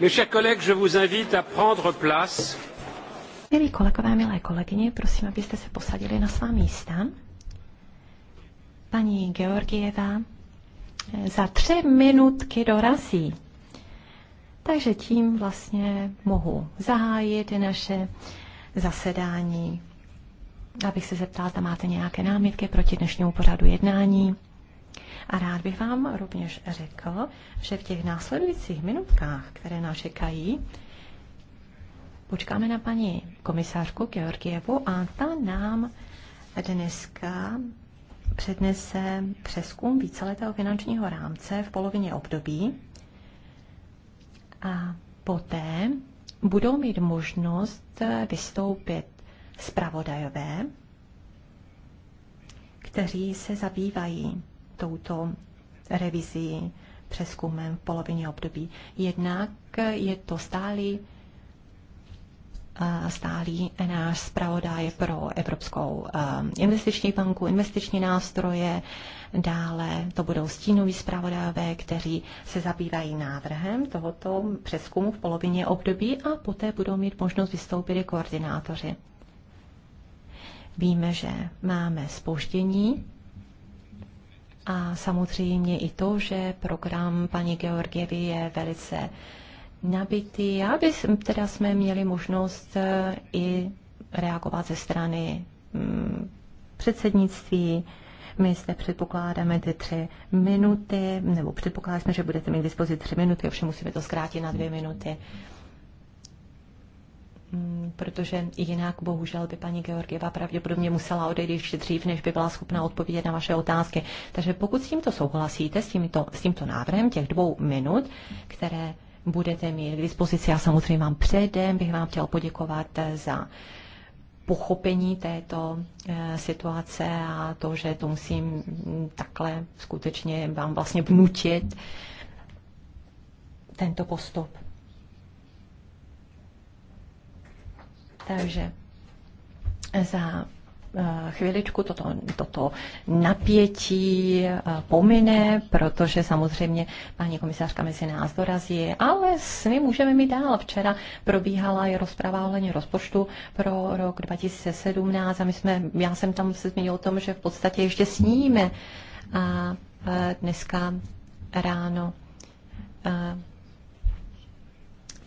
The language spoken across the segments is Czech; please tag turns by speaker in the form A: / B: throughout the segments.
A: Mes chers collègues, je vous invite à prendre place.
B: Milí kolegové, milé kolegyně, prosím, abyste se posadili na svá místa. Paní Georgieva eh, za tři minutky dorazí. Takže tím vlastně mohu zahájit naše zasedání. Abych se zeptala, zda máte nějaké námitky proti dnešnímu pořadu jednání. A rád bych vám rovněž řekl, že v těch následujících minutkách, které nás čekají, počkáme na paní komisářku Georgievu a ta nám dneska přednese přeskum víceletého finančního rámce v polovině období a poté budou mít možnost vystoupit zpravodajové, kteří se zabývají touto revizí přeskumem v polovině období. Jednak je to stálý eh, stálý náš zpravodaj pro Evropskou eh, investiční banku, investiční nástroje. Dále to budou stínoví zpravodajové, kteří se zabývají návrhem tohoto přeskumu v polovině období a poté budou mít možnost vystoupit i koordinátoři. Víme, že máme spoždění a samozřejmě i to, že program paní Georgievy je velice nabitý, aby teda jsme měli možnost e, i reagovat ze strany mm, předsednictví. My zde předpokládáme ty tři minuty, nebo předpokládáme, že budete mít k dispozici tři minuty, ovšem musíme to zkrátit na dvě minuty. Mm, protože jinak bohužel by paní Georgieva pravděpodobně musela odejít ještě dřív, než by byla schopna odpovědět na vaše otázky. Takže pokud s tímto souhlasíte, s tímto, s tímto návrhem těch dvou minut, které budete mít k dispozici, já samozřejmě vám předem bych vám chtěl poděkovat eh, za pochopení této eh, situace a to, že to musím mm, takhle skutečně vám vlastně vnutit tento postup. Takže za eh, chviličku toto, toto napětí eh, pomine, protože samozřejmě paní komisařka mezi nás dorazí, ale s my můžeme mít dál. Včera probíhala i rozprava ohledně rozpočtu pro rok 2017 a my jsme, já jsem tam se zmínil o tom, že v podstatě ještě sníme a eh, dneska ráno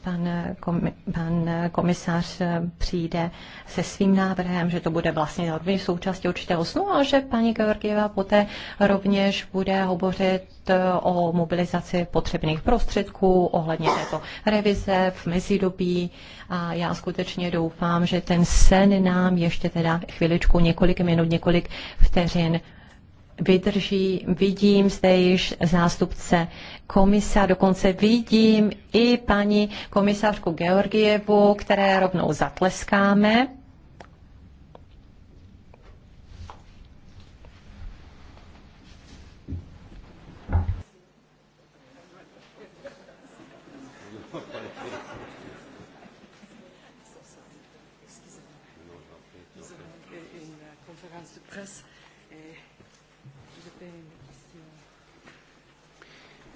B: pan, komi, pan komisař přijde se svým návrhem, že to bude vlastně rovněž součástí určitého snu a že paní Georgieva poté rovněž bude hovořit o mobilizaci potřebných prostředků ohledně této revize v mezidobí a já skutečně doufám, že ten sen nám ještě teda chviličku, několik minut, několik vteřin vydrží. Vidím zde již zástupce komisa, dokonce vidím i paní komisařku Georgievu, které rovnou zatleskáme.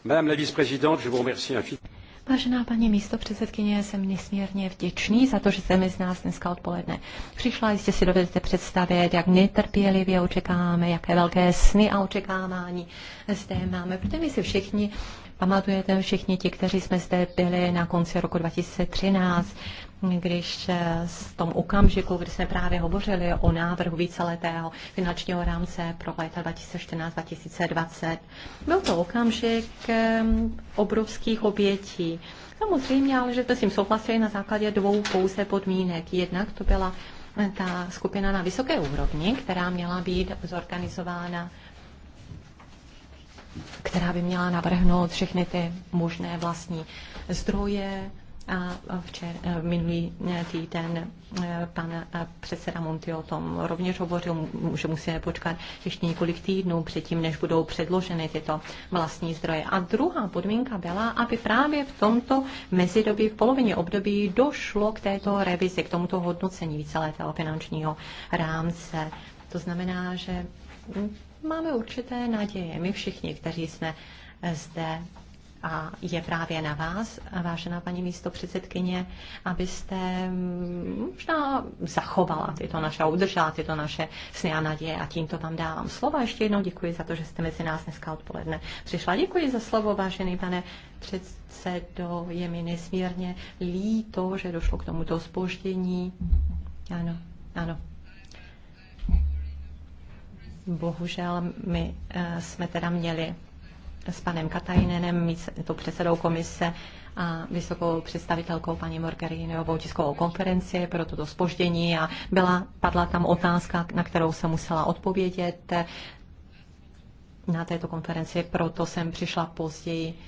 A: Madame la vice-présidente, je vous remercie infiniment.
B: Vážená paní místo předsedkyně, jsem nesmírně vděčný za to, že jste mi z nás dneska odpoledne přišla. Jistě si dovedete představit, jak netrpělivě očekáváme, jaké velké sny a očekávání zde máme, protože my si všichni pamatujete všichni ti, kteří jsme zde byli na konci roku 2013, když v eh, tom okamžiku, kdy jsme právě hovořili o návrhu víceletého finančního rámce pro léta 2014-2020, byl to okamžik eh, obrovských obětí. Samozřejmě, ale že jsme s tím souhlasili na základě dvou pouze podmínek. Jednak to byla ta skupina na vysoké úrovni, která měla být zorganizována která by měla navrhnout všechny ty možné vlastní zdroje. A včer, eh, minulý eh, týden eh, pan předseda Monty o tom rovněž hovořil, že musíme počkat ještě několik týdnů předtím, než budou předloženy tyto vlastní zdroje. A druhá podmínka byla, aby právě v tomto mezidobí, v polovině období došlo k této revizi, k tomuto hodnocení víceletého finančního rámce. To znamená, že máme určité naděje. My všichni, kteří jsme eh, zde a je právě na vás, eh, vážená paní místo předsedkyně, abyste mm, možná zachovala tyto naše, udržela tyto naše sny a naděje a tímto vám dávám slovo. Ještě jednou děkuji za to, že jste mezi nás dneska odpoledne přišla. Děkuji za slovo, vážený pane předsedo. Je mi nesmírně líto, že došlo k tomuto zpoždění. Ano, ano. Bohužel my eh, jsme teda měli s panem Katajnenem, to předsedou komise a vysokou představitelkou paní Morgheriniovou tiskovou konferenci pro toto spoždění a byla, padla tam otázka, na kterou jsem musela odpovědět na této konferenci, proto jsem přišla později.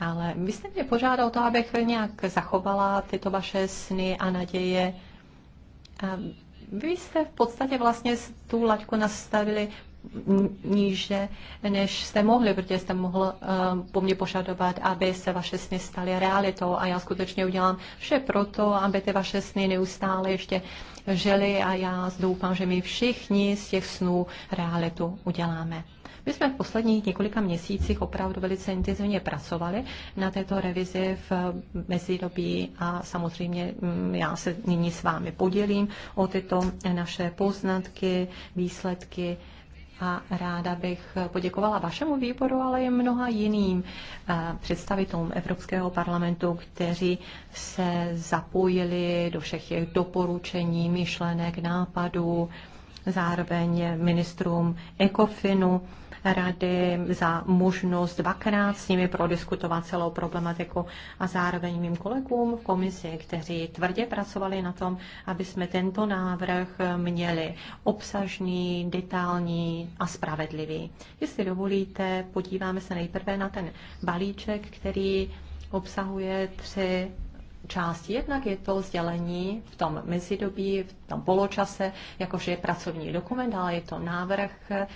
B: Ale vy jste mě požádal to, abych nějak zachovala tyto vaše sny a naděje. A vy jste v podstatě vlastně tu laťku nastavili níže, než jste mohli, protože jste mohl eh, po mně požadovat, aby se vaše sny staly realitou a já skutečně udělám vše proto, aby ty vaše sny neustále ještě žili a já doufám, že my všichni z těch snů realitu uděláme. My jsme v posledních několika měsících opravdu velice intenzivně pracovali na této revizi v mezidobí a samozřejmě mm, já se nyní s vámi podělím o tyto naše poznatky, výsledky a ráda bych poděkovala vašemu výboru, ale i mnoha jiným eh, představitelům Evropského parlamentu, kteří se zapojili do všech těch doporučení, myšlenek, nápadů, zároveň ministrům ECOFINu rady za možnost dvakrát s nimi prodiskutovat celou problematiku a zároveň mým kolegům v komisi, kteří tvrdě pracovali na tom, aby jsme tento návrh měli obsažný, detailní a spravedlivý. Jestli dovolíte, podíváme se nejprve na ten balíček, který obsahuje tři části. Jednak je to sdělení v tom mezidobí, v tom poločase, jakože je pracovní dokument, ale je to návrh eh,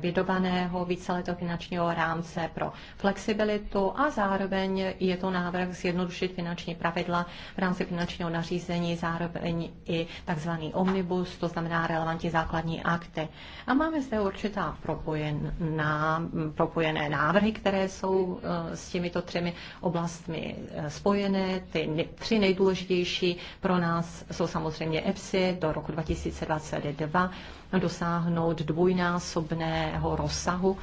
B: vydobaného víceletého finančního rámce pro flexibilitu a zároveň je to návrh zjednodušit finanční pravidla v rámci finančního nařízení, zároveň i takzvaný omnibus, to znamená relevantní základní akty. A máme zde určitá propojená, propojené návrhy, které jsou eh, s těmito třemi oblastmi eh, spojené, ty tři nejdůležitější pro nás jsou samozřejmě EPSI do roku 2022 dosáhnout dvojnásobného rozsahu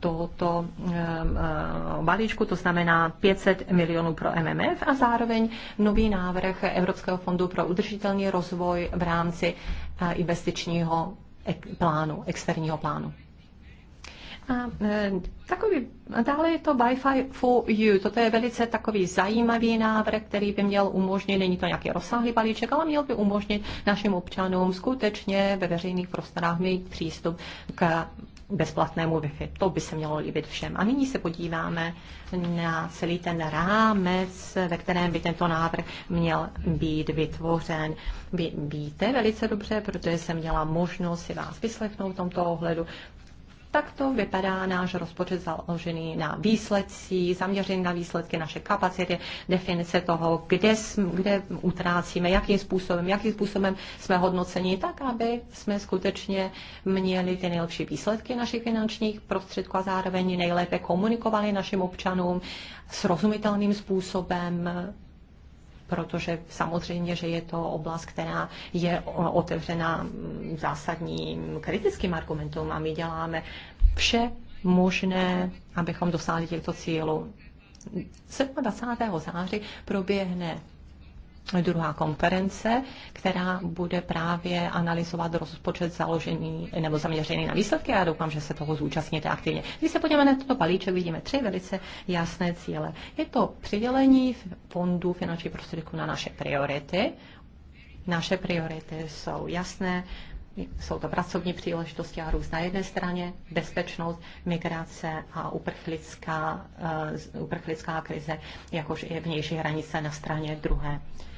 B: tohoto eh, eh, balíčku, to znamená 500 milionů pro MMF a zároveň nový návrh Evropského fondu pro udržitelný rozvoj v rámci eh, investičního plánu, externího plánu. A e, takový, dále je to Wi-Fi for you. Toto je velice takový zajímavý návrh, který by měl umožnit, není to nějaký rozsáhlý balíček, ale měl by umožnit našim občanům skutečně ve veřejných prostorách mít přístup k bezplatnému Wi-Fi. To by se mělo líbit všem. A nyní se podíváme na celý ten rámec, ve kterém by tento návrh měl být vytvořen. Vy víte velice dobře, protože jsem měla možnost si vás vyslechnout v tomto ohledu, Takto vypadá náš rozpočet založený na výsledcích, zaměřený na výsledky, naše kapacity, definice toho, kde, jsme, kde utrácíme, jakým způsobem, jakým způsobem jsme hodnoceni, tak aby jsme skutečně měli ty nejlepší výsledky našich finančních prostředků a zároveň nejlépe komunikovali našim občanům srozumitelným způsobem, protože samozřejmě, že je to oblast, která je otevřena zásadním kritickým argumentům a my děláme vše možné, abychom dosáhli těchto cílů. 27. září proběhne druhá konference, která bude právě analyzovat rozpočet založený nebo zaměřený na výsledky a doufám, že se toho zúčastníte aktivně. Když se podíváme na toto balíček, vidíme tři velice jasné cíle. Je to přidělení fondů finanční prostředků na naše priority. Naše priority jsou jasné, jsou to pracovní příležitosti a růst na jedné straně, bezpečnost, migrace a uprchlická, uh, uprchlická krize, jakož i vnější hranice na straně druhé. Uh,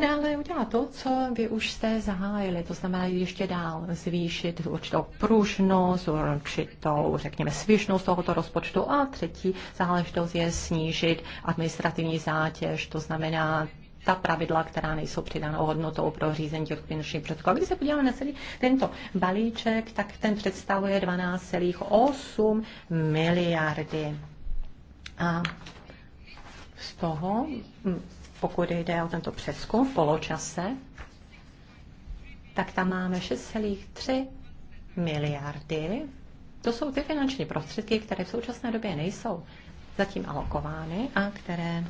B: ne, ale udělat to, co vy už jste zahájili, to znamená ještě dál zvýšit určitou pružnost, určitou, řekněme, svižnost tohoto rozpočtu. A třetí záležitost je snížit administrativní zátěž, to znamená ta pravidla, která nejsou přidanou hodnotou pro řízení těch finančních předků. A když se podíváme na celý tento balíček, tak ten představuje 12,8 miliardy. A z toho hm, pokud jde o tento přeskum v poločase, tak tam máme 6,3 miliardy. To jsou ty finanční prostředky, které v současné době nejsou zatím alokovány a které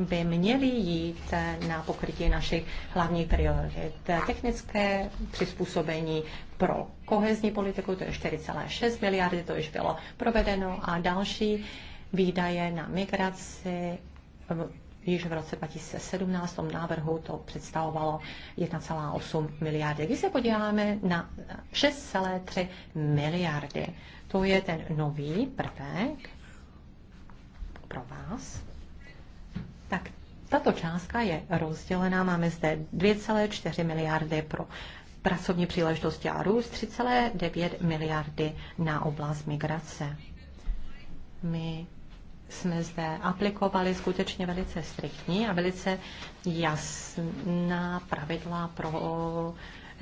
B: by měly jít na pokrytí našich hlavních priorit. Technické přizpůsobení pro kohezní politiku, to je 4,6 miliardy, to již bylo provedeno, a další výdaje na migraci již v roce 2017 v tom návrhu to představovalo 1,8 miliardy. Když se podíváme na 6,3 miliardy, to je ten nový prvek pro vás, tak tato částka je rozdělená. Máme zde 2,4 miliardy pro pracovní příležitosti a růst, 3,9 miliardy na oblast migrace. My jsme zde aplikovali skutečně velice striktní a velice jasná pravidla pro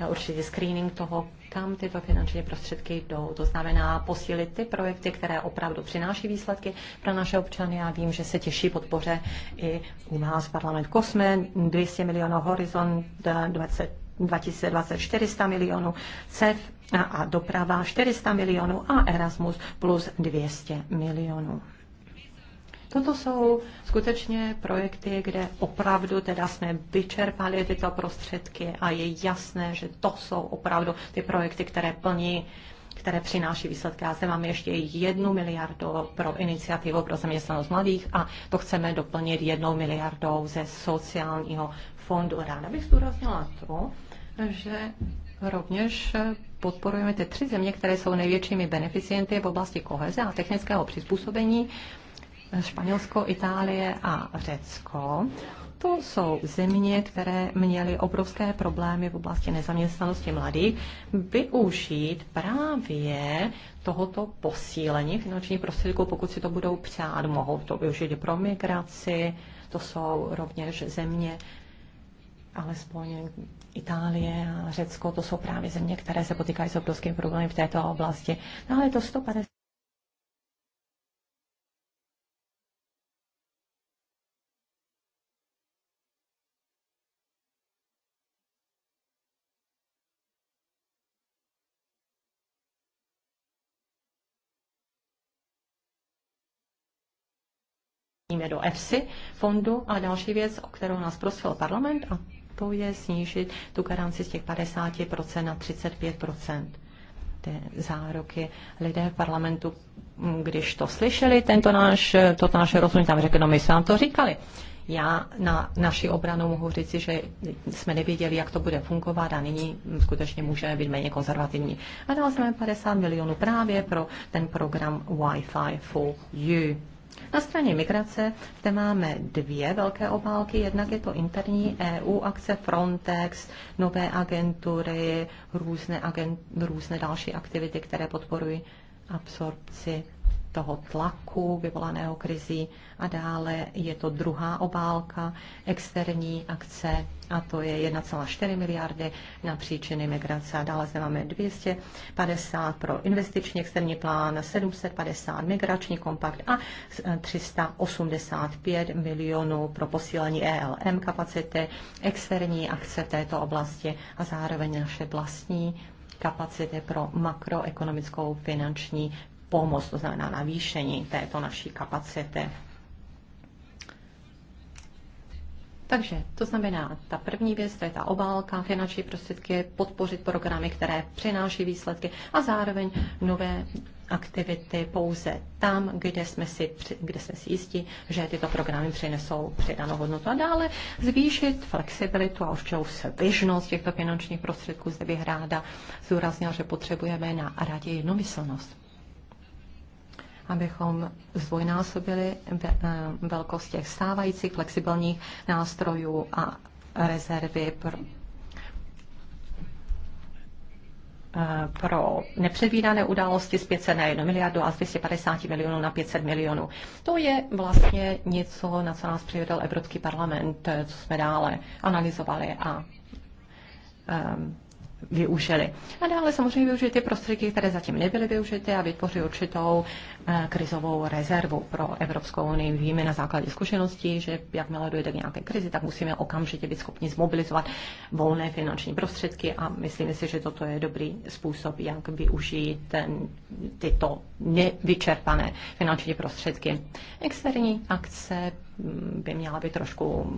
B: určitý screening toho, kam tyto finanční prostředky jdou. To znamená posílit ty projekty, které opravdu přináší výsledky pro naše občany. Já vím, že se těší podpoře i u nás parlament Kosme, 200 milionů Horizont 20, 2020 400 milionů, CEF a doprava 400 milionů a Erasmus plus 200 milionů. Toto jsou skutečně projekty, kde opravdu teda jsme vyčerpali tyto prostředky a je jasné, že to jsou opravdu ty projekty, které plní které přináší výsledky. Já zde mám ještě jednu miliardu pro iniciativu pro zaměstnanost mladých a to chceme doplnit jednou miliardou ze sociálního fondu. Ráda bych zdůraznila to, že rovněž podporujeme ty tři země, které jsou největšími beneficienty v oblasti koheze a technického přizpůsobení Španělsko, Itálie a Řecko. To jsou země, které měly obrovské problémy v oblasti nezaměstnanosti mladých, využít právě tohoto posílení finančních prostředků, pokud si to budou přát. Mohou to využít pro migraci, to jsou rovněž země, alespoň Itálie a Řecko, to jsou právě země, které se potýkají s obrovským problémy v této oblasti. No ale je to 150 je do EFSI fondu a další věc, o kterou nás prosil parlament, a to je snížit tu garanci z těch 50% na 35% ty zároky. Lidé v parlamentu, když to slyšeli, tento náš, toto naše rozhodnutí tam řekli, no my jsme vám to říkali. Já na naši obranu mohu říci, že jsme nevěděli, jak to bude fungovat a nyní skutečně můžeme být méně konzervativní. A dal jsme 50 milionů právě pro ten program Wi-Fi for You. Na straně migrace zde máme dvě velké obálky. Jednak je to interní EU akce Frontex, nové agentury, různé, agent, různé další aktivity, které podporují absorpci toho tlaku vyvolaného krizí a dále je to druhá obálka externí akce a to je 1,4 miliardy na příčiny migrace. A dále zde máme 250 pro investiční externí plán, 750 migrační kompakt a 385 milionů pro posílení ELM kapacity, externí akce v této oblasti a zároveň naše vlastní kapacity pro makroekonomickou finanční pomoc, to znamená navýšení této naší kapacity. Takže to znamená, ta první věc, to je ta obálka, finanční prostředky, podpořit programy, které přináší výsledky a zároveň nové aktivity pouze tam, kde jsme si, kde jsme si jistí, že tyto programy přinesou přidanou hodnotu. A dále zvýšit flexibilitu a určitou svižnost těchto finančních prostředků. Zde bych ráda zúraznila, že potřebujeme na radě jednomyslnost abychom zdvojnásobili eh, velkost těch stávajících flexibilních nástrojů a rezervy pro, eh, pro nepředvídané události z 500 na 1 miliardu a z 250 milionů na 500 milionů. To je vlastně něco, na co nás přivedl Evropský parlament, eh, co jsme dále analyzovali a využili. A dále samozřejmě využijte prostředky, které zatím nebyly využity a vytvořit určitou Eh, krizovou rezervu pro Evropskou unii. Víme na základě zkušeností, že jakmile dojde k nějaké krizi, tak musíme okamžitě být schopni zmobilizovat volné finanční prostředky a myslím si, že toto je dobrý způsob, jak využít ten, tyto nevyčerpané finanční prostředky. Externí akce mm, by měla být trošku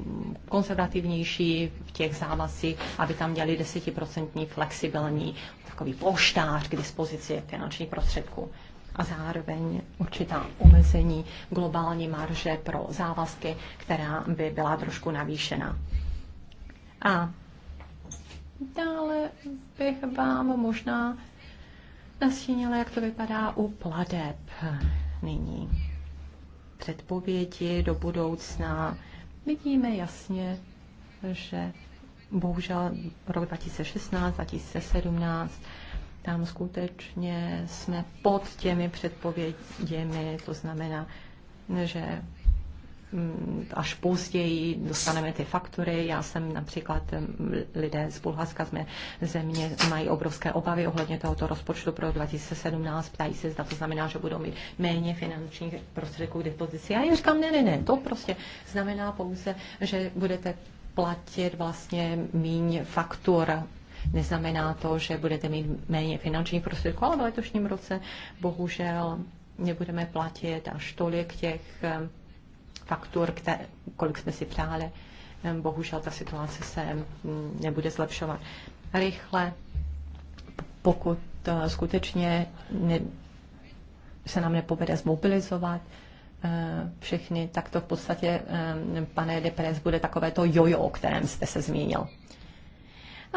B: konzervativnější v těch závazcích, aby tam měli desetiprocentní flexibilní takový poštář k dispozici finančních prostředků a zároveň určitá omezení globální marže pro závazky, která by byla trošku navýšena. A dále bych vám možná nastínila, jak to vypadá u pladeb nyní. Předpovědi do budoucna vidíme jasně, že bohužel rok 2016, 2017 tam skutečně jsme pod těmi předpověděmi, to znamená, že mm, až později dostaneme ty faktury. Já jsem například lidé z Bulharska, z mé země, mají obrovské obavy ohledně tohoto rozpočtu pro 2017. Ptají se, zda to znamená, že budou mít méně finančních prostředků k dispozici. Já jim říkám, ne, ne, ne, to prostě znamená pouze, že budete platit vlastně míň faktur Neznamená to, že budete mít méně finančních prostředků, ale v letošním roce bohužel nebudeme platit až tolik těch eh, faktur, které, kolik jsme si přáli. Eh, bohužel ta situace se mm, nebude zlepšovat rychle. Pokud eh, skutečně ne, se nám nepovede zmobilizovat všechny, tak to v podstatě, pane Depres, bude takové to jojo, o kterém jste se zmínil.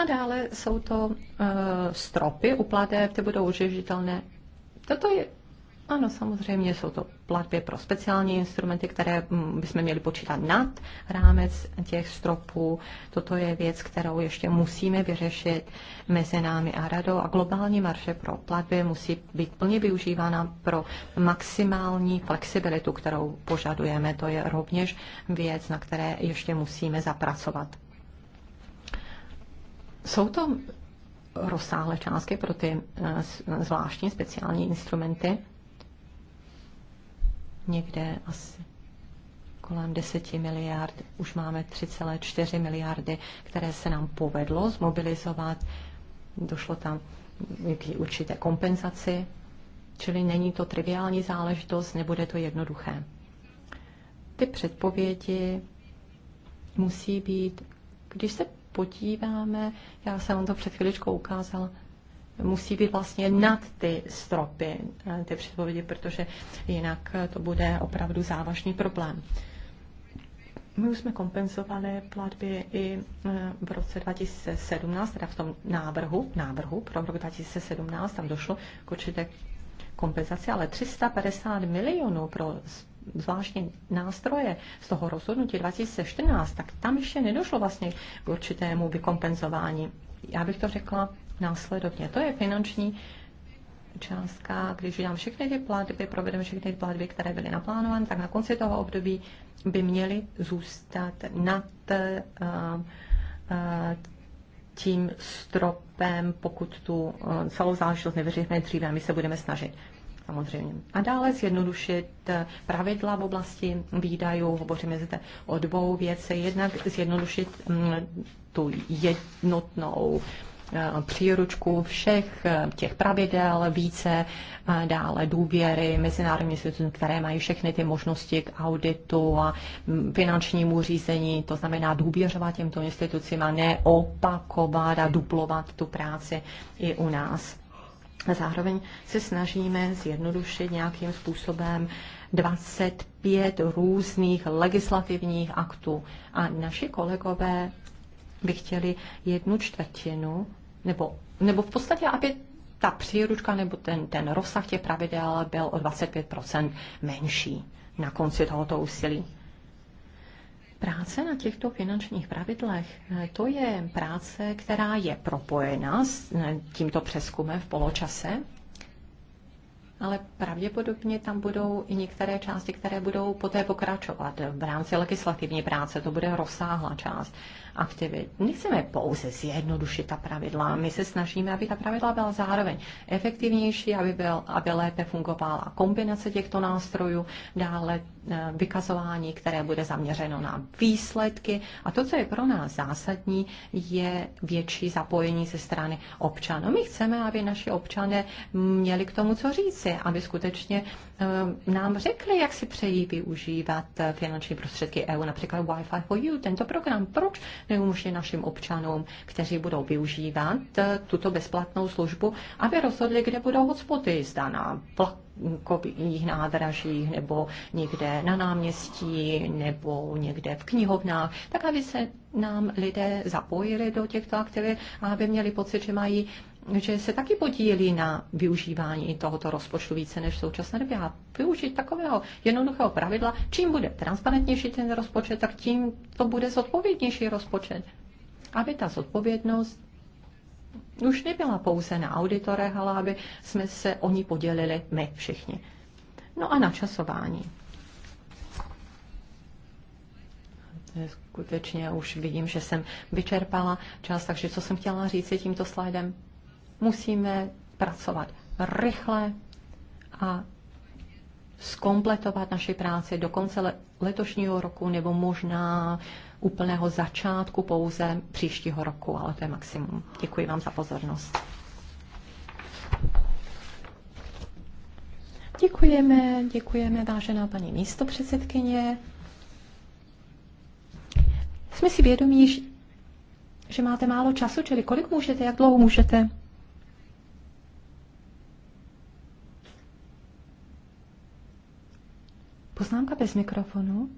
B: A dále jsou to uh, stropy u plateb, ty budou užitelné. Toto je, ano, samozřejmě jsou to platby pro speciální instrumenty, které mm, bychom měli počítat nad rámec těch stropů. Toto je věc, kterou ještě musíme vyřešit mezi námi a radou a globální marže pro platby musí být plně využívána pro maximální flexibilitu, kterou požadujeme. To je rovněž věc, na které ještě musíme zapracovat. Jsou to rozsáhlé částky pro ty eh, eh, zvláštní speciální instrumenty? Někde asi kolem 10 miliard, už máme 3,4 miliardy, které se nám povedlo zmobilizovat. Došlo tam k určité kompenzaci, čili není to triviální záležitost, nebude to jednoduché. Ty předpovědi musí být, když se podíváme, já jsem vám to před chviličkou ukázala, musí být vlastně nad ty stropy, eh, ty předpovědi, protože jinak eh, to bude opravdu závažný problém. My už jsme kompenzovali platby i eh, v roce 2017, teda v tom návrhu, návrhu pro rok 2017, tam došlo k určité kompenzaci, ale 350 milionů pro zvláštní nástroje z toho rozhodnutí 2014, tak tam ještě nedošlo vlastně k určitému vykompenzování. Já bych to řekla následovně. To je finanční částka, když dám všechny ty platby, provedeme všechny ty platby, které byly naplánovány, tak na konci toho období by měly zůstat nad eh, eh, tím stropem, pokud tu eh, celou záležitost nevyřešíme dříve, my se budeme snažit samozřejmě. A dále zjednodušit eh, pravidla v oblasti výdajů. Hovoříme zde o dvou věcech. Jednak zjednodušit mm, tu jednotnou eh, příručku všech eh, těch pravidel, více dále důvěry mezinárodní institucím, které mají všechny ty možnosti k auditu a mm, finančnímu řízení, to znamená důvěřovat těmto institucím a neopakovat a duplovat tu práci i u nás. A zároveň se snažíme zjednodušit nějakým způsobem 25 různých legislativních aktů. A naši kolegové by chtěli jednu čtvrtinu, nebo, nebo v podstatě, aby ta příručka nebo ten, ten rozsah těch pravidel byl o 25 menší na konci tohoto úsilí. Práce na těchto finančních pravidlech, eh, to je práce, která je propojena s eh, tímto přeskumem v poločase, ale pravděpodobně tam budou i některé části, které budou poté pokračovat v rámci legislativní práce. To bude rozsáhlá část aktivit. Nechceme pouze zjednodušit ta pravidla, my se snažíme, aby ta pravidla byla zároveň efektivnější, aby, byl, aby lépe fungovala kombinace těchto nástrojů, dále eh, vykazování, které bude zaměřeno na výsledky. A to, co je pro nás zásadní, je větší zapojení ze strany občanů. My chceme, aby naši občané měli k tomu co říci, aby skutečně eh, nám řekli, jak si přejí využívat eh, finanční prostředky EU, například Wi-Fi for You, tento program. Proč neumožní našim občanům, kteří budou využívat eh, tuto bezplatnou službu, aby rozhodli, kde budou hotspoty, zda na vlakových nádražích nebo někde na náměstí nebo někde v knihovnách, tak aby se nám lidé zapojili do těchto aktivit a aby měli pocit, že mají že se taky podílí na využívání tohoto rozpočtu více než v současné době. A využít takového jednoduchého pravidla, čím bude transparentnější ten rozpočet, tak tím to bude zodpovědnější rozpočet. Aby ta zodpovědnost už nebyla pouze na auditorech, ale aby jsme se o ní podělili my všichni. No a načasování. Skutečně už vidím, že jsem vyčerpala čas, takže co jsem chtěla říct tímto slajdem? Musíme pracovat rychle a skompletovat naši práci do konce letošního roku nebo možná úplného začátku pouze příštího roku, ale to je maximum. Děkuji vám za pozornost. Děkujeme, děkujeme, vážená paní místopředsedkyně. Jsme si vědomí, že máte málo času, čili kolik můžete, jak dlouho můžete? Poznámka bez mikrofonu.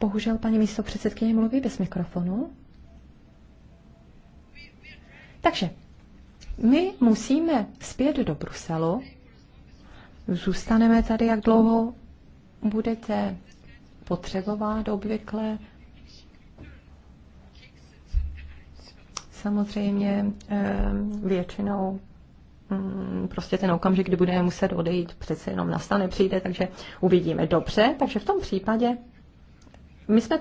B: Bohužel paní místo předsedkyně mluví bez mikrofonu. Takže my musíme zpět do Bruselu. Zůstaneme tady, jak dlouho budete potřebovat obvykle samozřejmě eh, většinou mm, prostě ten okamžik, kdy budeme muset odejít, přece jenom nastane, přijde, takže uvidíme. Dobře, takže v tom případě my jsme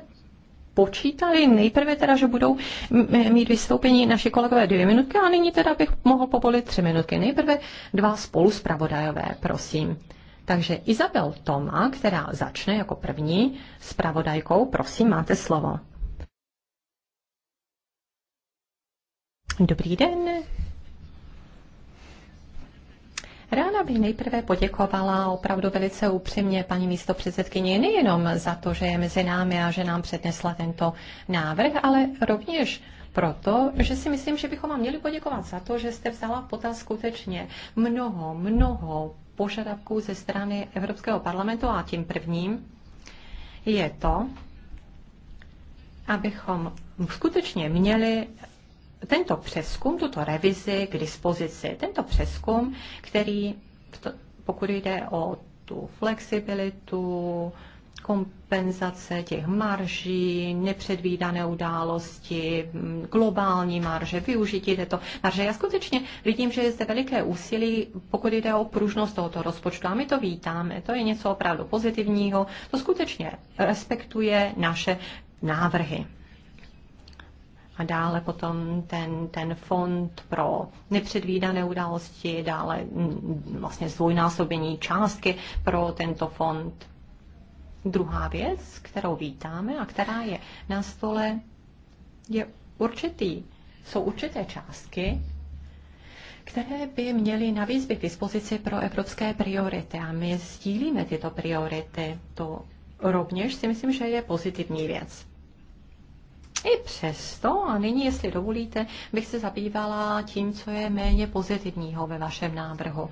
B: počítali nejprve teda, že budou mít vystoupení naši kolegové dvě minutky a nyní teda bych mohl povolit tři minutky. Nejprve dva spolu zpravodajové, prosím. Takže Izabel Toma, která začne jako první zpravodajkou, prosím, máte slovo. Dobrý den. Ráda bych nejprve poděkovala opravdu velice upřímně paní místo předsedkyni nejenom za to, že je mezi námi a že nám přednesla tento návrh, ale rovněž proto, že si myslím, že bychom vám měli poděkovat za to, že jste vzala v potaz skutečně mnoho, mnoho požadavků ze strany Evropského parlamentu a tím prvním je to, abychom skutečně měli tento přeskum, tuto revizi k dispozici. Tento přeskum, který, pokud jde o tu flexibilitu, kompenzace těch marží, nepředvídané události, globální marže, využití této marže. Já skutečně vidím, že je zde veliké úsilí, pokud jde o pružnost tohoto rozpočtu a my to vítáme. To je něco opravdu pozitivního, to skutečně respektuje naše návrhy a dále potom ten, ten fond pro nepředvídané události, dále mm, vlastně zdvojnásobení částky pro tento fond. Druhá věc, kterou vítáme a která je na stole, je určitý, jsou určité částky, které by měly navíc být k dispozici pro evropské priority. A my sdílíme tyto priority. To rovněž si myslím, že je pozitivní věc. I přesto, a nyní, jestli dovolíte, bych se zabývala tím, co je méně pozitivního ve vašem návrhu.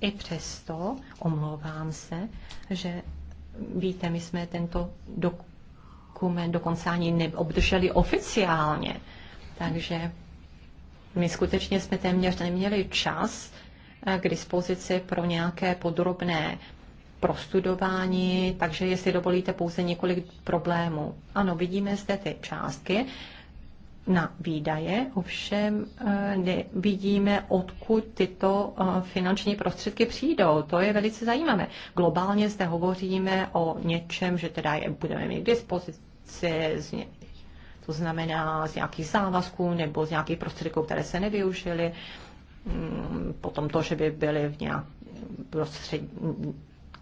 B: I přesto, omlouvám se, že víte, my jsme tento dokument dokonce ani neobdrželi oficiálně, takže my skutečně jsme téměř neměli čas eh, k dispozici pro nějaké podrobné prostudování, takže jestli dovolíte pouze několik problémů. Ano, vidíme zde ty částky na výdaje, ovšem eh, vidíme, odkud tyto eh, finanční prostředky přijdou. To je velice zajímavé. Globálně zde hovoříme o něčem, že teda je budeme mít k dispozici z to znamená z nějakých závazků nebo z nějakých prostředků, které se nevyužily, mm, potom to, že by byly v nějak prostřed,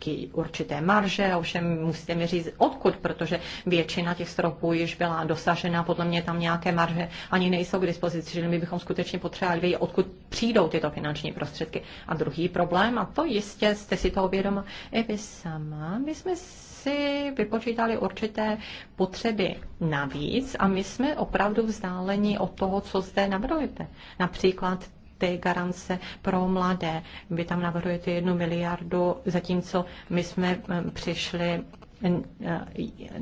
B: taky určité marže, ovšem musíte mi říct odkud, protože většina těch stropů již byla dosažena, podle mě tam nějaké marže ani nejsou k dispozici, že my bychom skutečně potřebovali vědět, odkud přijdou tyto finanční prostředky. A druhý problém, a to jistě jste si to uvědomili, i vy sama, my jsme si vypočítali určité potřeby navíc a my jsme opravdu vzdáleni od toho, co zde navrhujete. Například ty garance pro mladé. Vy tam navrhujete jednu miliardu, zatímco my jsme eh, přišli eh,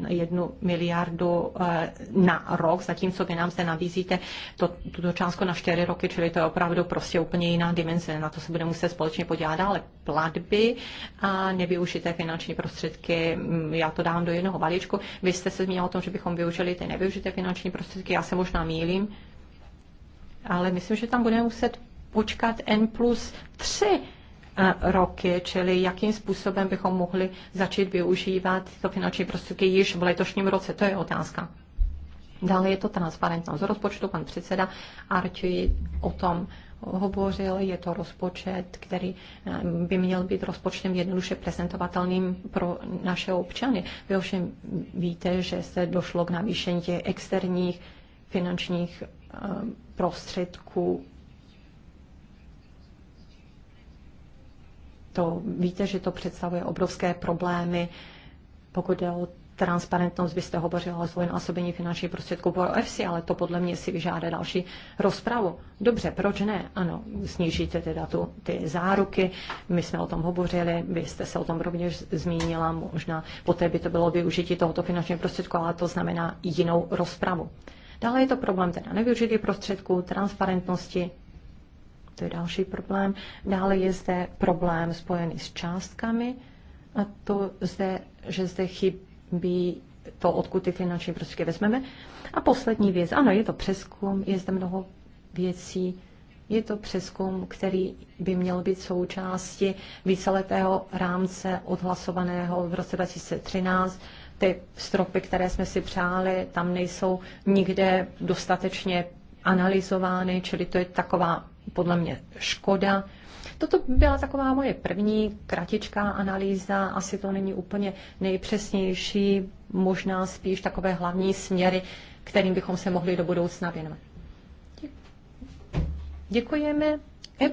B: jednu miliardu eh, na rok, zatímco vy nám se nabízíte to, tuto částku na čtyři roky, čili to je opravdu prostě úplně jiná dimenze. Na to se bude muset společně podívat, ale platby a nevyužité finanční prostředky, mm, já to dám do jednoho balíčku. Vy jste se zmínil o tom, že bychom využili ty nevyužité finanční prostředky, já se možná mílím, ale myslím, že tam budeme muset počkat N plus 3 eh, roky, čili jakým způsobem bychom mohli začít využívat to finanční prostředky již v letošním roce. To je otázka. Dále je to transparentnost rozpočtu. Pan předseda Arči o tom hovořil. Je to rozpočet, který eh, by měl být rozpočtem jednoduše prezentovatelným pro naše občany. Vy ovšem víte, že se došlo k navýšení těch externích finančních eh, prostředků to víte, že to představuje obrovské problémy, pokud je o transparentnost, byste hovořila o zdvojnásobení finančních prostředků pro EFSI, ale to podle mě si vyžádá další rozpravu. Dobře, proč ne? Ano, snížíte teda tu, ty záruky, my jsme o tom hovořili, vy jste se o tom rovněž zmínila, možná poté by to bylo využití tohoto finančního prostředku, ale to znamená jinou rozpravu. Dále je to problém teda nevyužitých prostředků, transparentnosti, to je další problém. Dále je zde problém spojený s částkami a to zde, že zde chybí to, odkud ty finanční prostředky vezmeme. A poslední věc, ano, je to přeskum, je zde mnoho věcí, je to přeskum, který by měl být součástí víceletého rámce odhlasovaného v roce 2013. Ty stropy, které jsme si přáli, tam nejsou nikde dostatečně analyzovány, čili to je taková podle mě škoda. Toto byla taková moje první kratičká analýza, asi to není úplně nejpřesnější, možná spíš takové hlavní směry, kterým bychom se mohli do budoucna věnovat. Děkujeme. Eb,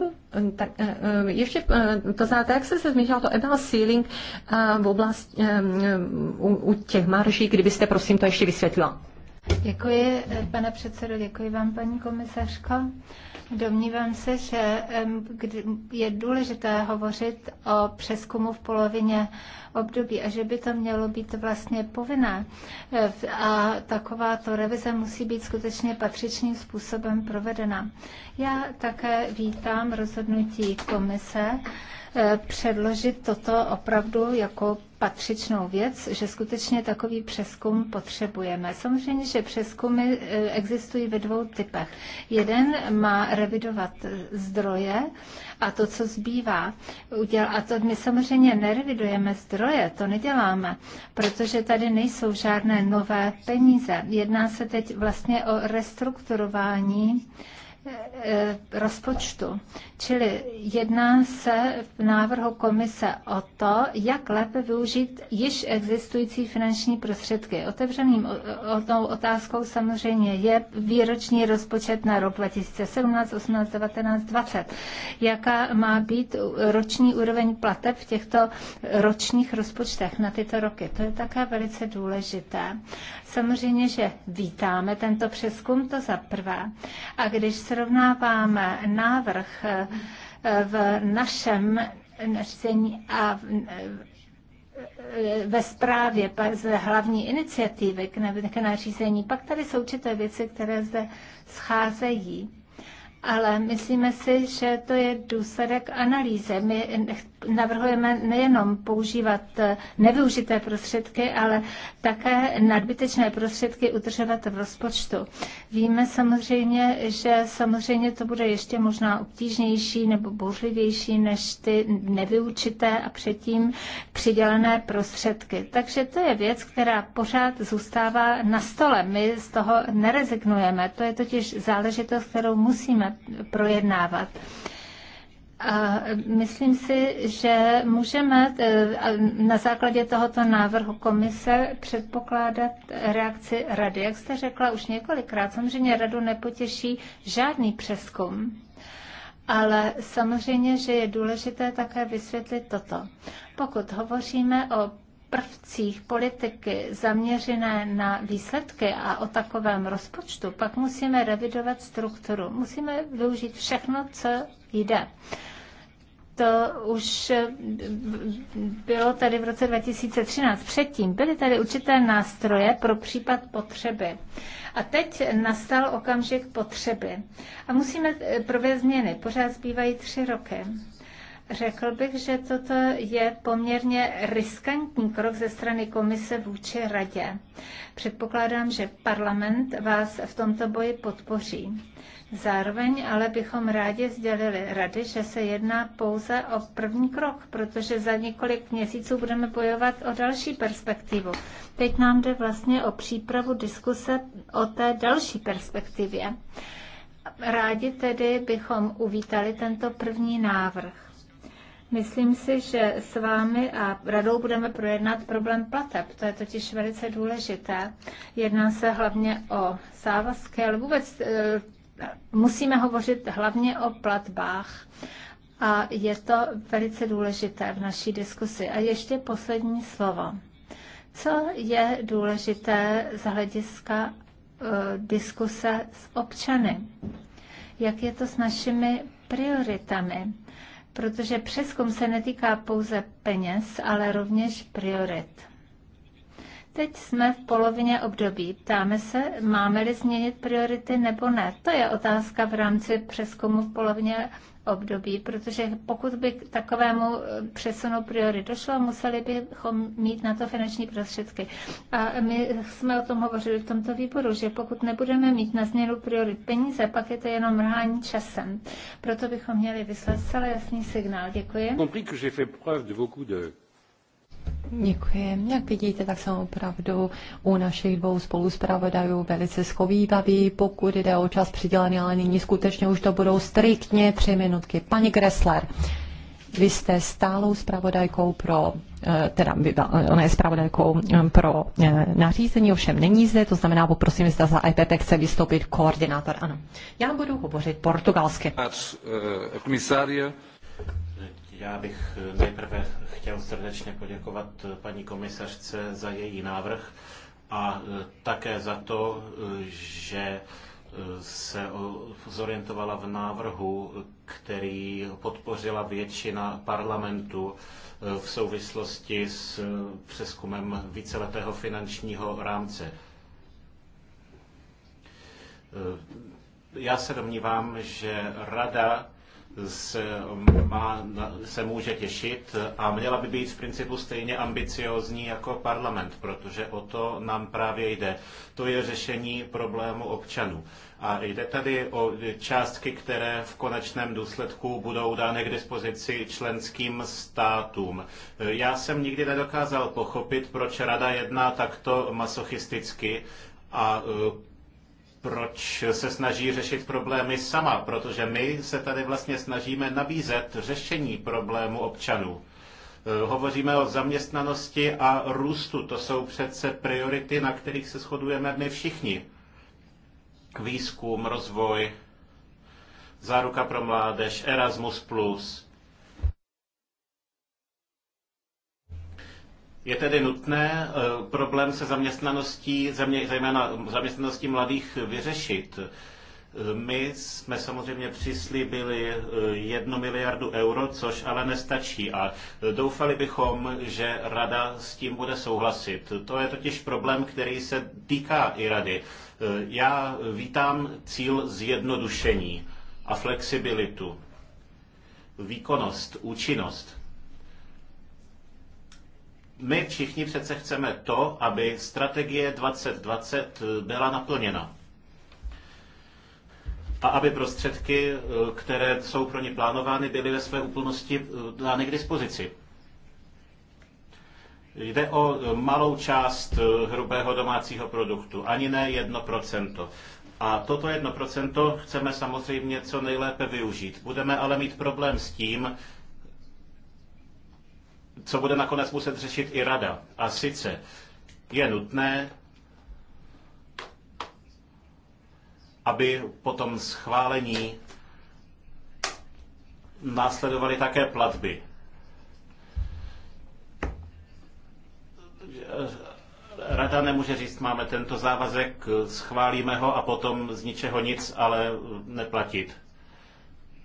B: tak, eh, eh, ještě eh, to znáte, jak jste se zmínila to EBA ceiling v oblasti u, u těch marží, kdybyste prosím to ještě vysvětlila. Děkuji,
C: pane předsedo, děkuji vám, paní komisařko. Domnívám se, že je důležité hovořit o přeskumu v polovině období a že by to mělo být vlastně povinné. E, a takováto revize musí být skutečně patřičným způsobem provedena. Já také vítám rozhodnutí komise eh, předložit toto opravdu jako patřičnou věc, že skutečně takový přeskum potřebujeme. Samozřejmě, že přeskumy eh, existují ve dvou typech. Jeden má revidovat zdroje a to, co zbývá. A to my samozřejmě nerevidujeme zdroje, to neděláme, protože tady nejsou žádné nové peníze. Jedná se teď vlastně o restrukturování Eh, rozpočtu. Čili jedná se v návrhu komise o to, jak lépe využít již existující finanční prostředky. Otevřeným eh, otázkou samozřejmě je výroční rozpočet na rok 2017, 18, 19, 20. Jaká má být roční úroveň plateb v těchto ročních rozpočtech na tyto roky? To je také velice důležité. Samozřejmě, že vítáme tento přeskum, to za prvé. A když se srovnáváme návrh eh, v našem nařízení a eh, ve zprávě z hlavní iniciativy k nařízení, pak tady jsou určité věci, které zde scházejí ale myslíme si, že to je důsledek analýzy. My navrhujeme nejenom používat eh, nevyužité prostředky, ale také nadbytečné prostředky udržovat v rozpočtu. Víme samozřejmě, že samozřejmě to bude ještě možná obtížnější nebo bouřlivější než ty nevyučité a předtím přidělené prostředky. Takže to je věc, která pořád zůstává na stole. My z toho nerezignujeme. To je totiž záležitost, kterou musíme projednávat. A myslím si, že můžeme eh, na základě tohoto návrhu komise předpokládat reakci rady. Jak jste řekla už několikrát, samozřejmě radu nepotěší žádný přeskum. Ale samozřejmě, že je důležité také vysvětlit toto. Pokud hovoříme o prvcích politiky zaměřené na výsledky a o takovém rozpočtu, pak musíme revidovat strukturu. Musíme využít všechno, co jde. To už bylo tady v roce 2013. Předtím byly tady určité nástroje pro případ potřeby. A teď nastal okamžik potřeby. A musíme eh, provést změny. Pořád zbývají tři roky. Řekl bych, že toto je poměrně riskantní krok ze strany komise vůči radě. Předpokládám, že parlament vás v tomto boji podpoří. Zároveň ale bychom rádi sdělili rady, že se jedná pouze o první krok, protože za několik měsíců budeme bojovat o další perspektivu. Teď nám jde vlastně o přípravu diskuse o té další perspektivě. Rádi tedy bychom uvítali tento první návrh Myslím si, že s vámi a radou budeme projednat problém plateb. To je totiž velice důležité. Jedná se hlavně o závazky, ale vůbec eh, musíme hovořit hlavně o platbách. A je to velice důležité v naší diskusi. A ještě poslední slovo. Co je důležité z hlediska eh, diskuse s občany? Jak je to s našimi prioritami? protože přeskum se netýká pouze peněz, ale rovněž priorit. Teď jsme v polovině období. Ptáme se, máme-li změnit priority nebo ne. To je otázka v rámci přeskumu v polovině období, protože pokud by k takovému eh, přesunu priorit došlo, museli bychom mít na to finanční prostředky. A my jsme o tom hovořili v tomto výboru, že pokud nebudeme mít na změnu priorit peníze, pak je to jenom mrhání časem. Proto bychom měli vyslat celé jasný signál.
B: Děkuji. Děkuji. Jak vidíte, tak jsem opravdu u našich dvou spoluzpravodajů velice schovývavý, pokud jde o čas přidělený, ale nyní skutečně už to budou striktně tři minutky. Pani Gressler, vy jste stálou spravodajkou pro, eh, teda eh, ona je zpravodajkou eh, pro nařízení, ovšem není zde, to znamená, poprosím, zda za IPT e chce vystoupit koordinátor. Ano, já budu hovořit portugalsky.
A: Já bych eh, nejprve chtěl srdečně poděkovat eh, paní komisařce za její návrh a eh, také za to, že se zorientovala v návrhu, který podpořila většina parlamentu v souvislosti s přeskumem víceletého finančního rámce. Já se domnívám, že Rada se, um, má, se může těšit a měla by být v principu stejně ambiciózní jako parlament, protože o to nám právě jde. To je řešení problému občanů. A jde tady o částky, které v konečném důsledku budou dány k dispozici členským státům. Já jsem nikdy nedokázal pochopit, proč Rada jedná takto masochisticky a proč se snaží řešit problémy sama, protože my se tady vlastně snažíme nabízet řešení problému občanů. E, hovoříme o zaměstnanosti a růstu. To jsou přece priority, na kterých se shodujeme my všichni. Výzkum, rozvoj, záruka pro mládež, Erasmus+, Je tedy nutné eh, problém se zaměstnaností, země, zejména zaměstnaností mladých, vyřešit. Eh, my jsme samozřejmě přislíbili eh, jednu miliardu euro, což ale nestačí a doufali bychom, že rada s tím bude souhlasit. To je totiž problém, který se týká i rady. Já vítám cíl zjednodušení a flexibilitu, výkonnost, účinnost. My všichni přece chceme to, aby strategie 2020 eh, byla naplněna a aby prostředky, eh, které jsou pro ně plánovány, byly ve své úplnosti eh, dány k dispozici. Jde o malou část hrubého domácího produktu, ani ne jedno procento. A toto jedno procento chceme samozřejmě co nejlépe využít. Budeme ale mít problém s tím, co bude nakonec muset řešit i rada. A sice je nutné, aby potom schválení následovaly také platby. Rada nemůže říct, máme tento závazek, schválíme ho a potom z ničeho nic, ale neplatit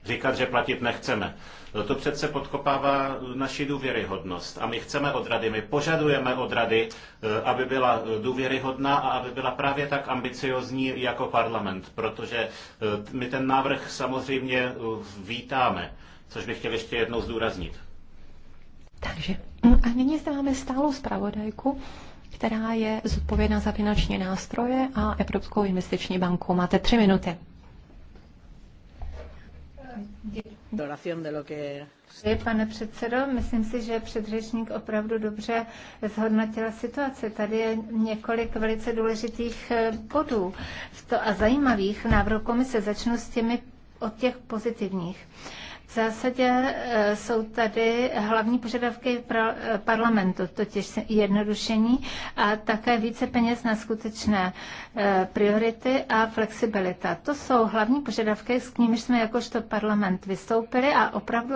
A: říkat, že platit nechceme. No to přece podkopává naši důvěryhodnost. A my chceme od rady, my požadujeme od rady, eh, aby byla důvěryhodná a aby byla právě tak ambiciozní jako parlament, protože eh, my ten návrh samozřejmě eh, vítáme, což bych chtěl ještě jednou zdůraznit.
B: Takže hm, a nyní zde máme stálou zpravodajku, která je zodpovědná za finanční nástroje a Evropskou investiční banku. Máte tři minuty.
C: Děkuji, pane předsedo. Myslím si, že předřečník opravdu dobře zhodnotil situaci. Tady je několik velice důležitých eh, bodů a zajímavých návrhů komise. Začnu s těmi od těch pozitivních. Uh, v zásadě eh, jsou tady hlavní požadavky eh, parlamentu, totiž jednodušení a také více peněz na skutečné eh, priority a flexibilita. To jsou hlavní požadavky, s nimiž jsme jakožto parlament vystoupili a opravdu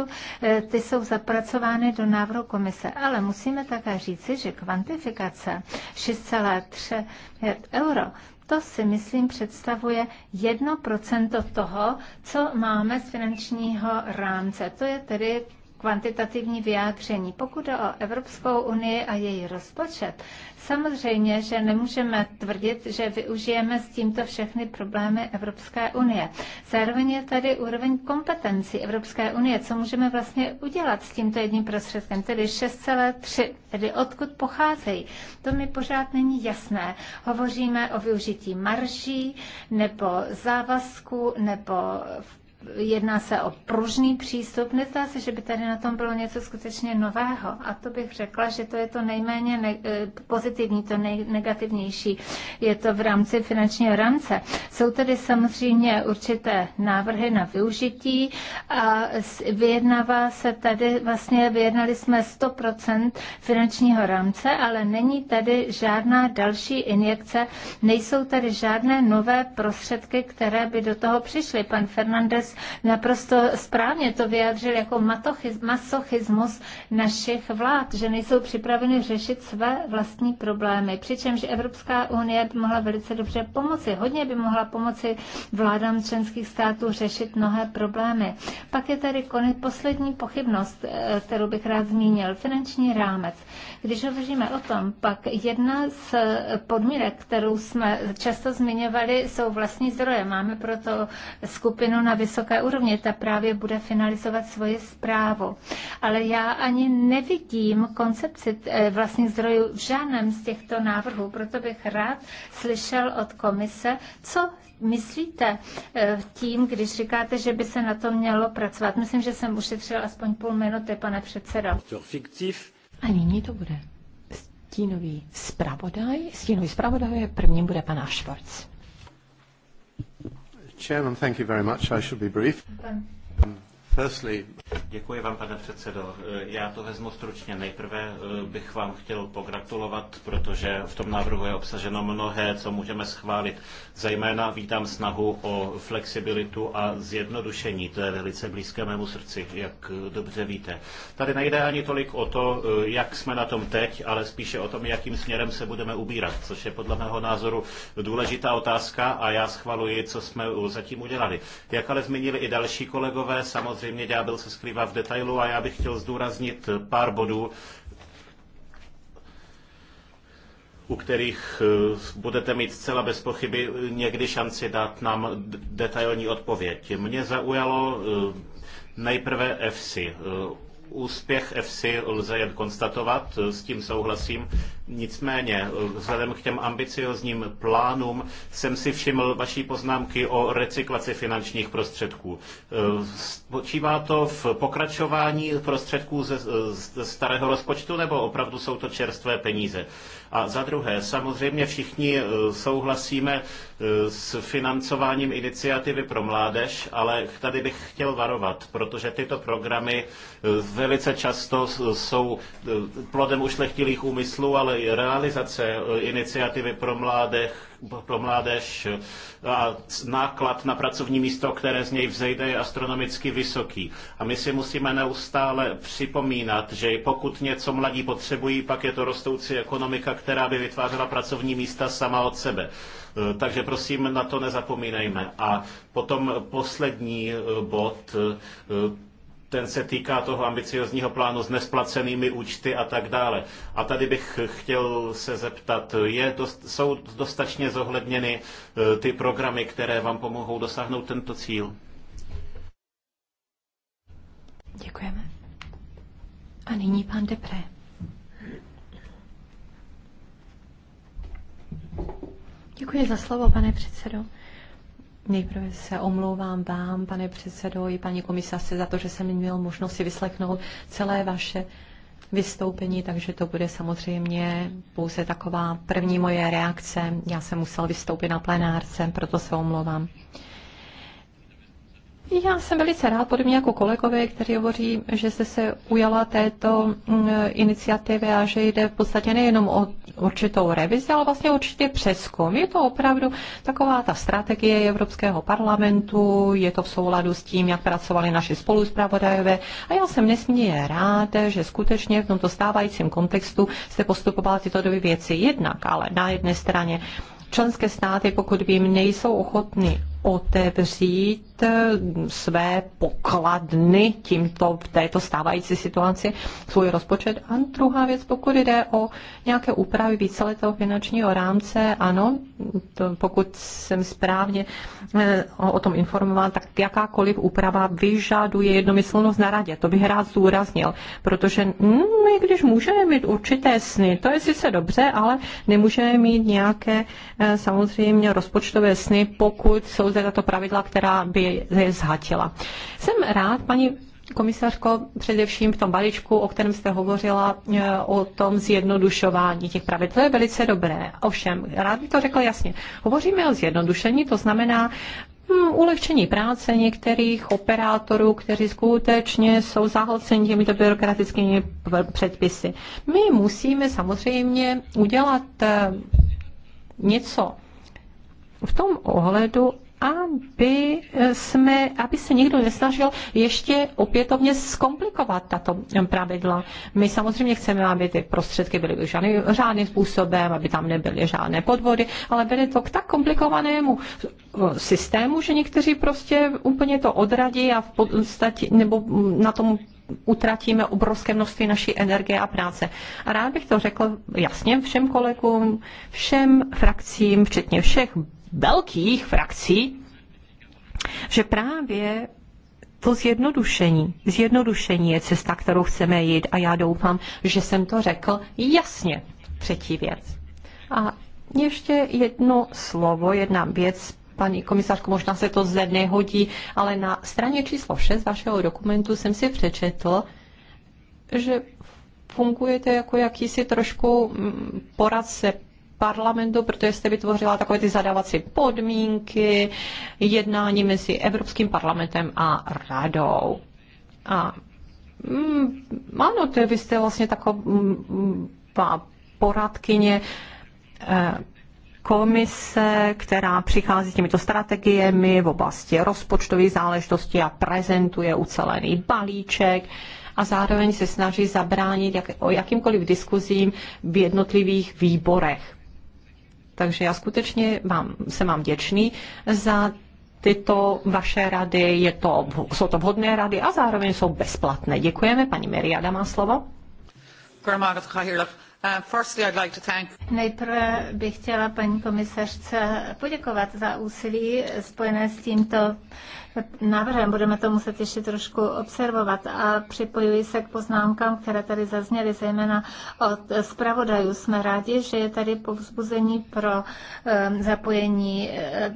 C: ty jsou zapracovány do návrhu komise. Ale musíme také říci, že kvantifikace 6,3 euro to si myslím představuje 1% toho, co máme z finančního rámce. To je tedy kvantitativní vyjádření. Pokud jde o Evropskou unii a její rozpočet, samozřejmě, že nemůžeme tvrdit, že využijeme s tímto všechny problémy Evropské unie. Zároveň je tady úroveň kompetencí Evropské unie, co můžeme vlastně udělat s tímto jedním prostředkem, tedy 6,3, tedy odkud pocházejí. To mi pořád není jasné. Hovoříme o využití marží nebo závazku nebo v jedná se o pružný přístup. Nezdá se, že by tady na tom bylo něco skutečně nového. A to bych řekla, že to je to nejméně ne- eh, pozitivní, to nejnegativnější. Je to v rámci finančního rámce. Jsou tady samozřejmě určité návrhy na využití a vyjednává se tady, vlastně vyjednali jsme 100% finančního rámce, ale není tady žádná další injekce, nejsou tady žádné nové prostředky, které by do toho přišly. Pan Fernandez Mendes naprosto správně to vyjádřil jako masochismus našich vlád, že nejsou připraveny řešit své vlastní problémy. Přičemž Evropská unie by mohla velice dobře pomoci. Hodně by mohla pomoci vládám členských států řešit mnohé problémy. Pak je tady konec poslední pochybnost, eh, kterou bych rád zmínil. Finanční rámec. Když hovoříme o tom, pak jedna z podmínek, kterou jsme často zmiňovali, jsou vlastní zdroje. Máme proto skupinu na vysoké vysoké úrovně, Ta právě bude finalizovat svoji zprávu. Ale já ani nevidím koncepci eh, vlastních zdrojů v žádném z těchto návrhů, proto bych rád slyšel od komise, co myslíte eh, tím, když říkáte, že by se na to mělo pracovat? Myslím, že jsem ušetřil aspoň půl minuty, pane předsedo.
B: A nyní to bude stínový zpravodaj. Stínový zpravodaj je první bude pana Schwarz.
D: Chairman, thank you very much. I shall be brief.
C: Pan,
A: Děkuji vám, pane předsedo. Já to vezmu stručně. Nejprve eh, bych vám chtěl pogratulovat, protože v tom návrhu je obsaženo mnohé, co můžeme schválit. Zejména vítám snahu o flexibilitu a zjednodušení. To je velice blízké mému srdci, jak eh, dobře víte. Tady nejde ani tolik o to, eh, jak jsme na tom teď, ale spíše o tom, jakým směrem se budeme ubírat, což je podle mého názoru důležitá otázka a já schvaluji, co jsme zatím udělali. Jak ale zmínili i další kolegové, samozřejmě samozřejmě ďábel se skrývá v detailu a já bych chtěl zdůraznit pár bodů, u kterých eh, budete mít zcela bez pochyby někdy šanci dát nám detailní odpověď. Mě zaujalo eh, nejprve EFSI. Eh, Úspěch EFSI lze jen konstatovat, s tím souhlasím. Nicméně, vzhledem k těm ambiciozním plánům, jsem si všiml vaší poznámky o recyklaci finančních prostředků. Spočívá to v pokračování prostředků ze, starého rozpočtu, nebo opravdu jsou to čerstvé peníze? A za druhé, samozřejmě všichni eh, souhlasíme eh, s financováním iniciativy pro mládež, ale tady bych chtěl varovat, protože tyto programy eh, velice často jsou plodem ušlechtilých úmyslů, ale realizace iniciativy pro mládež pro mládež a náklad na pracovní místo, které z něj vzejde, je astronomicky vysoký. A my si musíme neustále připomínat, že pokud něco mladí potřebují, pak je to rostoucí ekonomika, která by vytvářela pracovní místa sama od sebe. Takže prosím, na to nezapomínejme. A potom poslední eh, bod, eh, ten se týká toho ambiciozního plánu s nesplacenými účty a tak dále. A tady bych chtěl se zeptat, je dost, jsou dostatečně zohledněny eh, ty programy, které vám pomohou dosáhnout tento cíl?
B: Děkujeme. A nyní pan Depré. Děkuji za slovo, pane předsedo. Nejprve se omlouvám vám, pane předsedo, i paní komisařce za to, že jsem měl možnost si vyslechnout celé vaše vystoupení, takže to bude samozřejmě pouze taková první moje reakce. Já jsem musel vystoupit na plenárce, proto se omlouvám. Já jsem velice rád, podobně jako kolegové, kteří hovoří, že jste se ujala této mm, iniciativy a že jde v podstatě nejenom o určitou revizi, ale vlastně určitě přeskum. Je to opravdu taková ta strategie Evropského parlamentu, je to v souladu s tím, jak pracovali naši spoluzpravodajové a já jsem nesmírně rád, že skutečně v tomto stávajícím kontextu jste postupovala tyto dvě věci jednak, ale na jedné straně členské státy, pokud vím, nejsou ochotny otevřít eh, své pokladny tímto v této stávající situaci svůj rozpočet. A druhá věc, pokud jde o nějaké úpravy víceletého finančního rámce, ano, to, pokud jsem správně eh, o, tom informoval tak jakákoliv úprava vyžaduje jednomyslnost na radě. To bych rád zúraznil, protože hm, my když můžeme mít určité sny, to je sice dobře, ale nemůžeme mít nějaké eh, samozřejmě rozpočtové sny, pokud jsou pouze tato pravidla, která by je zhatila. Jsem rád, paní komisařko, především v tom balíčku, o kterém jste hovořila, e, o tom zjednodušování těch pravidel. To je velice dobré. Ovšem, rád bych to řekla jasně. Hovoříme o zjednodušení, to znamená hmm, ulehčení práce některých operátorů, kteří skutečně jsou zahlceni těmito byrokratickými předpisy. My musíme samozřejmě udělat e, něco v tom ohledu, aby, eh, jsme, aby se někdo nesnažil ještě opětovně zkomplikovat tato eh, pravidla. My samozřejmě chceme, aby ty prostředky byly využívány řádným způsobem, aby tam nebyly žádné podvody, ale vede to k tak komplikovanému eh, systému, že někteří prostě úplně to odradí a v podstatě, nebo mm, na tom utratíme obrovské množství naší energie a práce. A rád bych to řekl jasně všem kolegům, všem frakcím, včetně všech velkých frakcí, že právě to zjednodušení, zjednodušení je cesta, kterou chceme jít a já doufám, že jsem to řekl jasně. Třetí věc. A ještě jedno slovo, jedna věc, paní komisařko, možná se to zde nehodí, ale na straně číslo 6 vašeho dokumentu jsem si přečetl, že fungujete jako jakýsi trošku mm, poradce parlamentu, protože jste vytvořila takové ty zadávací podmínky, jednání mezi Evropským parlamentem a radou. A mm, ano, to vy jste vlastně taková mm, mm, poradkyně eh, komise, která přichází s těmito strategiemi v oblasti rozpočtových záležitostí a prezentuje ucelený balíček a zároveň se snaží zabránit jak, o jakýmkoliv diskuzím v jednotlivých výborech. Takže já skutečně vám, jsem vám děčný za tyto vaše rady, je to, jsou to vhodné rady a zároveň jsou bezplatné. Děkujeme, paní Miriada má slovo.
C: Nejprve bych chtěla paní komisařce poděkovat za úsilí spojené s tímto návrhem. Budeme to muset ještě trošku observovat a připojuji se k poznámkám, které tady zazněly, zejména od zpravodajů. Jsme rádi, že je tady povzbuzení pro eh, zapojení eh,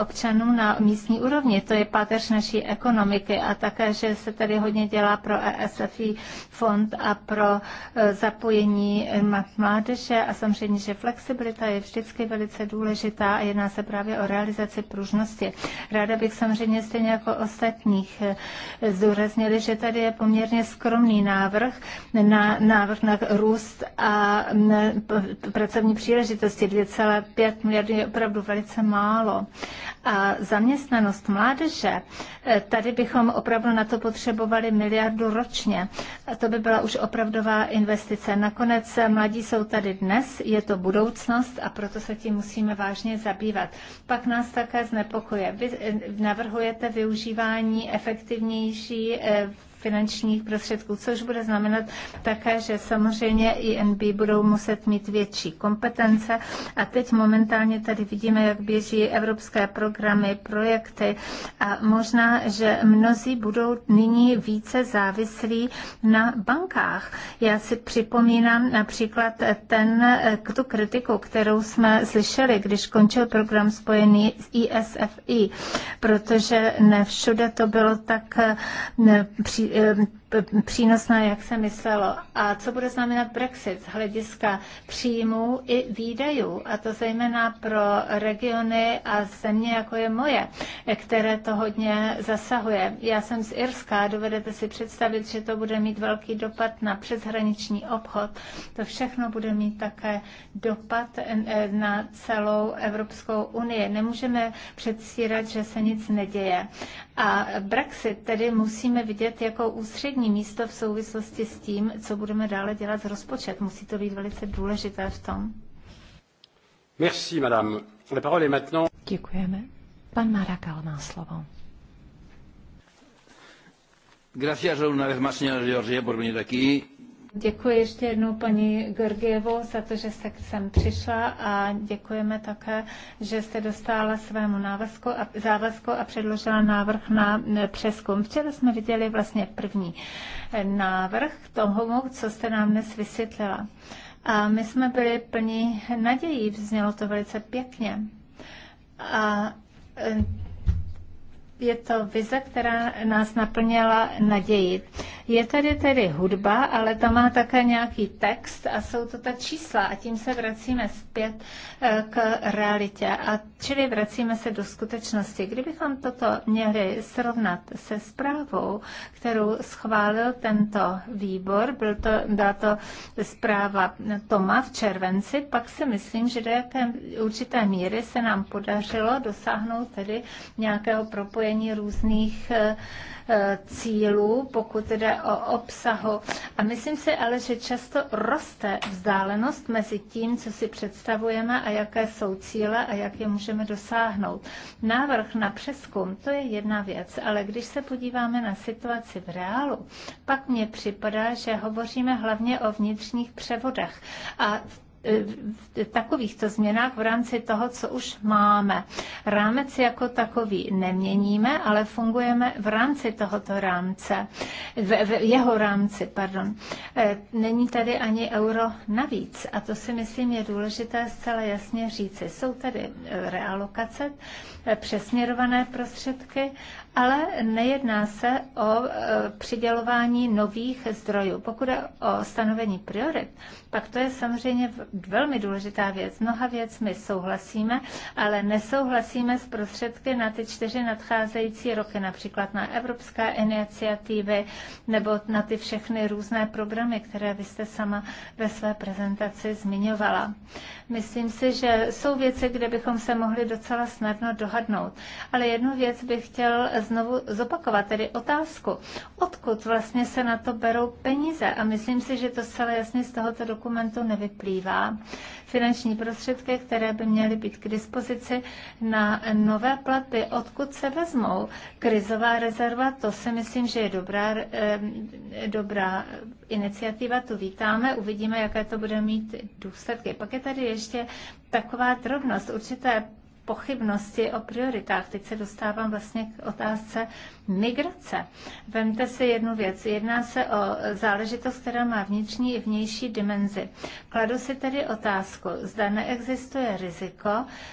C: občanů na místní úrovni. To je páteř naší ekonomiky a také, že se tady hodně dělá pro ESFI fond a pro eh, zapojení mládeže a samozřejmě, že flexibilita je vždycky velice důležitá a jedná se právě o realizaci pružnosti. Ráda bych samozřejmě samozřejmě stejně jako ostatních eh, zdůraznili, že tady je poměrně skromný návrh na návrh na růst a pracovní příležitosti 2,5 miliardy je opravdu velice málo. A zaměstnanost mládeže, eh, tady bychom opravdu na to potřebovali miliardu ročně. A to by byla už opravdová investice. Nakonec eh, mladí jsou tady dnes, je to budoucnost a proto se tím musíme vážně zabývat. Pak nás také znepokuje. Vy navrhujete využívání efektivnější eh, finančních prostředků, což bude znamenat také, že samozřejmě INB budou muset mít větší kompetence. A teď momentálně tady vidíme, jak běží evropské programy, projekty a možná, že mnozí budou nyní více závislí na bankách. Já si připomínám například ten, tu kritiku, kterou jsme slyšeli, když končil program spojený s ISFI, protože ne všude to bylo tak při um, přínosná, jak se myslelo. A co bude znamenat Brexit z hlediska příjmů i výdajů, a to zejména pro regiony a země, jako je moje, které to hodně zasahuje. Já jsem z Irska, dovedete si představit, že to bude mít velký dopad na přeshraniční obchod. To všechno bude mít také dopad eh, na celou Evropskou unii. Nemůžeme předstírat, že se nic neděje. A Brexit tedy musíme vidět jako ústřední konkrétní místo v souvislosti s tím, co budeme dále dělat s rozpočet. Musí to být velice důležité v
B: tom.
A: Merci, madame. La parole est maintenant...
B: Děkujeme. Pan Marakal má slovo.
A: Gracias una vez
D: más, señora Georgie, por venir aquí.
C: Děkuji ještě jednou paní Gorgievo za to, že jste sem přišla a děkujeme také, že jste dostala svému návazku a, závazku a předložila návrh na přeskum. Včera jsme viděli vlastně první návrh k tomu, co jste nám dnes vysvětlila. A my jsme byli plní nadějí, vznělo to velice pěkně. A e, je to vize, která nás naplněla naději. Je tady tedy hudba, ale to má také nějaký text a jsou to ta čísla a tím se vracíme zpět eh, k realitě. A čili vracíme se do skutečnosti. Kdybychom toto měli srovnat se zprávou, kterou schválil tento výbor, byl to, byla to zpráva Toma v červenci, pak si myslím, že do jaké určité míry se nám podařilo dosáhnout tedy nějakého propojení různých uh, Eh, cílů, pokud jde o obsahu. A myslím si ale, že často roste vzdálenost mezi tím, co si představujeme a jaké jsou cíle a jak je můžeme dosáhnout. Návrh na přeskum, to je jedna věc, ale když se podíváme na situaci v reálu, pak mně připadá, že hovoříme hlavně o vnitřních převodech. A v E, takovýchto změnách v rámci toho, co už máme. Rámec jako takový neměníme, ale fungujeme v rámci tohoto rámce, v, v jeho rámci, pardon. E, není tady ani euro navíc a to si myslím je důležité zcela jasně říci. Jsou tady e, realokace, přesměrované prostředky ale nejedná se o e, přidělování nových zdrojů. Pokud je o stanovení priorit, pak to je samozřejmě velmi důležitá věc. Mnoha my souhlasíme, ale nesouhlasíme s prostředky na ty čtyři nadcházející roky, například na evropské iniciativy nebo na ty všechny různé programy, které vy jste sama ve své prezentaci zmiňovala. Myslím si, že jsou věci, kde bychom se mohli docela snadno dohadnout. Ale jednu věc bych chtěl znovu zopakovat, tedy otázku. Odkud vlastně se na to berou peníze? A myslím si, že to zcela jasně z tohoto dokumentu nevyplývá. Finanční prostředky, které by měly být k dispozici na nové platby, odkud se vezmou? Krizová rezerva, to si myslím, že je dobrá, eh, dobrá iniciativa, tu vítáme, uvidíme, jaké to bude mít důsledky. Pak je tady ještě taková drobnost, určité pochybnosti o prioritách. Teď se dostávám vlastně k otázce migrace. Vemte si jednu věc. Jedná se o záležitost, která má vnitřní i vnější dimenzi. Kladu si tedy otázku, zda neexistuje riziko,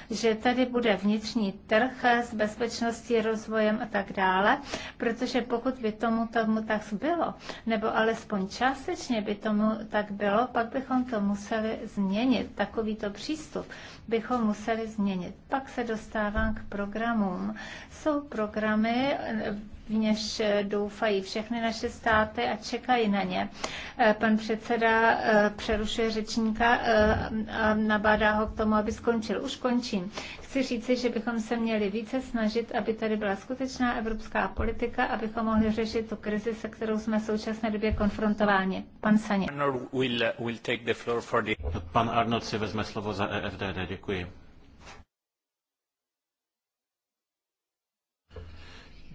C: že tady bude vnitřní trh s bezpečností, rozvojem a tak dále, protože pokud by tomu tomu tak bylo, nebo alespoň částečně by tomu tak bylo, pak bychom to museli změnit, takovýto přístup bychom museli změnit. Pak se dostávám k programům. Jsou programy eh, v něž eh, doufají všechny naše státy a čekají na ně. Eh, pan předseda eh, přerušuje řečníka a nabádá ho k tomu, aby skončil. Už končím. Chci říci, že bychom se měli více snažit, aby tady byla skutečná evropská politika, abychom mohli řešit tu krizi, se kterou jsme v současné době konfrontováni. Pan Saně.
A: Pan Arnold si vezme slovo za EFDD. Děkuji.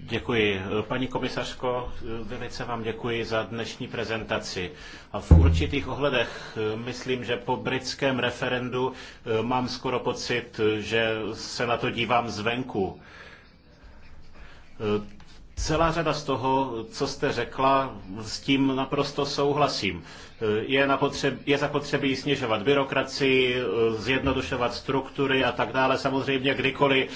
A: Děkuji. Paní komisařko, velice vám děkuji za dnešní prezentaci. A v určitých ohledech myslím, že po britském referendu mám skoro pocit, že se na to dívám zvenku. Celá řada z toho, co jste řekla, s tím naprosto souhlasím. Je, napotřeb, je zapotřebí snižovat byrokracii, zjednodušovat struktury a tak dále. Samozřejmě kdykoliv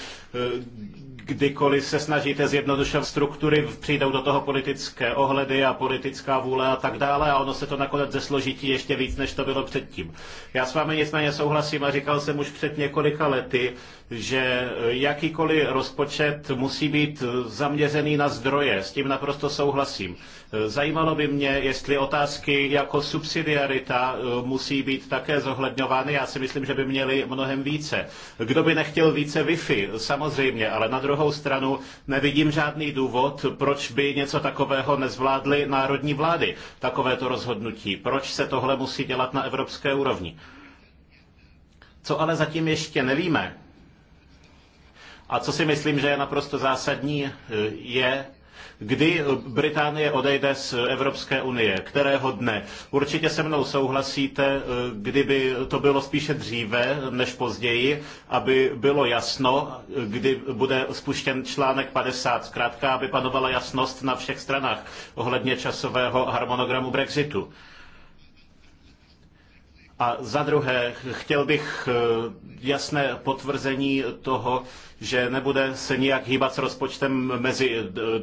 A: kdykoliv se snažíte zjednodušovat struktury, přijdou do toho politické ohledy a politická vůle a tak dále a ono se to nakonec zesložití ještě víc, než to bylo předtím. Já s vámi nicméně souhlasím a říkal jsem už před několika lety, že jakýkoliv rozpočet musí být zaměřený na zdroje. S tím naprosto souhlasím. Zajímalo by mě, jestli otázky jako subsidiarita eh, musí být také zohledňovány. Já si myslím, že by měly mnohem více. Kdo by nechtěl více Wi-Fi? Samozřejmě, ale na druhou stranu nevidím žádný důvod, proč by něco takového nezvládly národní vlády, takovéto rozhodnutí. Proč se tohle musí dělat na evropské úrovni? Co ale zatím ještě nevíme, a co si myslím, že je naprosto zásadní, eh, je, Kdy Británie odejde z Evropské unie? Kterého dne? Určitě se mnou souhlasíte, kdyby to bylo spíše dříve než později, aby bylo jasno, kdy bude spuštěn článek 50. Zkrátka, aby panovala jasnost na všech stranách ohledně časového harmonogramu Brexitu. A za druhé, chtěl bych eh, jasné potvrzení toho, že nebude se nijak hýbat s rozpočtem mezi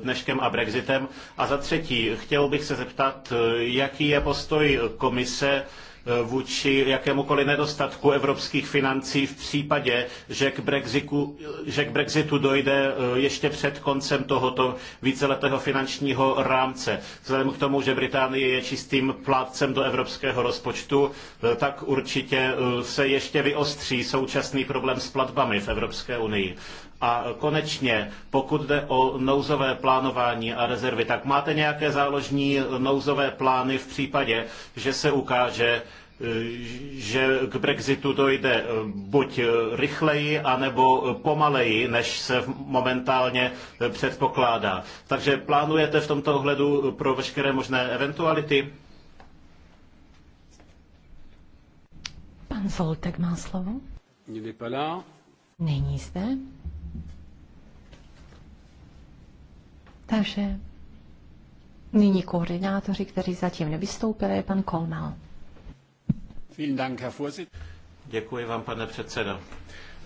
A: dneškem a Brexitem. A za třetí, chtěl bych se zeptat, eh, jaký je postoj komise Eh, vůči jakémukoliv nedostatku evropských financí v případě, že k, Brexitu, že k Brexitu dojde eh, ještě před koncem tohoto víceletého finančního rámce. Vzhledem k tomu, že Británie je čistým plátcem do evropského rozpočtu, eh, tak určitě se ještě vyostří současný problém s platbami v Evropské unii. A konečně, pokud jde o nouzové plánování a rezervy, tak máte nějaké záložní nouzové plány v případě, že se ukáže, eh, že k Brexitu dojde eh, buď rychleji, anebo pomaleji, než se momentálně eh, předpokládá. Takže plánujete v tomto ohledu pro veškeré možné eventuality?
B: Pan Zoltek má slovo. Není zde. Takže nyní koordinátoři, kteří zatím nevystoupili, pan Kolmel.
A: Děkuji vám, pane předsedo.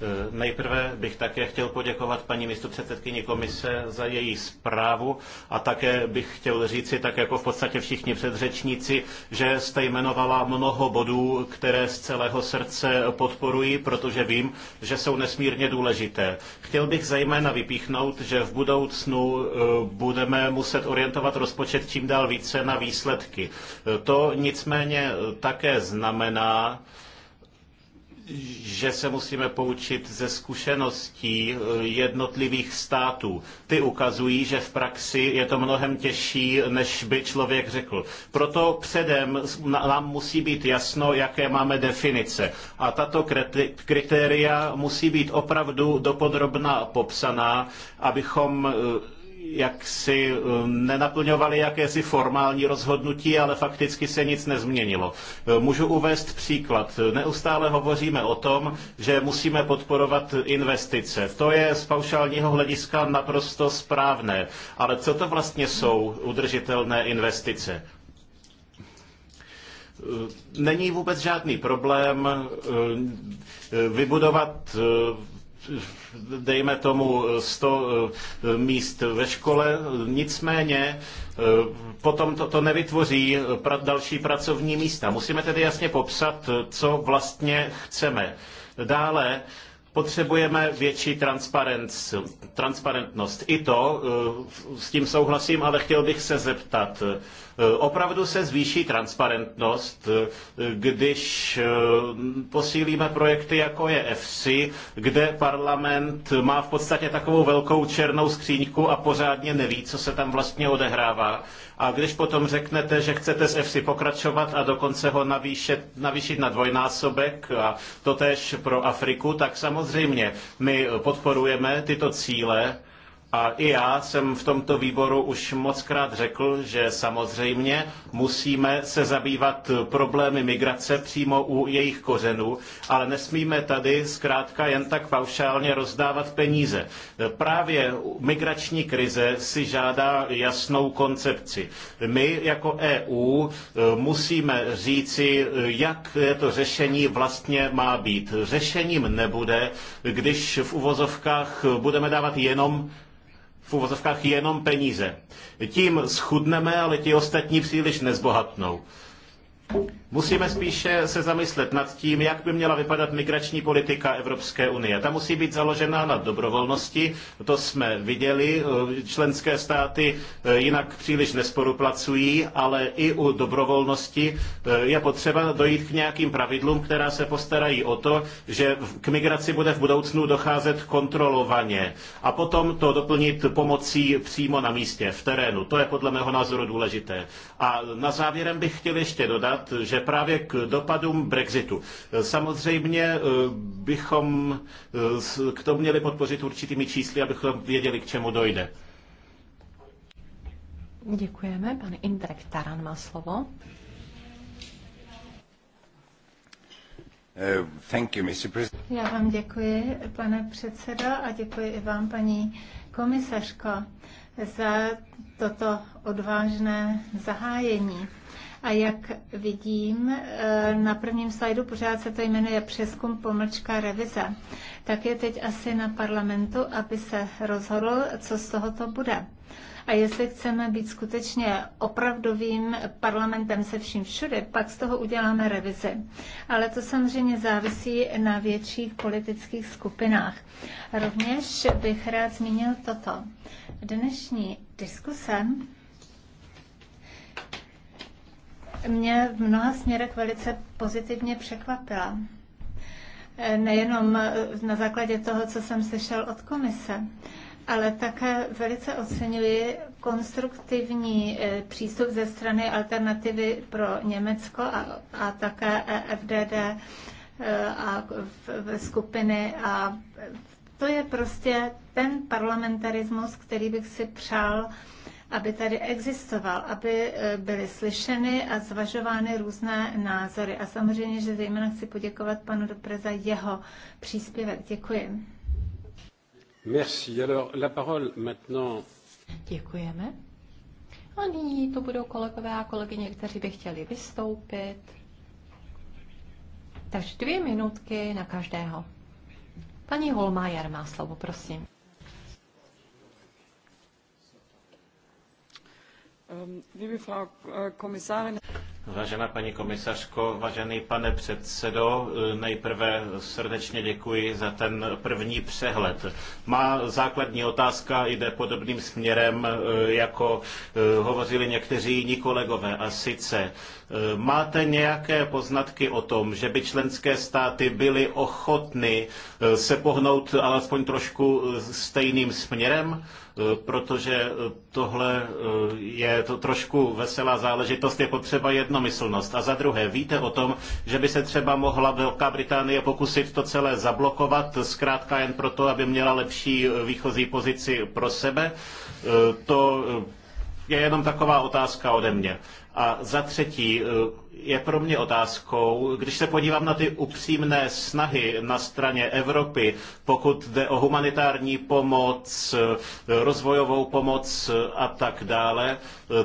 A: Eh, nejprve bych také chtěl poděkovat paní místopředsedkyni komise za její zprávu a také bych chtěl říci, tak jako v podstatě všichni předřečníci, že jste jmenovala mnoho bodů, které z celého srdce podporuji, protože vím, že jsou nesmírně důležité. Chtěl bych zejména vypíchnout, že v budoucnu eh, budeme muset orientovat rozpočet čím dál více na výsledky. Eh, to nicméně také znamená, že se musíme poučit ze zkušeností eh, jednotlivých států. Ty ukazují, že v praxi je to mnohem těžší, než by člověk řekl. Proto předem nám musí být jasno, jaké máme definice. A tato kritéria musí být opravdu dopodrobná popsaná, abychom eh, jaksi um, nenaplňovali jakési formální rozhodnutí, ale fakticky se nic nezměnilo. Uh, můžu uvést příklad. Neustále hovoříme o tom, že musíme podporovat investice. To je z paušálního hlediska naprosto správné. Ale co to vlastně jsou udržitelné investice? Uh, není vůbec žádný problém uh, vybudovat dejme tomu 100 eh, míst ve škole, nicméně eh, potom to, to nevytvoří eh, další pracovní místa. Musíme tedy jasně popsat, co vlastně chceme. Dále potřebujeme větší transparentnost. I to, s tím souhlasím, ale chtěl bych se zeptat, Eh, opravdu se zvýší transparentnost, eh, když eh, posílíme projekty jako je EFSI, kde parlament má v podstatě takovou velkou černou skříňku a pořádně neví, co se tam vlastně odehrává. A když potom řeknete, že chcete s EFSI pokračovat a dokonce ho navýšet, navýšit na dvojnásobek a to pro Afriku, tak samozřejmě my podporujeme tyto cíle, a i já jsem v tomto výboru už mockrát řekl, že samozřejmě musíme se zabývat problémy migrace přímo u jejich kořenů, ale nesmíme tady zkrátka jen tak paušálně rozdávat peníze. Právě migrační krize si žádá jasnou koncepci. My jako EU e, musíme říci, jak to řešení vlastně má být. Řešením nebude, když v uvozovkách budeme dávat jenom v uvozovkách jenom peníze. Tím schudneme, ale ti ostatní příliš nezbohatnou. Musíme spíše se zamyslet nad tím, jak by měla vypadat migrační politika Evropské unie. Ta musí být založena na dobrovolnosti, to jsme viděli, členské státy eh, jinak příliš nesporuplacují, ale i u dobrovolnosti eh, je potřeba dojít k nějakým pravidlům, která se postarají o to, že k migraci bude v budoucnu docházet kontrolovaně a potom to doplnit pomocí přímo na místě, v terénu. To je podle mého názoru důležité. A na závěrem bych chtěl ještě dodat, že že právě k dopadům Brexitu. E, samozřejmě e, bychom e, k tomu měli podpořit určitými čísly, abychom věděli, k čemu dojde.
B: Děkujeme. Pan Indrek Taran má slovo.
C: Thank you, Mr. President. Já vám děkuji, pane předsedo, a děkuji i vám, paní komisařko, za toto odvážné zahájení. A jak vidím eh, na prvním slajdu, pořád se to jmenuje přeskum pomlčka revize, tak je teď asi na parlamentu, aby se rozhodl, co z tohoto bude. A jestli chceme být skutečně opravdovým parlamentem se vším všude, pak z toho uděláme revizi. Ale to samozřejmě závisí na větších politických skupinách. Rovněž bych rád zmínil toto. Dnešní diskuse mě v mnoha směrech velice pozitivně překvapila. E, nejenom e, na základě toho, co jsem slyšel od komise, ale také velice oceňuji konstruktivní e, přístup ze strany alternativy pro Německo a, a také FDD a v skupiny a to je prostě ten parlamentarismus, který bych si přál aby tady existoval, aby eh, byly slyšeny a zvažovány různé názory. A samozřejmě, že zejména chci poděkovat panu Dopre za jeho příspěvek. Děkuji.
D: Merci. Alors, la parole
A: maintenant...
C: Děkujeme.
B: A nyní to budou kolegové a kolegyně, kteří by chtěli vystoupit. Takže dvě minutky na každého. Paní Holmajer má slovo, prosím. Ehm, äh,
A: Vážená paní komisařko, vážený pane předsedo, eh, nejprve srdečně děkuji za ten první přehled. Má základní otázka jde podobným směrem, eh, jako eh, hovořili někteří jiní kolegové. A sice, máte nějaké poznatky o tom, že by členské státy byly ochotny se pohnout alespoň trošku stejným směrem? E, protože e, tohle e, je to trošku veselá záležitost, je potřeba jednomyslnost. A za druhé, víte o tom, že by se třeba mohla Velká Británie pokusit to celé zablokovat, zkrátka jen proto, aby měla lepší výchozí pozici pro sebe? To je jenom taková otázka ode mě. A za třetí, je pro mě otázkou, když se podívám na ty upřímné snahy na straně Evropy, pokud jde o humanitární pomoc, rozvojovou pomoc a tak dále,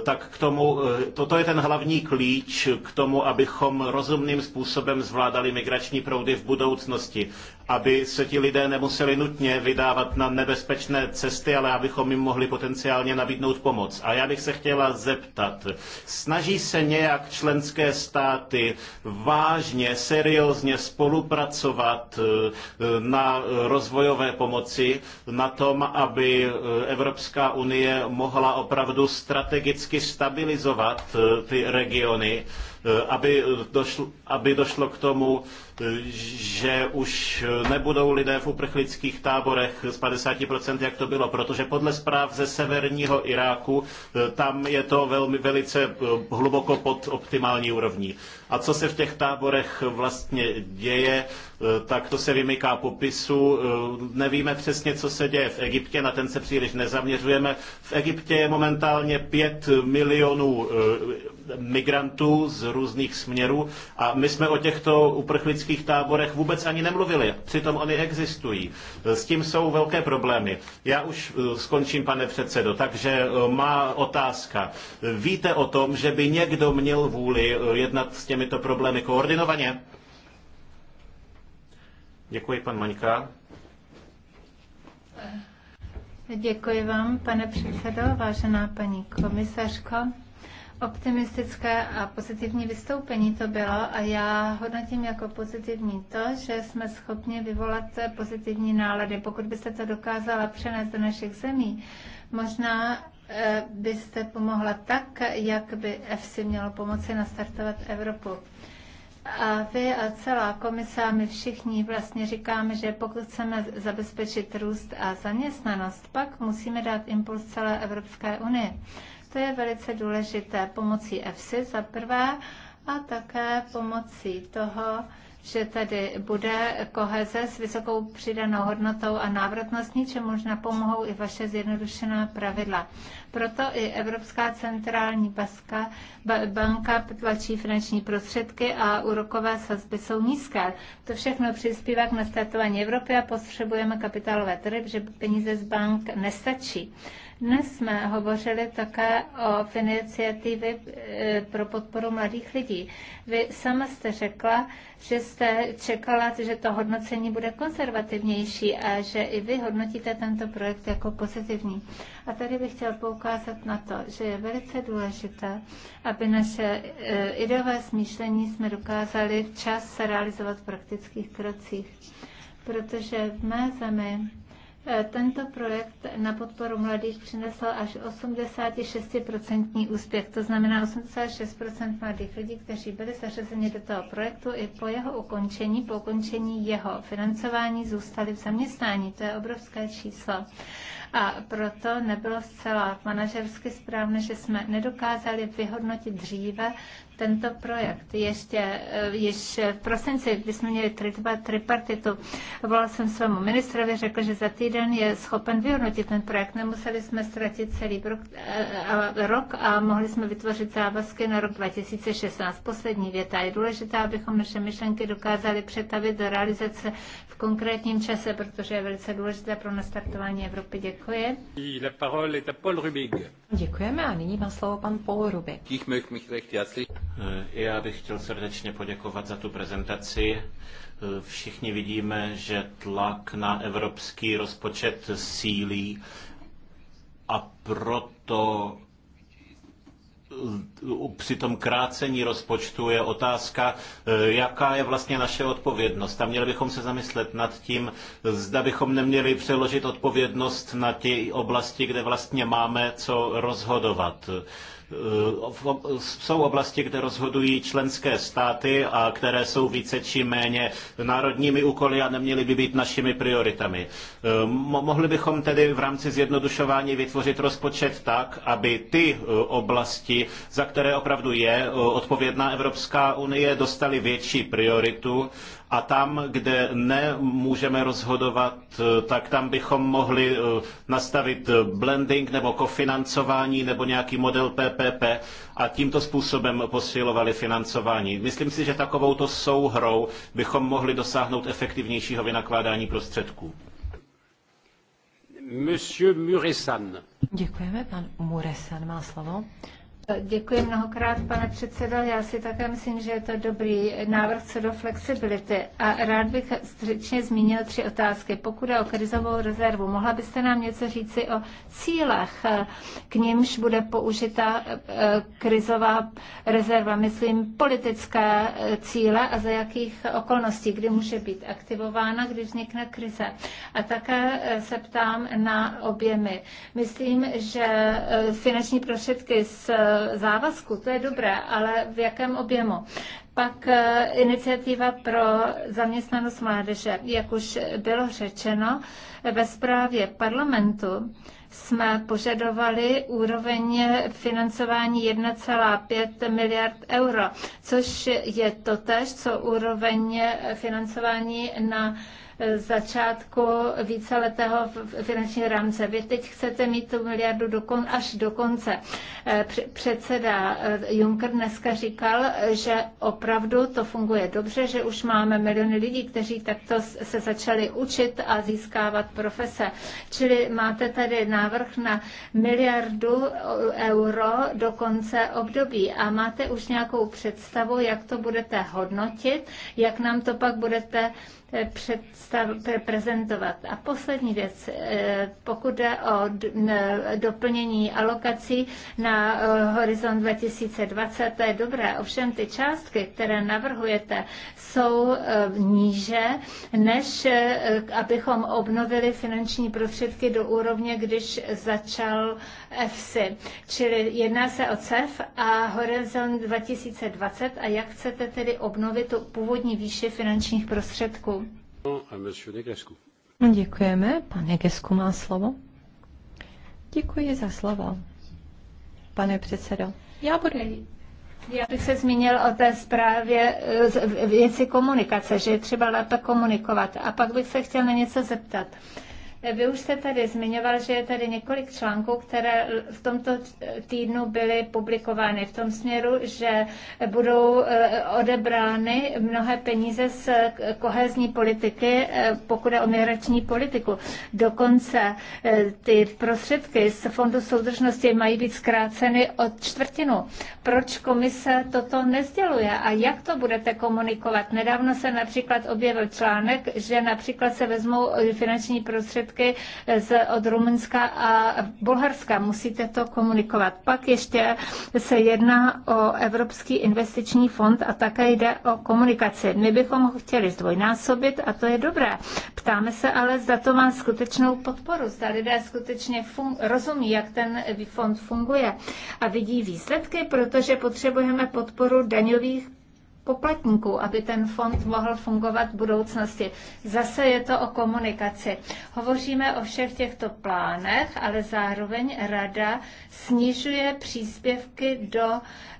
A: tak k tomu, toto je ten hlavní klíč k tomu, abychom rozumným způsobem zvládali migrační proudy v budoucnosti aby se ti lidé nemuseli nutně vydávat na nebezpečné cesty, ale abychom jim mohli potenciálně nabídnout pomoc. A já bych se chtěla zeptat, snaží se nějak členské státy vážně, seriózně spolupracovat eh, na rozvojové pomoci, na tom, aby eh, Evropská unie mohla opravdu strategicky stabilizovat eh, ty regiony Eh, aby došlo, aby došlo k tomu, eh, že už eh, nebudou lidé v uprchlických táborech z 50%, jak to bylo, protože podle zpráv ze severního Iráku tam je to velmi velice hluboko pod optimální úrovní. A co se v těch táborech vlastně děje, eh, tak to se vymyká popisu. Eh, nevíme přesně, co se děje v Egyptě, na ten se příliš nezaměřujeme. V Egyptě je momentálně 5 milionů eh, migrantů z různých směrů a my jsme o těchto uprchlických táborech vůbec ani nemluvili. Přitom oni existují. S tím jsou velké problémy. Já už skončím, pane předsedo, takže má otázka. Víte o tom, že by někdo měl vůli jednat s těmi těmito problémy koordinovaně? Děkuji, pan Maňka.
C: Děkuji vám, pane předsedo, vážená paní komisařko. Optimistické a pozitivní vystoupení to bylo a já hodnotím jako pozitivní to, že jsme schopni vyvolat pozitivní nálady. Pokud byste to dokázala přenést do našich zemí, možná Eh, byste pomohla tak, jak by EFSI mělo pomoci nastartovat Evropu. A vy a celá komise a my všichni vlastně říkáme, že pokud chceme zabezpečit růst a zaměstnanost, pak musíme dát impuls celé Evropské unii. To je velice důležité pomocí EFSI za prvé a také pomocí toho, že tady bude koheze s vysokou přidanou hodnotou a že možná pomohou i vaše zjednodušená pravidla. Proto i Evropská centrální baska, banka tlačí finanční prostředky a úrokové sazby jsou nízké. To všechno přispívá k nastartování Evropy a potřebujeme kapitálové trhy, že peníze z bank nestačí. Dnes jsme hovořili také o iniciativy eh, pro podporu mladých lidí. Vy sama jste řekla, že jste čekala, že to hodnocení bude konzervativnější a že i vy hodnotíte tento projekt jako pozitivní. A tady bych chtěl poukázat na to, že je velice důležité, aby naše eh, ideové smýšlení jsme dokázali včas realizovat v praktických krocích. Protože v mé zemi Eh, tento projekt na podporu mladých přinesl až 86% úspěch, to znamená 86% mladých lidí, kteří byli zařazeni do toho projektu i po jeho ukončení, po ukončení jeho financování zůstali v zaměstnání. To je obrovské číslo. A proto nebylo zcela manažersky správné, že jsme nedokázali vyhodnotit dříve tento projekt. Ještě eh, již v prosinci, kdy jsme měli tripartitu, volal jsem svému ministrovi, řekl, že za týden je schopen vyhodnotit ten projekt. Nemuseli jsme ztratit celý eh, rok a mohli jsme vytvořit závazky na rok 2016. Poslední věta je důležitá, abychom naše myšlenky dokázali přetavit do realizace v konkrétním čase, protože je velice důležité pro nastartování Evropy. Děkuji.
A: La parole est à Paul Rubig.
B: Děkujeme a nyní má slovo pan Paul Ruby.
A: Eh, já bych chtěl srdečně poděkovat za tu prezentaci. Eh, všichni vidíme, že tlak na evropský rozpočet sílí a proto při tom krácení rozpočtu je otázka, eh, jaká je vlastně naše odpovědnost. A měli bychom se zamyslet nad tím, zda bychom neměli přeložit odpovědnost na ty oblasti, kde vlastně máme co rozhodovat. Eh, jsou oblasti, kde rozhodují členské státy a které jsou více či méně národními úkoly a neměly by být našimi prioritami. Eh, mohli bychom tedy v rámci zjednodušování vytvořit rozpočet tak, aby ty eh, oblasti, za které opravdu je odpovědná Evropská unie, dostaly větší prioritu a tam, kde nemůžeme rozhodovat, eh, tak tam bychom mohli eh, nastavit blending nebo kofinancování nebo nějaký model PPP a tímto způsobem posilovali financování. Myslím si, že takovouto souhrou bychom mohli dosáhnout efektivnějšího vynakládání prostředků. Monsieur Muresan.
B: Děkujeme, pan Muresan má slovo.
C: Děkuji mnohokrát, pane předsedo. Já si také myslím, že je to dobrý návrh co do flexibility. A rád bych stručně zmínil tři otázky. Pokud je o krizovou rezervu, mohla byste nám něco říci o cílech, k nímž bude použita eh, krizová rezerva? Myslím politické eh, cíle a za jakých okolností, kdy může být aktivována, když vznikne krize. A také eh, se ptám na objemy. Myslím, že finanční prostředky z Eh, závazku, to je dobré, ale v jakém objemu? Pak eh, iniciativa pro zaměstnanost mládeže. Jak už bylo řečeno, ve zprávě parlamentu jsme požadovali úroveň financování 1,5 miliard euro, což je totéž, co úroveň financování na začátku víceletého finančního rámce. Vy teď chcete mít tu miliardu do kon, až do konce. Eh, předseda eh, Juncker dneska říkal, že opravdu to funguje dobře, že už máme miliony lidí, kteří takto se začali učit a získávat profese. Čili máte tady návrh na miliardu eh, euro do konce období a máte už nějakou představu, jak to budete hodnotit, jak nám to pak budete představit prezentovat. A poslední věc, eh, pokud jde o doplnění alokací na eh, horizont 2020, to je dobré. Ovšem ty částky, které navrhujete, jsou eh, níže, než abychom obnovili finanční prostředky do úrovně, když začal EFSI. Čili jedná se o CEF a Horizon 2020 a jak chcete tedy obnovit tu původní výši finančních prostředků?
B: Děkujeme. Pane Gesku má slovo. Děkuji za slovo, pane předsedo.
C: Já budu já bych se zmínil o té zprávě eh, věci komunikace, že je třeba lépe komunikovat. A pak bych se chtěl na něco zeptat. Vy už jste tady zmiňoval, že je tady několik článků, které v tomto týdnu byly publikovány v tom směru, že budou eh, odebrány mnohé peníze z kohezní politiky, eh, pokud je o migrační politiku. Dokonce eh, ty prostředky z Fondu soudržnosti mají být zkráceny od čtvrtinu. Proč komise toto nezděluje a jak to budete komunikovat? Nedávno se například objevil článek, že například se vezmou finanční prostředky prostředky z, od Rumunska a Bulharska. Musíte to komunikovat. Pak ještě se jedná o Evropský investiční fond a také jde o komunikaci. My bychom ho chtěli zdvojnásobit a to je dobré. Ptáme se ale, zda to má skutečnou podporu, zda lidé skutečně rozumí, jak ten fond funguje a vidí výsledky, protože potřebujeme podporu daňových poplatníků, aby ten fond mohl fungovat v budoucnosti. Zase je to o komunikaci. Hovoříme o všech těchto plánech, ale zároveň rada snižuje příspěvky do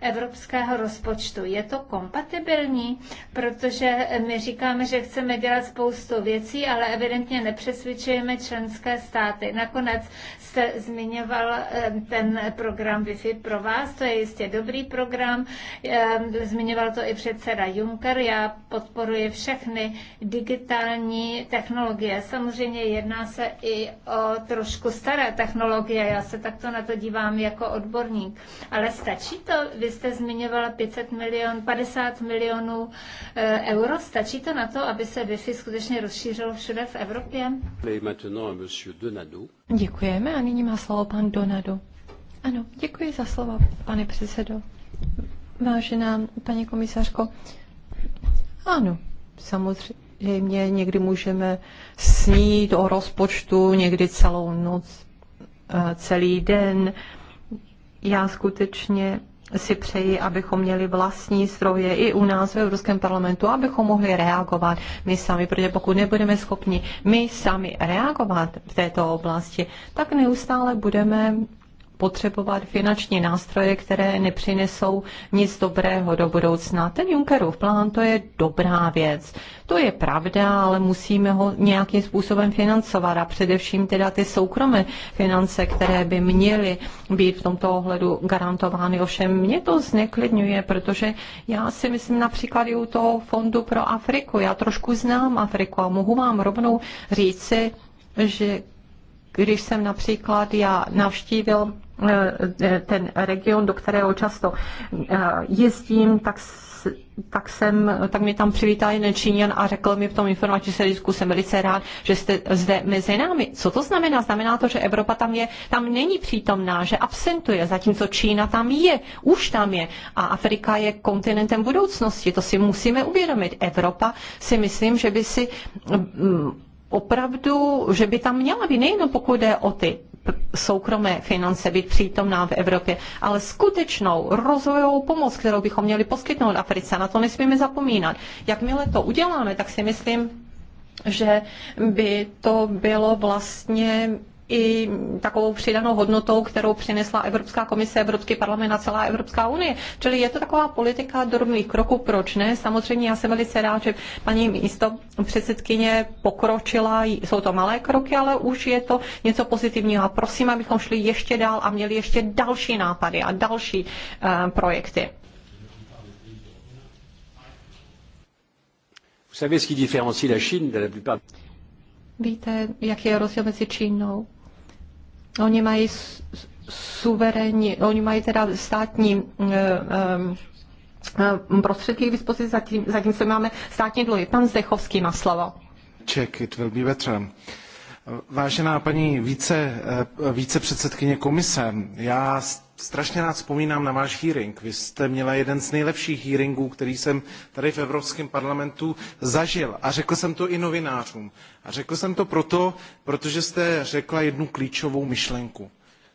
C: evropského rozpočtu. Je to kompatibilní, protože my říkáme, že chceme dělat spoustu věcí, ale evidentně nepřesvědčujeme členské státy. Nakonec jste zmiňoval eh, ten program Wi-Fi pro vás, to je jistě dobrý program, eh, zmiňoval to i před předseda Juncker. Já podporuji všechny digitální technologie. Samozřejmě jedná se i o trošku staré technologie. Já se takto na to dívám jako odborník. Ale stačí to? Vy jste zmiňovala 500 milion, 50 milionů eh, euro. Stačí to na to, aby se Wi-Fi skutečně rozšířilo všude v Evropě?
B: Děkujeme a nyní má slovo pan Donado. Ano, děkuji za slovo, pane předsedo. Vážená paní komisařko, ano, samozřejmě někdy můžeme snít o rozpočtu, někdy celou noc, eh, celý den. Já skutečně si přeji, abychom měli vlastní stroje i u nás v Evropském parlamentu, abychom mohli reagovat my sami, protože pokud nebudeme schopni my sami reagovat v této oblasti, tak neustále budeme potřebovat finanční nástroje, které nepřinesou nic dobrého do budoucna. Ten Junckerův plán to je dobrá věc. To je pravda, ale musíme ho nějakým způsobem financovat a především teda ty soukromé finance, které by měly být v tomto ohledu garantovány. Ovšem mě to zneklidňuje, protože já si myslím například i u toho fondu pro Afriku. Já trošku znám Afriku a mohu vám rovnou říci, že když jsem například já navštívil Eh, eh, ten region, do kterého často eh, jezdím, tak tak, jsem, tak mě tam přivítal jeden Číňan a řekl mi v tom informační servisku, jsem velice rád, že jste zde mezi námi. Co to znamená? Znamená to, že Evropa tam, je, tam není přítomná, že absentuje, zatímco Čína tam je, už tam je a Afrika je kontinentem budoucnosti. To si musíme uvědomit. Evropa si myslím, že by si mm, opravdu, že by tam měla být nejenom pokud jde o ty soukromé finance být přítomná v Evropě, ale skutečnou rozvojovou pomoc, kterou bychom měli poskytnout Africe, na to nesmíme zapomínat. Jakmile to uděláme, tak si myslím, že by to bylo vlastně i takovou přidanou hodnotou, kterou přinesla Evropská komise, Evropský parlament a celá Evropská unie. Čili je to taková politika drobných kroků, proč ne? Samozřejmě já jsem velice rád, že paní místo předsedkyně pokročila, jsou to malé kroky, ale už je to něco pozitivního. A prosím, abychom šli ještě dál a měli ještě další nápady a další uh, projekty.
A: Vous savez ce qui différencie la Chine de la
B: plupart Víte, jaký je rozdíl mezi Čínou? Oni mají suverénní, oni mají teda státní um, prostředky k dispozici, zatím, se máme státní dluhy. Pan Zdechovský má slovo.
D: Check, it will be better. Vážená paní více, eh, více předsedkyně komise, já strašně rád vzpomínám na váš hearing. Vy jste měla jeden z nejlepších hearingů, který jsem tady v Evropském parlamentu zažil. A řekl jsem to i novinářům. A řekl jsem to proto, protože jste řekla jednu klíčovou myšlenku,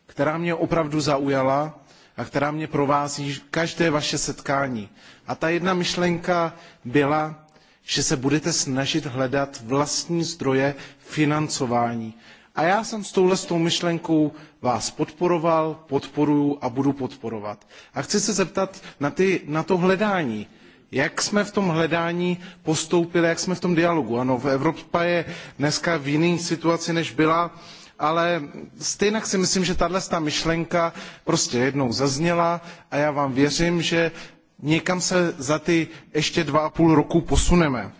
D: která mě opravdu zaujala a která mě provází každé vaše setkání. A ta jedna myšlenka byla, že se budete snažit hledat vlastní zdroje financování a já jsem s touhle s tou myšlenkou vás podporoval, podporuju a budu podporovat. A chci se zeptat na, ty, na to hledání. Jak jsme v tom hledání postoupili, jak jsme v tom dialogu? Ano, Evropa je dneska v jiné situaci, než byla, ale stejně si myslím, že tahle myšlenka prostě jednou zazněla a já vám věřím, že někam se za ty ještě dva a půl roku posuneme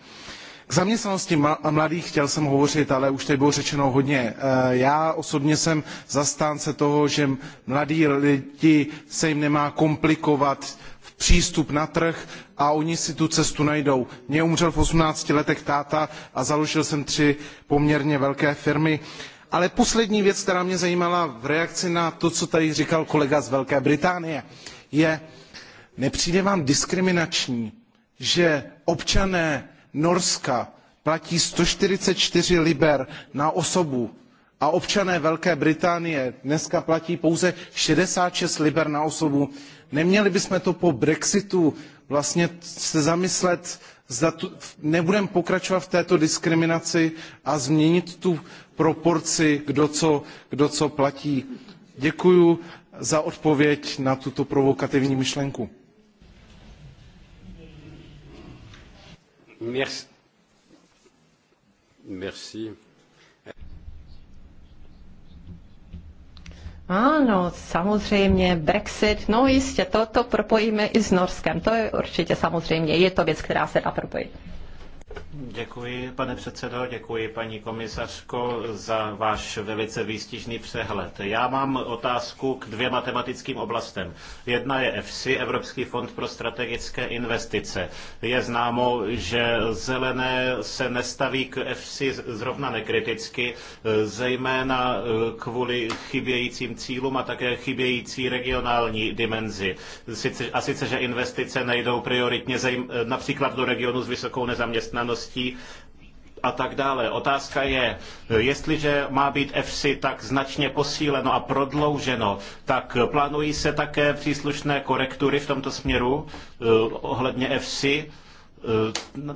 D: zaměstnanosti mladých chtěl jsem hovořit, ale už tady bylo řečeno hodně. Eh, já osobně jsem zastánce toho, že mladí lidi se jim nemá komplikovat přístup na trh a oni si tu cestu najdou. Mně umřel v 18 letech táta a založil jsem tři poměrně velké firmy. Ale poslední věc, která mě zajímala v reakci na to, co tady říkal kolega z Velké Británie, je, nepřijde vám diskriminační, že občané Norska platí 144 liber na osobu a občané Velké Británie dneska platí pouze 66 liber na osobu. Neměli bychom to po Brexitu vlastně se zamyslet, zda tu, nebudeme pokračovat v této diskriminaci a změnit tu proporci, kdo co, kdo co platí. Děkuji za odpověď na tuto provokativní myšlenku.
A: Merci.
B: Ano, samozřejmě, Brexit, no jistě, to, to propojíme i s Norskem, to je určitě samozřejmě, je to věc, která se dá propojit.
A: Děkuji, pane předsedo, děkuji, paní komisařko, za váš velice výstižný přehled. Já mám otázku k dvěma tematickým oblastem. Jedna je EFSI, Evropský fond pro strategické investice. Je známo, že zelené se nestaví k EFSI zrovna nekriticky, zejména eh, kvůli chybějícím cílům a také chybějící regionální dimenzi. A sice, že investice nejdou prioritně eh, například do regionu s vysokou nezaměstnaností, zkušeností a tak dále. Otázka je, jestliže má být EFSI tak značně posíleno a prodlouženo, tak plánují se také příslušné korektury v tomto směru eh, ohledně EFSI Eh,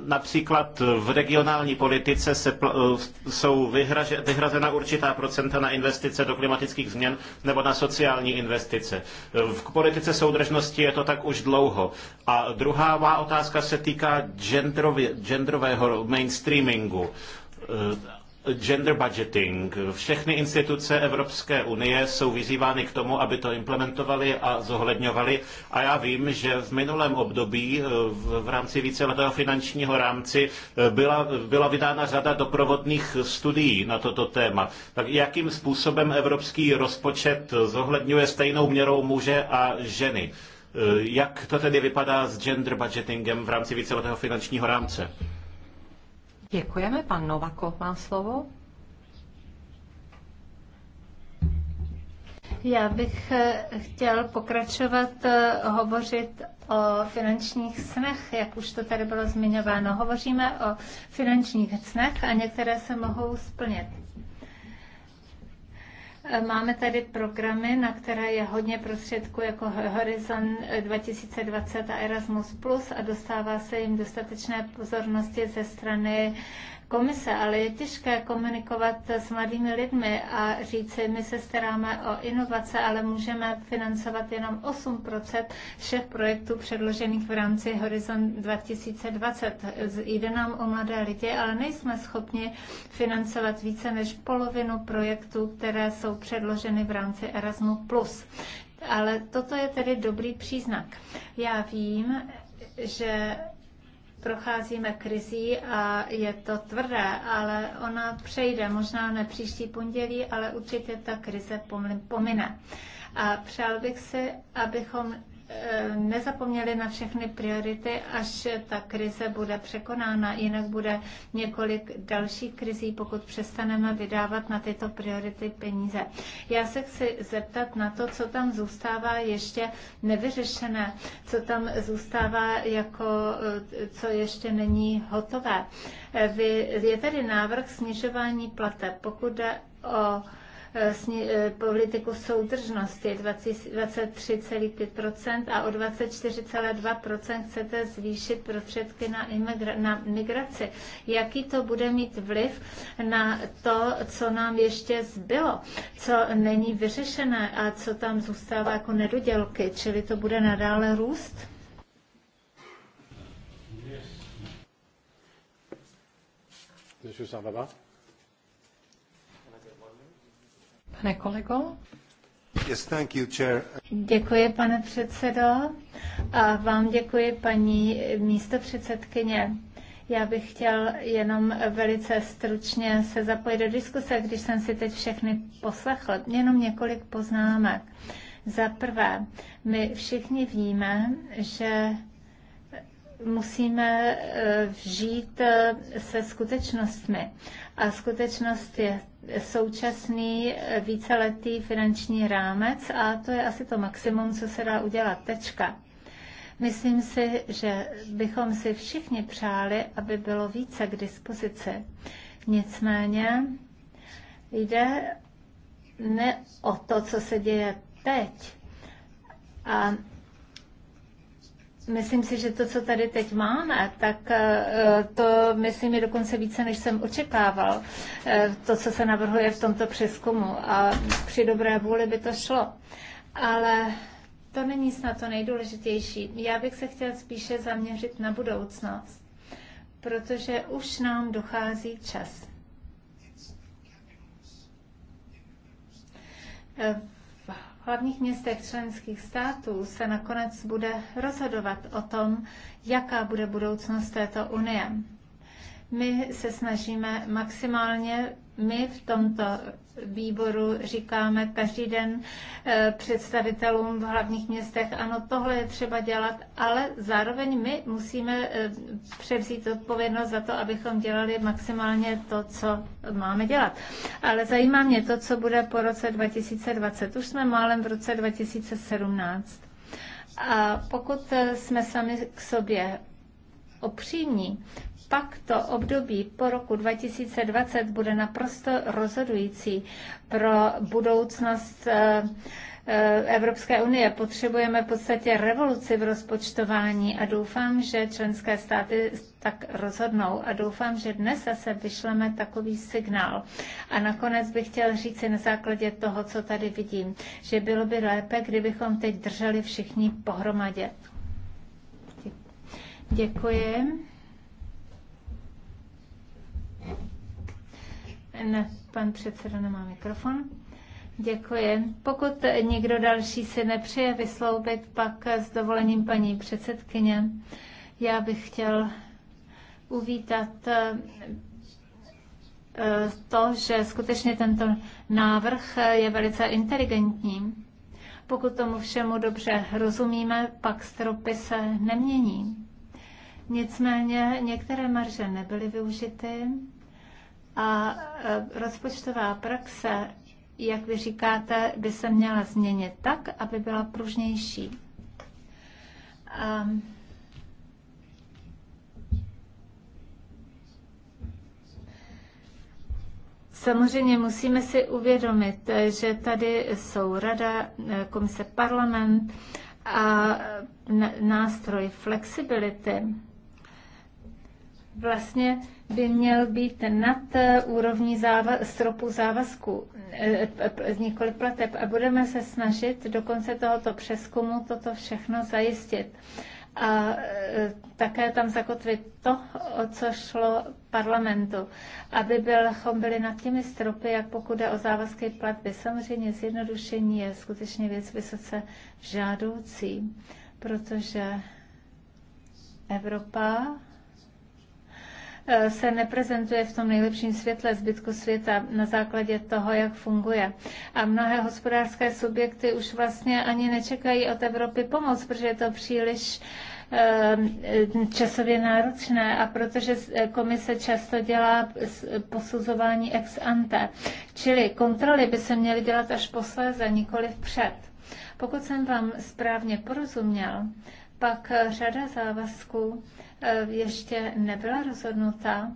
A: například v regionální politice se, eh, jsou vyhraže, vyhrazena určitá procenta na investice do klimatických změn nebo na sociální investice. Eh, v politice soudržnosti je to tak už dlouho. A druhá má otázka se týká genderového mainstreamingu Gender budgeting. Všechny instituce Evropské unie jsou vyzývány k tomu, aby to implementovali a zohledňovali. A já vím, že v minulém období eh, v rámci víceletého finančního rámci eh, byla, byla vydána řada doprovodných studií na toto téma. Tak jakým způsobem evropský rozpočet zohledňuje stejnou měrou muže a ženy? Eh, jak to tedy vypadá s gender budgetingem v rámci víceletého finančního rámce?
B: Děkujeme. Pan Novako má slovo.
C: Já bych eh, chtěl pokračovat eh, hovořit o finančních snech, jak už to tady bylo zmiňováno. Hovoříme o finančních snech a některé se mohou splnit. Máme tady programy, na které je hodně prostředků jako Horizon 2020 a Erasmus+, a dostává se jim dostatečné pozornosti ze strany komise, ale je těžké komunikovat s mladými lidmi a říci, my se staráme o inovace, ale můžeme financovat jenom 8% všech projektů předložených v rámci Horizon 2020. Jde nám o mladé lidi, ale nejsme schopni financovat více než polovinu projektů, které jsou předloženy v rámci Erasmus+. Ale toto je tedy dobrý příznak. Já vím, že procházíme krizí a je to tvrdé, ale ona přejde, možná ne příští pondělí, ale určitě ta krize pomine. A přál bych si, abychom Eh, nezapomněli na všechny priority, až ta krize bude překonána. Jinak bude několik dalších krizí, pokud přestaneme vydávat na tyto priority peníze. Já se chci zeptat na to, co tam zůstává ještě nevyřešené, co tam zůstává jako, eh, co ještě není hotové. Eh, je tady návrh snižování plateb. Pokud jde o Eh, eh, politiku soudržnosti 23,5% a o 24,2% chcete zvýšit prostředky na, imigra- na migraci. Jaký to bude mít vliv na to, co nám ještě zbylo, co není vyřešené a co tam zůstává jako nedodělky, čili to bude nadále růst?
D: Monsieur
A: Sarbaba
B: pane kolego.
A: Yes, thank you, chair.
C: Děkuji, pane předsedo. A vám děkuji, paní předsedkyně. Já bych chtěl jenom velice stručně se zapojit do diskuse, když jsem si teď všechny poslechl. Jenom několik poznámek. Za prvé, my všichni víme, že musíme eh, žít eh, se skutečnostmi. A skutečnost je současný eh, víceletý finanční rámec a to je asi to maximum, co se dá udělat. Tečka. Myslím si, že bychom si všichni přáli, aby bylo více k dispozici. Nicméně jde ne o to, co se děje teď, a Myslím si, že to, co tady teď máme, tak eh, to myslím je dokonce více, než jsem očekával, eh, to, co se navrhuje v tomto přeskumu. A při dobré vůli by to šlo. Ale to není snad to nejdůležitější. Já bych se chtěl spíše zaměřit na budoucnost, protože už nám dochází čas. Eh, hlavních městech členských států se nakonec bude rozhodovat o tom, jaká bude budoucnost této unie. My se snažíme maximálně, my v tomto výboru říkáme každý den eh, představitelům v hlavních městech, ano, tohle je třeba dělat, ale zároveň my musíme eh, převzít odpovědnost za to, abychom dělali maximálně to, co máme dělat. Ale zajímá mě to, co bude po roce 2020. Už jsme málem v roce 2017. A pokud eh, jsme sami k sobě opřímní, pak to období po roku 2020 bude naprosto rozhodující pro budoucnost eh, eh, Evropské unie. Potřebujeme v podstatě revoluci v rozpočtování a doufám, že členské státy tak rozhodnou a doufám, že dnes zase vyšleme takový signál. A nakonec bych chtěl říci na základě toho, co tady vidím, že bylo by lépe, kdybychom teď drželi všichni pohromadě. Děkuji. Ne, pan předseda nemá mikrofon. Děkuji. Pokud někdo další si nepřeje vysloubit, pak s dovolením paní předsedkyně, já bych chtěl uvítat eh, to, že skutečně tento návrh eh, je velice inteligentní. Pokud tomu všemu dobře rozumíme, pak stropy se nemění. Nicméně některé marže nebyly využity a e, rozpočtová praxe, jak vy říkáte, by se měla změnit tak, aby byla pružnější. A ehm, Samozřejmě musíme si uvědomit, že tady jsou rada, e, komise parlament a e, nástroj flexibility. Vlastně by měl být nad eh, úrovní záva- stropu závazku z eh, několik plateb a budeme se snažit do konce tohoto přeskumu toto všechno zajistit. A eh, také tam zakotvit to, o co šlo parlamentu, aby bychom byli nad těmi stropy, jak pokud jde o závazky platby. Samozřejmě zjednodušení je skutečně věc vysoce žádoucí, protože Evropa Eh, se neprezentuje v tom nejlepším světle zbytku světa na základě toho, jak funguje. A mnohé hospodářské subjekty už vlastně ani nečekají od Evropy pomoc, protože je to příliš eh, časově náročné a protože eh, komise často dělá posuzování ex ante. Čili kontroly by se měly dělat až posléze, nikoli před. Pokud jsem vám správně porozuměl, pak eh, řada závazků eh, ještě nebyla rozhodnuta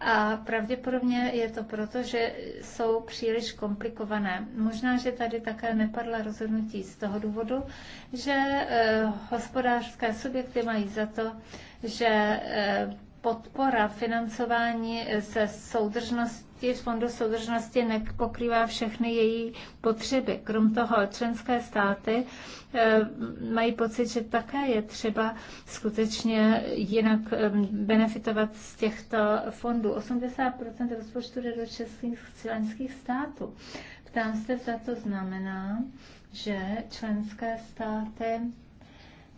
C: a pravděpodobně je to proto, že jsou příliš komplikované. Možná, že tady také nepadla rozhodnutí z toho důvodu, že eh, hospodářské subjekty mají za to, že podpora financování ze soudržnosti, z fondu soudržnosti nepokrývá všechny její potřeby. Krom toho členské státy eh, mají pocit, že také je třeba skutečně jinak eh, benefitovat z těchto fondů. 80 rozpočtu jde do českých členských států. Ptám se, co to znamená, že členské státy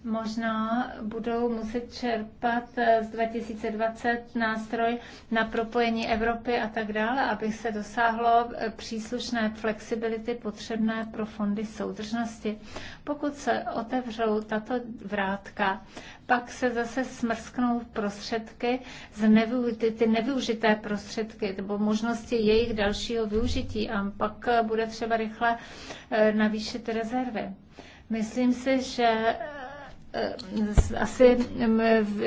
C: možná budou muset čerpat z 2020 nástroj na propojení Evropy a tak dále, aby se dosáhlo příslušné flexibility potřebné pro fondy soudržnosti. Pokud se otevřou tato vrátka, pak se zase smrsknou prostředky, z nevy, ty, ty nevyužité prostředky nebo možnosti jejich dalšího využití a pak bude třeba rychle eh, navýšit rezervy. Myslím si, že Eh, asi mm,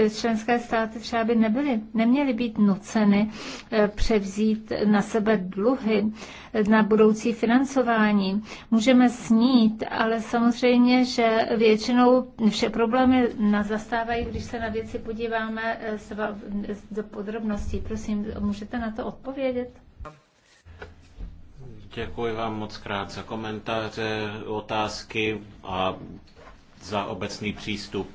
C: členské státy třeba by nebyly, neměly být nuceny eh, převzít na sebe dluhy eh, na budoucí financování. Můžeme snít, ale samozřejmě, že většinou vše problémy zastávají, když se na věci podíváme do podrobností. Prosím, můžete na to odpovědět?
A: Děkuji vám moc krát za komentáře, otázky a za obecný přístup.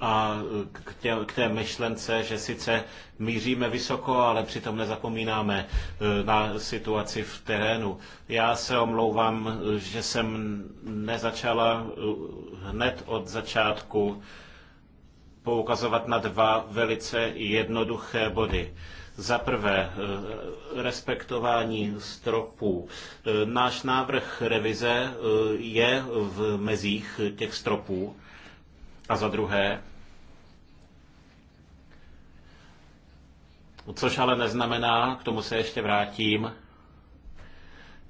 A: A k, tě, k té myšlence, že sice míříme vysoko, ale přitom nezapomínáme e, na situaci v terénu. Já se omlouvám, že jsem nezačala e, hned od začátku poukazovat na dva velice jednoduché body. Za prvé, eh, respektování stropů. Eh, náš návrh revize eh, je v mezích těch stropů. A za druhé, což ale neznamená, k tomu se ještě vrátím,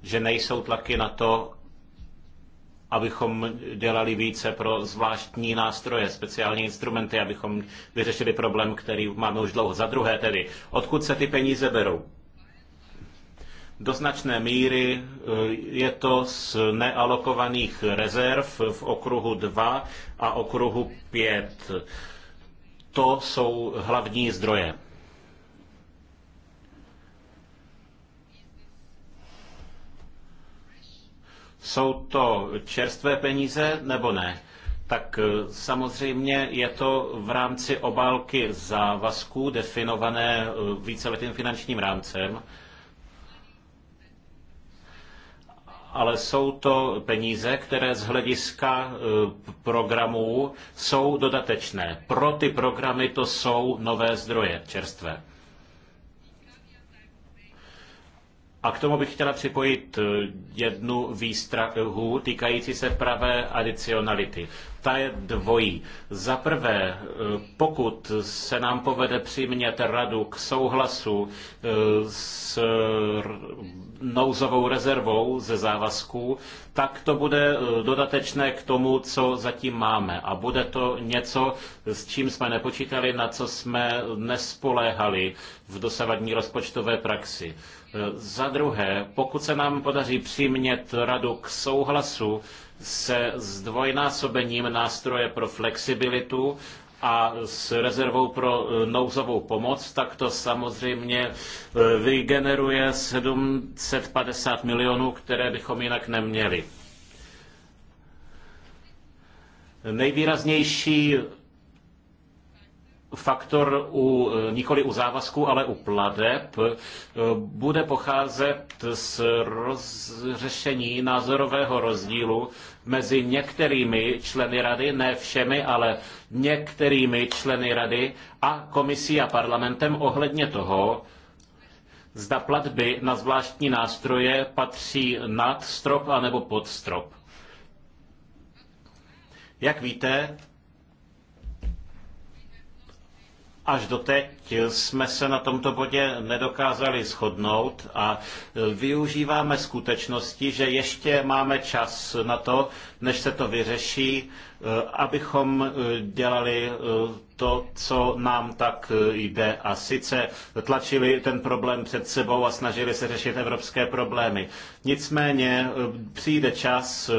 A: že nejsou tlaky na to, abychom dělali více pro zvláštní nástroje, speciální instrumenty, abychom vyřešili problém, který máme už dlouho. Za druhé tedy, odkud se ty peníze berou? Do značné míry eh, je to z nealokovaných rezerv v okruhu 2 a okruhu 5. To jsou hlavní zdroje. Jsou to čerstvé peníze nebo ne? Tak e, samozřejmě je to v rámci obálky závazků definované e, víceletým finančním rámcem, ale jsou to peníze, které z hlediska e, programů jsou dodatečné. Pro ty programy to jsou nové zdroje čerstvé. A k tomu bych chtěla připojit eh, jednu výstrahu týkající se pravé adicionality. Ta je dvojí. Za prvé, eh, pokud se nám povede přimět radu k souhlasu eh, s nouzovou rezervou ze závazků, tak to bude dodatečné k tomu, co zatím máme. A bude to něco, s čím jsme nepočítali, na co jsme nespoléhali v dosavadní rozpočtové praxi. Za druhé, pokud se nám podaří přimět radu k souhlasu se zdvojnásobením nástroje pro flexibilitu a s rezervou pro e, nouzovou pomoc, tak to samozřejmě e, vygeneruje 750 milionů, které bychom jinak neměli. Nejvýraznější faktor u, eh, nikoli u závazků, ale u pladeb eh, bude pocházet z rozřešení názorového rozdílu mezi některými členy rady, ne všemi, ale některými členy rady a komisí a parlamentem ohledně toho, zda platby na zvláštní nástroje patří nad strop anebo pod strop. Jak víte, Až doteď jsme se na tomto bodě nedokázali shodnout a e, využíváme skutečnosti, že ještě máme čas na to, než se to vyřeší, e, abychom e, dělali to, co nám tak e, jde. A sice tlačili ten problém před sebou a snažili se řešit evropské problémy. Nicméně e, přijde čas e,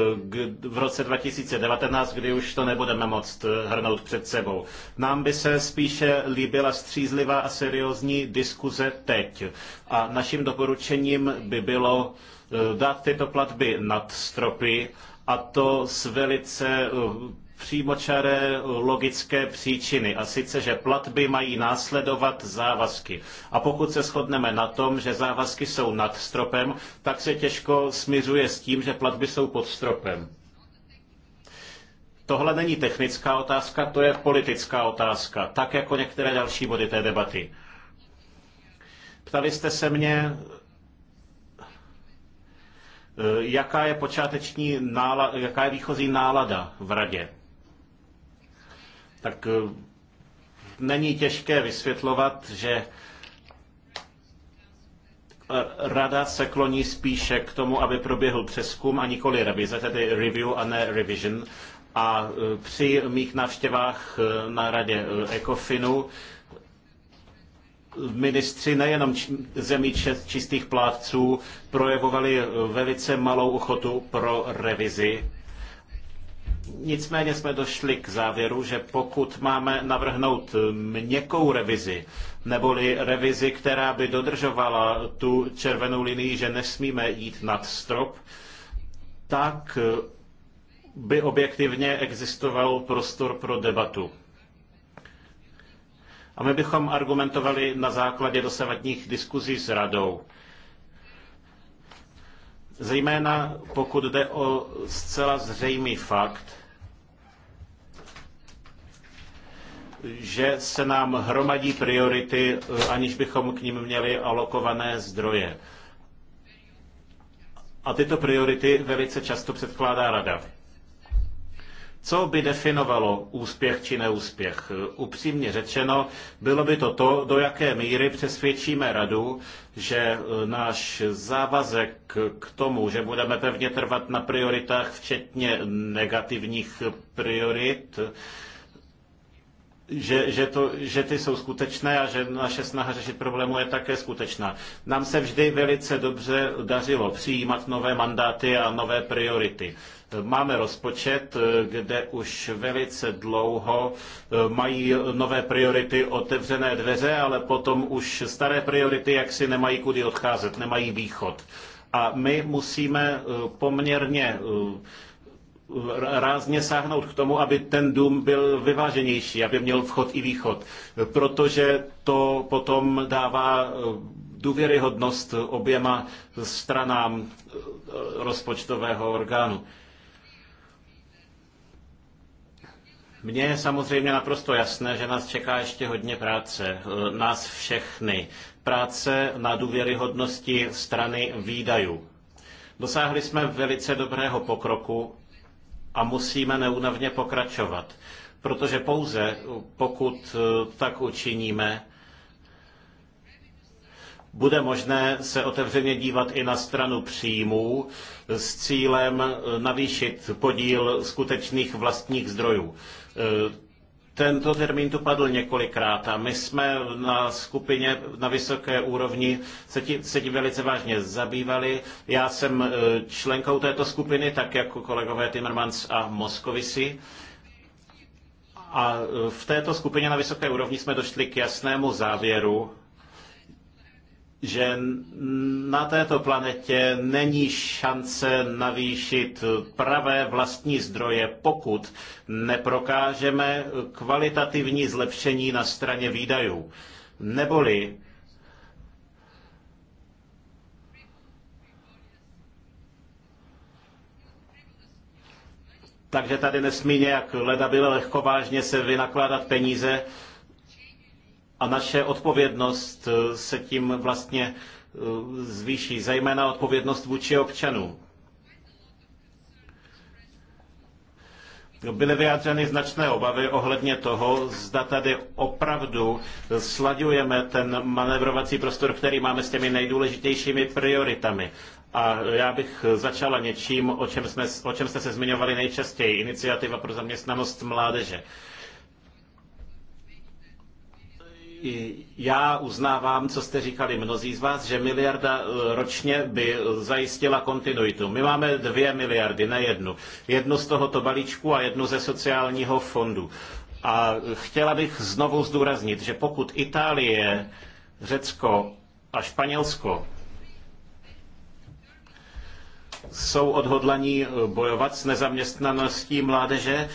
A: v roce 2019, kdy už to nebudeme moct hrnout před sebou. Nám by se spíše líbila střízlivá a seriózní diskuze teď. A naším doporučením by bylo dát tyto platby nad stropy a to s velice přímočaré logické příčiny, a sice, že platby mají následovat závazky. A pokud se shodneme na tom, že závazky jsou nad stropem, tak se těžko smiřuje s tím, že platby jsou pod stropem. Tohle není technická otázka, to je politická otázka, tak jako některé další body té debaty. Ptali jste se mě, eh, jaká je počáteční jaká je výchozí nálada v radě tak eh, není těžké vysvětlovat, že eh, Rada se kloní spíše k tomu, aby proběhl přeskum a nikoli revize, tedy review a ne revision. A eh, při mých návštěvách na radě Ecofinu ministři nejenom zemí čistých plátců projevovali velice malou ochotu pro revizi Nicméně jsme došli k závěru, že pokud máme navrhnout měkkou revizi, neboli revizi, která by dodržovala tu červenou linii, že nesmíme jít nad strop, tak by objektivně existoval prostor pro debatu. A my bychom argumentovali na základě dosavadních diskuzí s radou. Zejména pokud jde o zcela zřejmý fakt, že se nám hromadí priority, eh, aniž bychom k ním měli alokované zdroje. A tyto priority velice často předkládá rada. Co by definovalo úspěch či neúspěch? Eh, upřímně řečeno, bylo by to to, do jaké míry přesvědčíme radu, že eh, náš závazek k tomu, že budeme pevně trvat na prioritách, včetně negativních priorit, že, že, to, že ty jsou skutečné a že naše snaha řešit problému je také skutečná. Nám se vždy velice dobře dařilo přijímat nové mandáty a nové priority. Máme rozpočet, kde už velice dlouho eh, mají nové priority otevřené dveře, ale potom už staré priority jaksi nemají kudy odcházet, nemají východ. A my musíme eh, poměrně eh, rázně sáhnout k tomu, aby ten dům byl vyváženější, aby měl vchod i východ, protože to potom dává eh, důvěryhodnost oběma stranám eh, rozpočtového orgánu. Mně je samozřejmě naprosto jasné, že nás čeká ještě hodně práce, eh, nás všechny. Práce na důvěryhodnosti strany výdajů. Dosáhli jsme velice dobrého pokroku, a musíme neúnavně pokračovat. Protože pouze pokud eh, tak učiníme, bude možné se otevřeně dívat i na stranu příjmů eh, s cílem eh, navýšit podíl skutečných vlastních zdrojů. Tento termín tu padl několikrát a my jsme na skupině na vysoké úrovni se tím, se tím velice vážně zabývali. Já jsem e, členkou této skupiny, tak jako kolegové Timmermans a Moskovisi. A e, v této skupině na vysoké úrovni jsme došli k jasnému závěru, že na této planetě není šance navýšit pravé vlastní zdroje, pokud neprokážeme kvalitativní zlepšení na straně výdajů. Neboli Takže tady nesmí nějak ledabile lehkovážně se vynakládat peníze, a naše odpovědnost eh, se tím vlastně eh, zvýší, zejména odpovědnost vůči občanům. Byly vyjádřeny značné obavy ohledně toho, zda tady opravdu slaďujeme ten manévrovací prostor, který máme s těmi nejdůležitějšími prioritami. A já bych začala něčím, o čem, jsme, o čem jste se zmiňovali nejčastěji, iniciativa pro zaměstnanost mládeže já uznávám, co jste říkali mnozí z vás, že miliarda eh, ročně by eh, zajistila kontinuitu. My máme dvě miliardy, ne jednu. Jednu z tohoto balíčku a jednu ze sociálního fondu. A chtěla bych znovu zdůraznit, že pokud Itálie, Řecko a Španělsko jsou odhodlaní eh, bojovat s nezaměstnaností mládeže,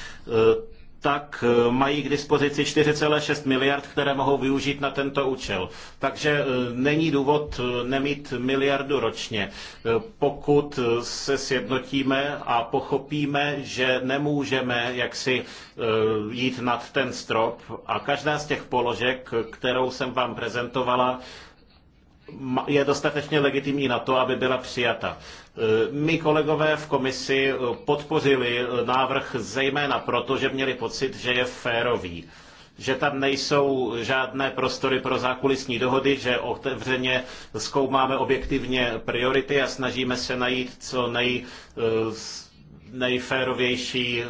A: tak eh, mají k dispozici 4,6 miliard, které mohou využít na tento účel. Takže eh, není důvod eh, nemít miliardu ročně, pokud se sjednotíme a pochopíme, že nemůžeme jaksi jít nad ten strop a každá z těch položek, kterou jsem vám prezentovala, je dostatečně legitimní na to, aby byla přijata. E, my kolegové v komisi e, podpořili e, návrh zejména proto, že měli pocit, že je férový že tam nejsou žádné prostory pro zákulisní dohody, že otevřeně zkoumáme objektivně priority a snažíme se najít co nej, nejférovější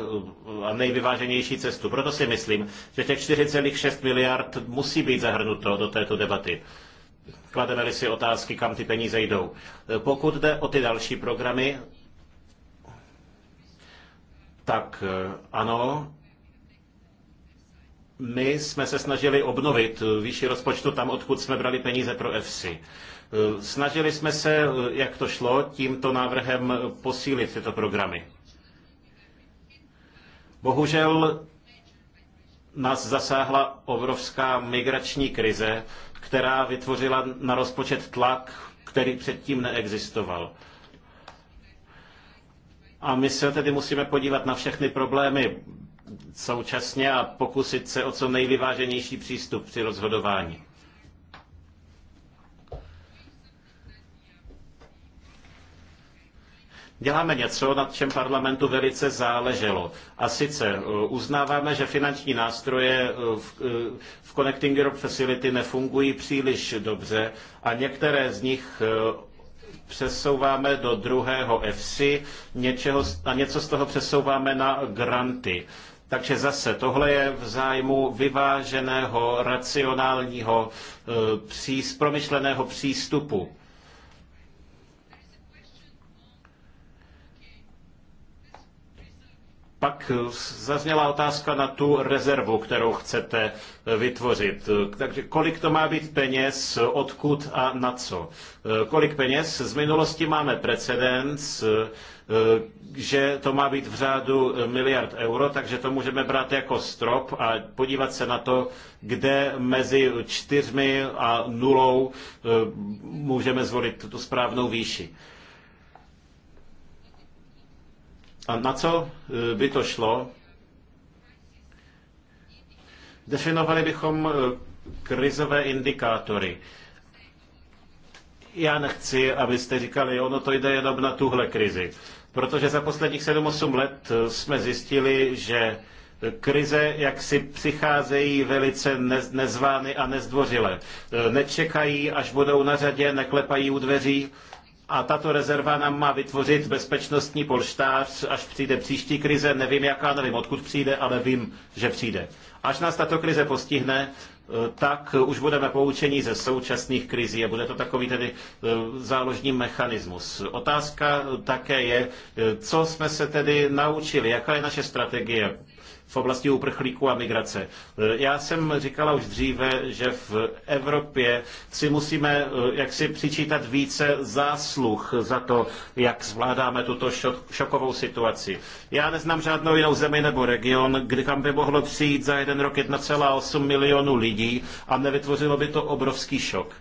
A: a nejvyváženější cestu. Proto si myslím, že těch 4,6 miliard musí být zahrnuto do této debaty klademe-li si otázky, kam ty peníze jdou. E, pokud jde o ty další programy, tak e, ano, my jsme se snažili obnovit e, výši rozpočtu tam, odkud jsme brali peníze pro EFSI. Snažili jsme se, jak to šlo, tímto návrhem posílit tyto programy. Bohužel nás zasáhla obrovská migrační krize, která vytvořila na rozpočet tlak, který předtím neexistoval. A my se tedy musíme podívat na všechny problémy současně a pokusit se o co nejvyváženější přístup při rozhodování. děláme něco, nad čem parlamentu velice záleželo. A sice eh, uznáváme, že finanční nástroje eh, v, eh, v Connecting Europe Facility nefungují příliš dobře a některé z nich přesouváme do druhého EFSI něčeho, a něco z toho přesouváme na granty. Takže zase tohle je v zájmu vyváženého, racionálního, pří, promyšleného přístupu Pak eh, zazněla otázka na tu rezervu, kterou chcete eh, vytvořit. Eh, takže kolik to má být peněz, odkud a na co? Kolik peněz? Z minulosti máme precedens, že to má být v řádu miliard euro, takže to můžeme brát jako strop a podívat se na to, kde mezi čtyřmi a nulou můžeme zvolit tu správnou výši. A na co e, by to šlo? Definovali bychom e, krizové indikátory. Já nechci, abyste říkali, ono to jde jenom na tuhle krizi. Protože za posledních 7-8 let e, jsme zjistili, že krize jaksi přicházejí velice nezvány a nezdvořile. Nečekají, až budou na řadě, neklepají u dveří a tato rezerva nám má vytvořit bezpečnostní polštář, až přijde příští krize. Nevím jaká, nevím odkud přijde, ale vím, že přijde. Až nás tato krize postihne, eh, tak už budeme poučeni ze současných krizí a bude to takový tedy eh, záložní mechanismus. Otázka také je, eh, co jsme se tedy naučili, jaká je naše strategie v oblasti uprchlíků a migrace. Eh, já jsem říkala už dříve, že v Evropě si musíme eh, jaksi přičítat více zásluh za to, jak zvládáme tuto šokovou situaci. Já neznám žádnou jinou zemi nebo region, kdy kam by mohlo přijít za jeden rok 1,8 milionu lidí a nevytvořilo by to obrovský šok.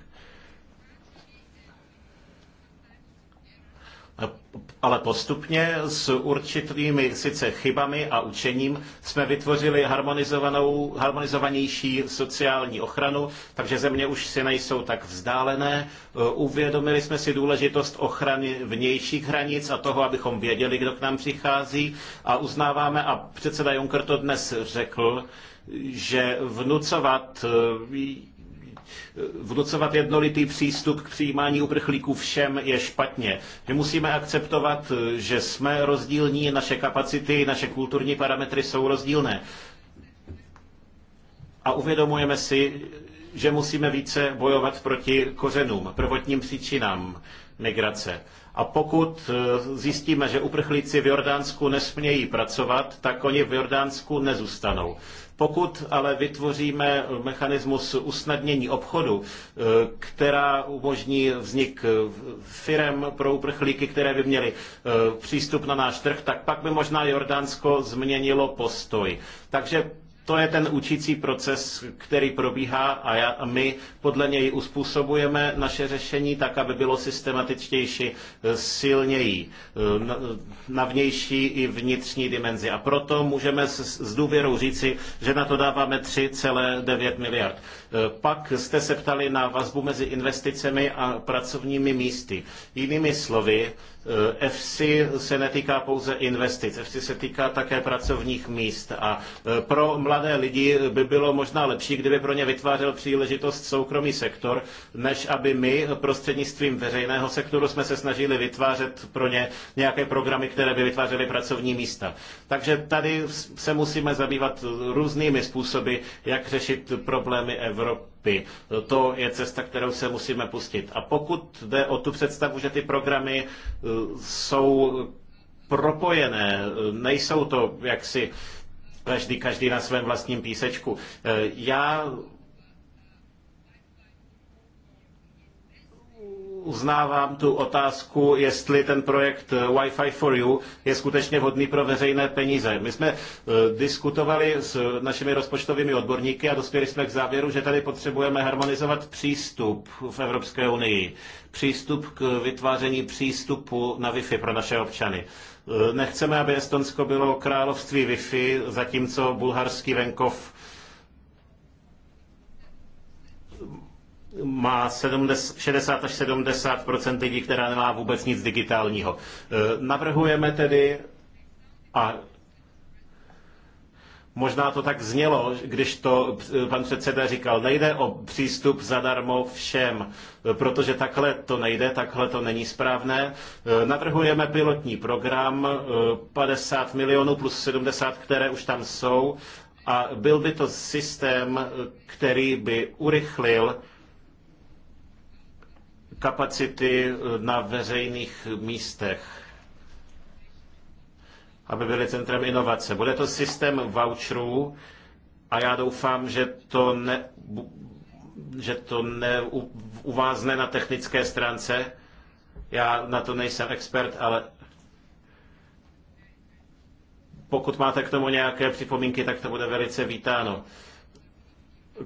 A: ale postupně s určitými sice chybami a učením jsme vytvořili harmonizovanou, harmonizovanější sociální ochranu, takže země už si nejsou tak vzdálené. Eh, uvědomili jsme si důležitost ochrany vnějších hranic a toho, abychom věděli, kdo k nám přichází a uznáváme, a předseda Juncker to dnes řekl, že vnucovat eh, Vnucovat jednolitý přístup k přijímání uprchlíků všem je špatně. My musíme akceptovat, že jsme rozdílní, naše kapacity, naše kulturní parametry jsou rozdílné. A uvědomujeme si, že musíme více bojovat proti kořenům, prvotním příčinám migrace. A pokud e, zjistíme, že uprchlíci v Jordánsku nesmějí pracovat, tak oni v Jordánsku nezůstanou. Pokud ale vytvoříme mechanismus usnadnění obchodu, eh, která umožní vznik eh, firem pro uprchlíky, které by měly eh, přístup na náš trh, tak pak by možná Jordánsko změnilo postoj. Takže to je ten učící proces, který probíhá a, já, a my podle něj uspůsobujeme naše řešení tak, aby bylo systematičtější, e, silněji e, na, na vnější i vnitřní dimenzi. A proto můžeme s, s důvěrou říci, že na to dáváme 3,9 miliard. E, pak jste se ptali na vazbu mezi investicemi a pracovními místy. Jinými slovy, EFSI eh, se netýká pouze investic, EFSI se týká také pracovních míst a eh, pro mladé lidi by bylo možná lepší, kdyby pro ně vytvářel příležitost soukromý sektor, než aby my prostřednictvím veřejného sektoru jsme se snažili vytvářet pro ně nějaké programy, které by vytvářely pracovní místa. Takže tady se musíme zabývat různými způsoby, jak řešit problémy Evropy ty. To je cesta, kterou se musíme pustit. A pokud jde o tu představu, že ty programy e, jsou propojené, e, nejsou to jaksi každý, každý na svém vlastním písečku. E, já uznávám tu otázku, jestli ten projekt eh, Wi-Fi for You je skutečně vhodný pro veřejné peníze. My jsme eh, diskutovali s našimi rozpočtovými odborníky a dospěli jsme k závěru, že tady potřebujeme harmonizovat přístup v Evropské unii. Přístup k vytváření přístupu na Wi-Fi pro naše občany. Eh, nechceme, aby Estonsko bylo království Wi-Fi, zatímco bulharský venkov má 70, 60 až 70 lidí, která nemá vůbec nic digitálního. E, navrhujeme tedy, a možná to tak znělo, když to e, pan předseda říkal, nejde o přístup zadarmo všem, e, protože takhle to nejde, takhle to není správné. Navrhujeme pilotní program 50 milionů plus 70, které už tam jsou a byl by to systém, který by urychlil kapacity eh, na veřejných místech, aby byly centrem inovace. Bude to systém voucherů a já doufám, že to, ne, že to ne, u, uvázne na technické stránce. Já na to nejsem expert, ale pokud máte k tomu nějaké připomínky, tak to bude velice vítáno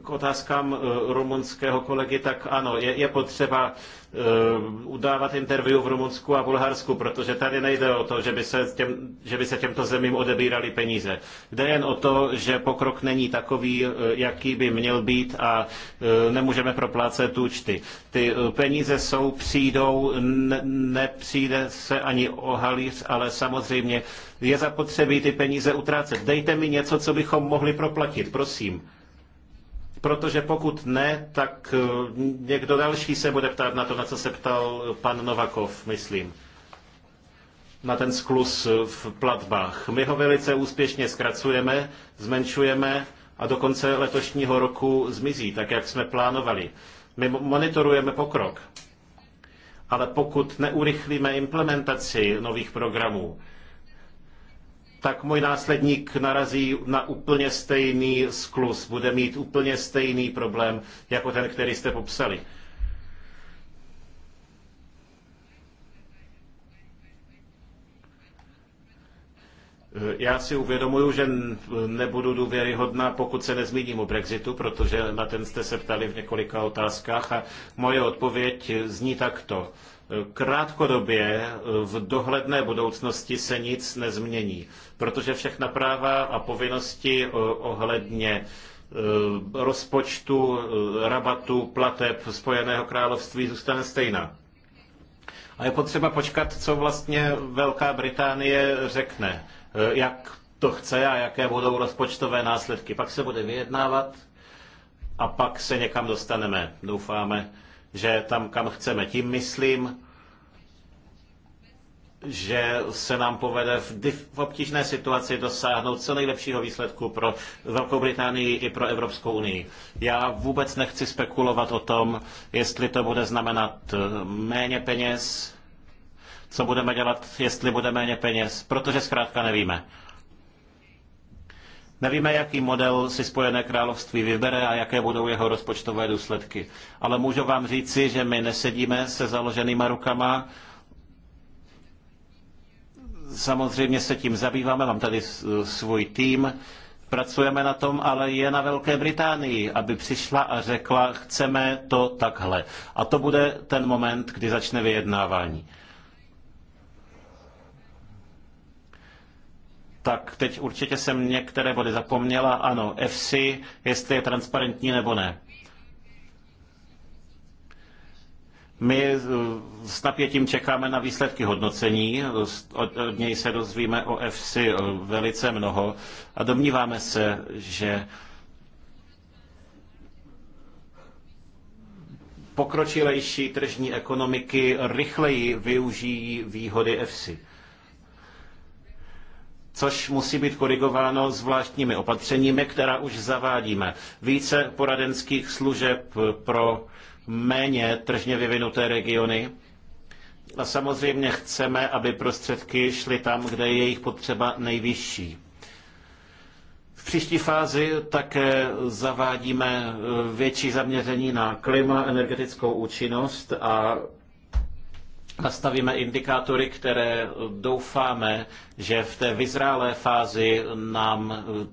A: k otázkám e, rumunského kolegy, tak ano, je, je potřeba uh, udávat interview v Rumunsku a Bulharsku, protože tady nejde o to, že by, se těm, že by se těmto zemím odebíraly peníze. Jde jen o to, že pokrok není takový, e, jaký by měl být a uh, nemůžeme proplácet účty. Ty peníze jsou, přijdou, ne, nepřijde se ani o halíř, ale samozřejmě je zapotřebí ty peníze utrácet. Dejte mi něco, co bychom mohli proplatit, prosím protože pokud ne, tak eh, někdo další se bude ptát na to, na co se ptal pan Novakov, myslím na ten sklus eh, v platbách. My ho velice úspěšně zkracujeme, zmenšujeme a do konce letošního roku zmizí, tak jak jsme plánovali. My monitorujeme pokrok, ale pokud neurychlíme implementaci nových programů, tak můj následník narazí na úplně stejný sklus, bude mít úplně stejný problém jako ten, který jste popsali. Já si uvědomuju, že nebudu důvěryhodná, pokud se nezmíním o Brexitu, protože na ten jste se ptali v několika otázkách a moje odpověď zní takto. Krátkodobě eh, v dohledné budoucnosti se nic nezmění, protože všechna práva a povinnosti eh, ohledně eh, rozpočtu, rabatu, plateb Spojeného království zůstane stejná. A je potřeba počkat, co vlastně Velká Británie řekne, jak to chce a jaké budou rozpočtové následky. Pak se bude vyjednávat a pak se někam dostaneme, doufáme že tam, kam chceme. Tím myslím, že se nám povede v, v obtížné situaci dosáhnout co nejlepšího výsledku pro Velkou Británii i pro Evropskou unii. Já vůbec nechci spekulovat o tom, jestli to bude znamenat eh, méně peněz, co budeme dělat, jestli bude méně peněz, protože zkrátka nevíme. Nevíme, jaký model si Spojené království vybere a jaké budou jeho rozpočtové důsledky. Ale můžu vám říci, že my nesedíme se založenýma rukama. Samozřejmě se tím zabýváme, mám tady svůj tým, pracujeme na tom, ale je na Velké Británii, aby přišla a řekla, chceme to takhle. A to bude ten moment, kdy začne vyjednávání. Tak teď určitě jsem některé body zapomněla. Ano, FC, jestli je transparentní nebo ne. My s napětím čekáme na výsledky hodnocení, od, od něj se dozvíme o FC eh, velice mnoho a domníváme se, že pokročilejší tržní ekonomiky rychleji využijí výhody FC což musí být korigováno zvláštními opatřeními, která už zavádíme. Více poradenských služeb pro méně tržně vyvinuté regiony. A samozřejmě chceme, aby prostředky šly tam, kde je jejich potřeba nejvyšší. V příští fázi také zavádíme eh, větší zaměření na klima, energetickou účinnost a nastavíme indikátory, které eh, doufáme, že v té vyzrálé fázi nám eh,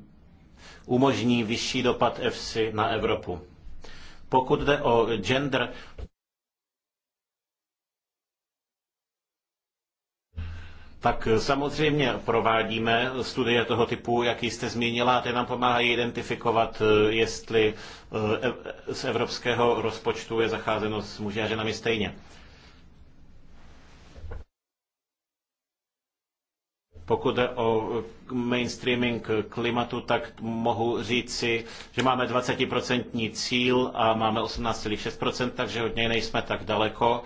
A: umožní vyšší dopad EFSI na Evropu. Pokud jde o gender, Tak eh, samozřejmě provádíme studie toho typu, jaký jste zmínila, ty nám pomáhají identifikovat, jestli e- z evropského rozpočtu je zacházeno s muži a ženami stejně. Pokud jde o eh, mainstreaming eh, klimatu, tak mohu říci, že máme 20% cíl a máme 18,6%, takže od něj nejsme tak daleko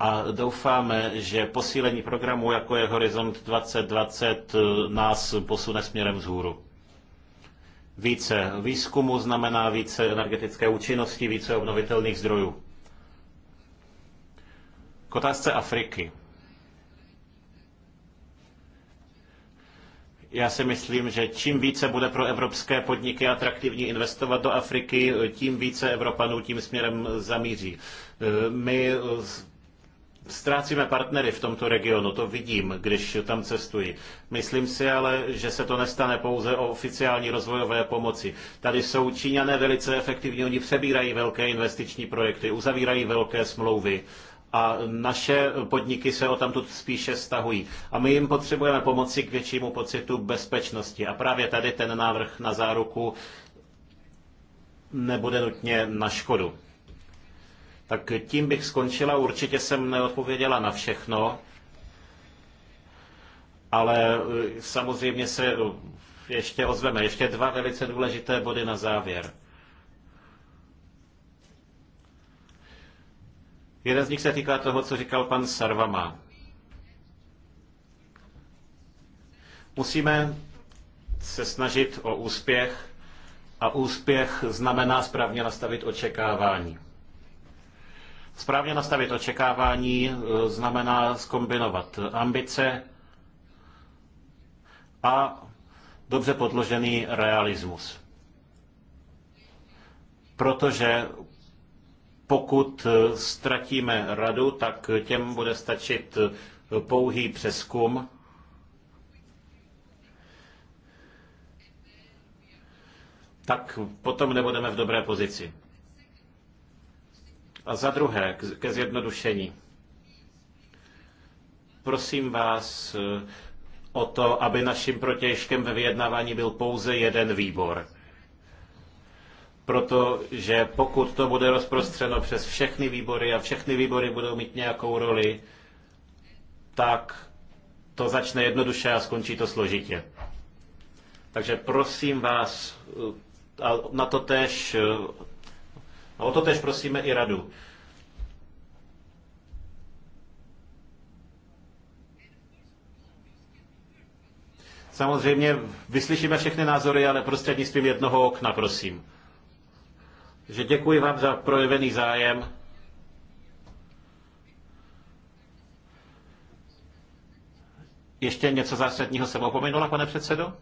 A: a doufáme, že posílení programu, jako je Horizont 2020, eh, nás posune směrem vzhůru. Více výzkumu znamená více energetické účinnosti, více obnovitelných zdrojů. K otázce Afriky. Já si myslím, že čím více bude pro evropské podniky atraktivní investovat do Afriky, tím více Evropanů tím směrem zamíří. My eh, ztrácíme partnery v tomto regionu, to vidím, když tam cestuji. Myslím si ale, že se to nestane pouze o oficiální rozvojové pomoci. Tady jsou Číňané velice efektivní, oni přebírají velké investiční projekty, uzavírají velké smlouvy a naše podniky se o tamtud spíše stahují. A my jim potřebujeme pomoci k většímu pocitu bezpečnosti. A právě tady ten návrh na záruku nebude nutně na škodu. Tak tím bych skončila. Určitě jsem neodpověděla na všechno, ale e, samozřejmě se e, ještě ozveme. Ještě dva velice důležité body na závěr. Jeden z nich se týká toho, co říkal pan Sarvama. Musíme se snažit o úspěch a úspěch znamená správně nastavit očekávání. Správně nastavit očekávání e, znamená skombinovat ambice a dobře podložený realismus. Protože pokud eh, ztratíme radu, tak těm bude stačit eh, pouhý přeskum. Tak potom nebudeme v dobré pozici. A za druhé, ke zjednodušení. Prosím vás eh, o to, aby naším protěžkem ve vyjednávání byl pouze jeden výbor protože pokud to bude rozprostřeno přes všechny výbory a všechny výbory budou mít nějakou roli, tak to začne jednoduše a skončí to složitě. Takže prosím vás, eh, a na to tež, eh, a o to tež prosíme i radu. Samozřejmě vyslyšíme všechny názory, ale prostřednictvím jednoho okna, prosím že děkuji vám za projevený zájem. Ještě něco zásadního jsem opomenula, pane předsedo?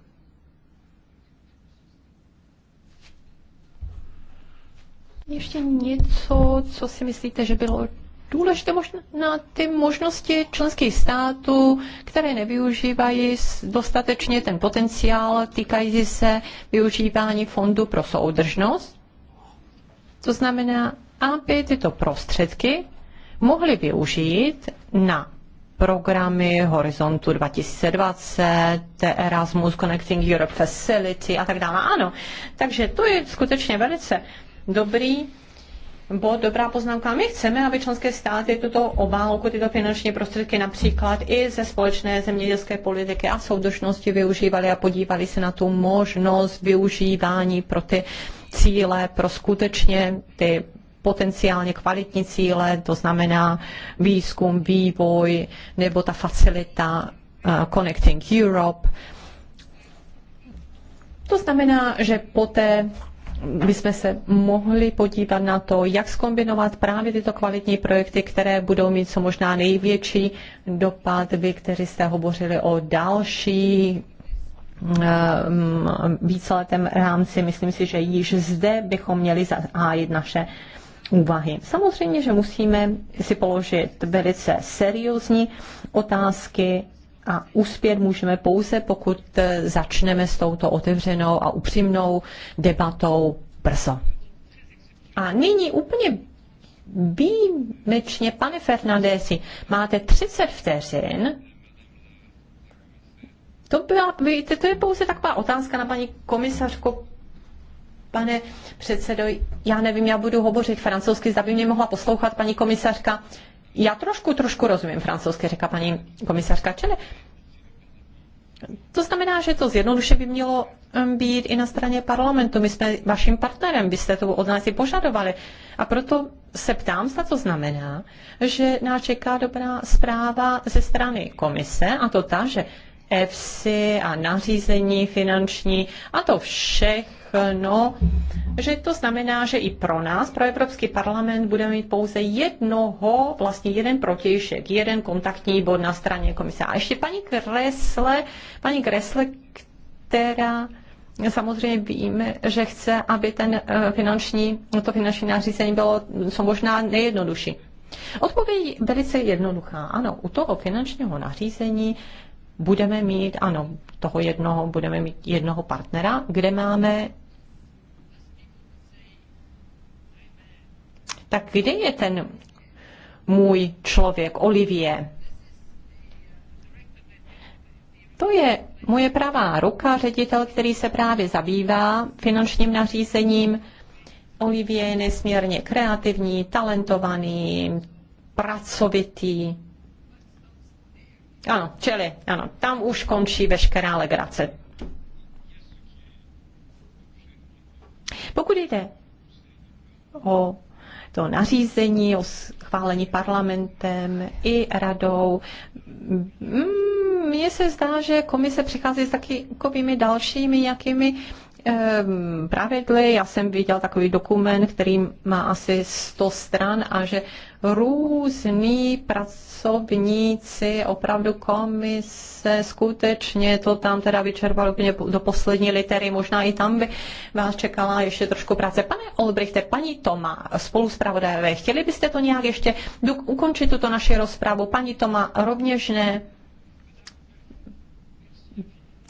B: Ještě něco, co si myslíte, že bylo důležité možná ty možnosti členských států, které nevyužívají dostatečně ten potenciál týkající se využívání fondu pro soudržnost? To znamená, aby tyto prostředky mohly využít na programy Horizontu 2020, Erasmus, Connecting Europe Facility a tak dále. Ano, takže to je skutečně velice dobrý bod, dobrá poznámka. My chceme, aby členské státy tuto obálku, tyto finanční prostředky například i ze společné zemědělské politiky a soudržnosti využívali a podívali se na tu možnost využívání pro ty uh, cíle pro skutečně ty potenciálně kvalitní cíle, to znamená výzkum, vývoj nebo ta facilita eh, Connecting Europe. To znamená, že poté bychom se mohli podívat na to, jak skombinovat právě tyto kvalitní projekty, které budou mít co možná největší dopad. Vy, kteří jste hovořili o další Eh, víceletém rámci, myslím si, že již zde bychom měli zahájit naše úvahy. Samozřejmě, že musíme si položit velice seriózní otázky a úspět můžeme pouze, pokud eh, začneme s touto otevřenou a upřímnou debatou brzo. A nyní úplně výjimečně, pane Fernandési, máte 30 vteřin to byla, víte, to je pouze taková otázka na paní komisařko. Pane předsedo, já nevím, já budu hovořit francouzsky, zda by mě mohla poslouchat paní komisařka. Já trošku, trošku rozumím francouzsky, řekla paní komisařka. Čele. to znamená, že to zjednoduše by mělo být i na straně parlamentu. My jsme vaším partnerem, byste to od nás i požadovali. A proto se ptám, zda to znamená, že nás čeká dobrá zpráva ze strany komise, a to ta, že EFSI a nařízení finanční a to všechno, že to znamená, že i pro nás, pro Evropský parlament, budeme mít pouze jednoho, vlastně jeden protějšek, jeden kontaktní bod na straně komise. A ještě paní Kresle, paní Kresle, která Samozřejmě víme, že chce, aby ten eh, finanční, to finanční nařízení bylo co možná nejjednodušší. Odpověď velice jednoduchá. Ano, u toho finančního nařízení budeme mít, ano, toho jednoho, budeme mít jednoho partnera, kde máme tak kde je ten můj člověk, Olivie To je moje pravá ruka, ředitel, který se právě zabývá finančním nařízením. Olivie je nesmírně kreativní, talentovaný, pracovitý, ano, čili, ano, tam už končí veškerá legrace. Pokud jde o to nařízení, o schválení parlamentem i radou, mm, mně se zdá, že komise přichází s takovými dalšími jakými Ehm, pravidly. Já jsem viděl takový dokument, který má asi 100 stran a že různí pracovníci, opravdu komise, skutečně to tam teda vyčerpalo úplně do poslední litery. Možná i tam by vás čekala ještě trošku práce. Pane Olbrichte, paní Toma, spolu s chtěli byste to nějak ještě ukončit tuto naši rozpravu? Paní Toma, rovněž ne.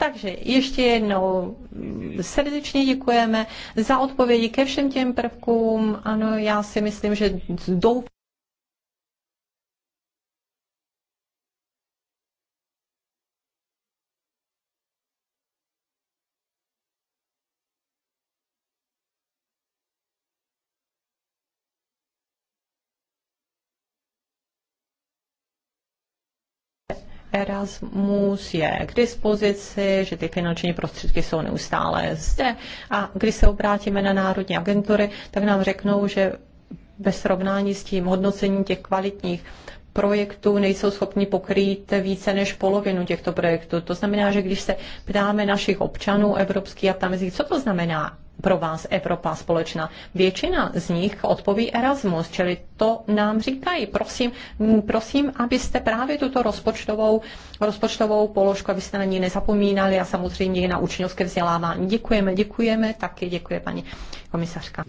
B: Takže ještě jednou srdečně děkujeme za odpovědi ke všem těm prvkům. Ano, já si myslím, že doufám, Erasmus je k dispozici, že ty finanční prostředky jsou neustále zde. A když se obrátíme na národní agentury, tak nám řeknou, že ve srovnání s tím hodnocením těch kvalitních projektů nejsou schopni pokrýt více než polovinu těchto projektů. To znamená, že když se ptáme našich občanů evropských a ptáme si, co to znamená pro vás Evropa společná. Většina z nich odpoví Erasmus, čili to nám říkají. Prosím, prosím abyste právě tuto rozpočtovou, rozpočtovou položku, abyste na ní nezapomínali a samozřejmě i na učňovské vzdělávání. Děkujeme, děkujeme, taky děkuje paní komisařka.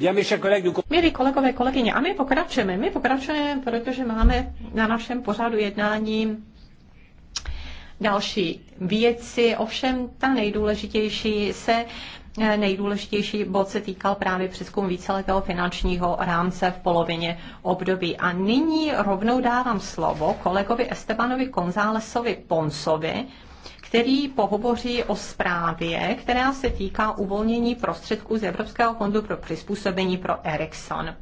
B: Milí kolegové, kolegyně, a my pokračujeme, my pokračujeme, protože máme na našem pořadu jednání další věci, ovšem ta nejdůležitější se Eh, nejdůležitější bod se týkal právě přeskumu víceletého finančního rámce v polovině období. A nyní rovnou dávám slovo kolegovi Estebanovi Konzálesovi Ponsovi, který pohovoří o zprávě, která se týká uvolnění prostředků z Evropského fondu pro přizpůsobení pro Ericsson.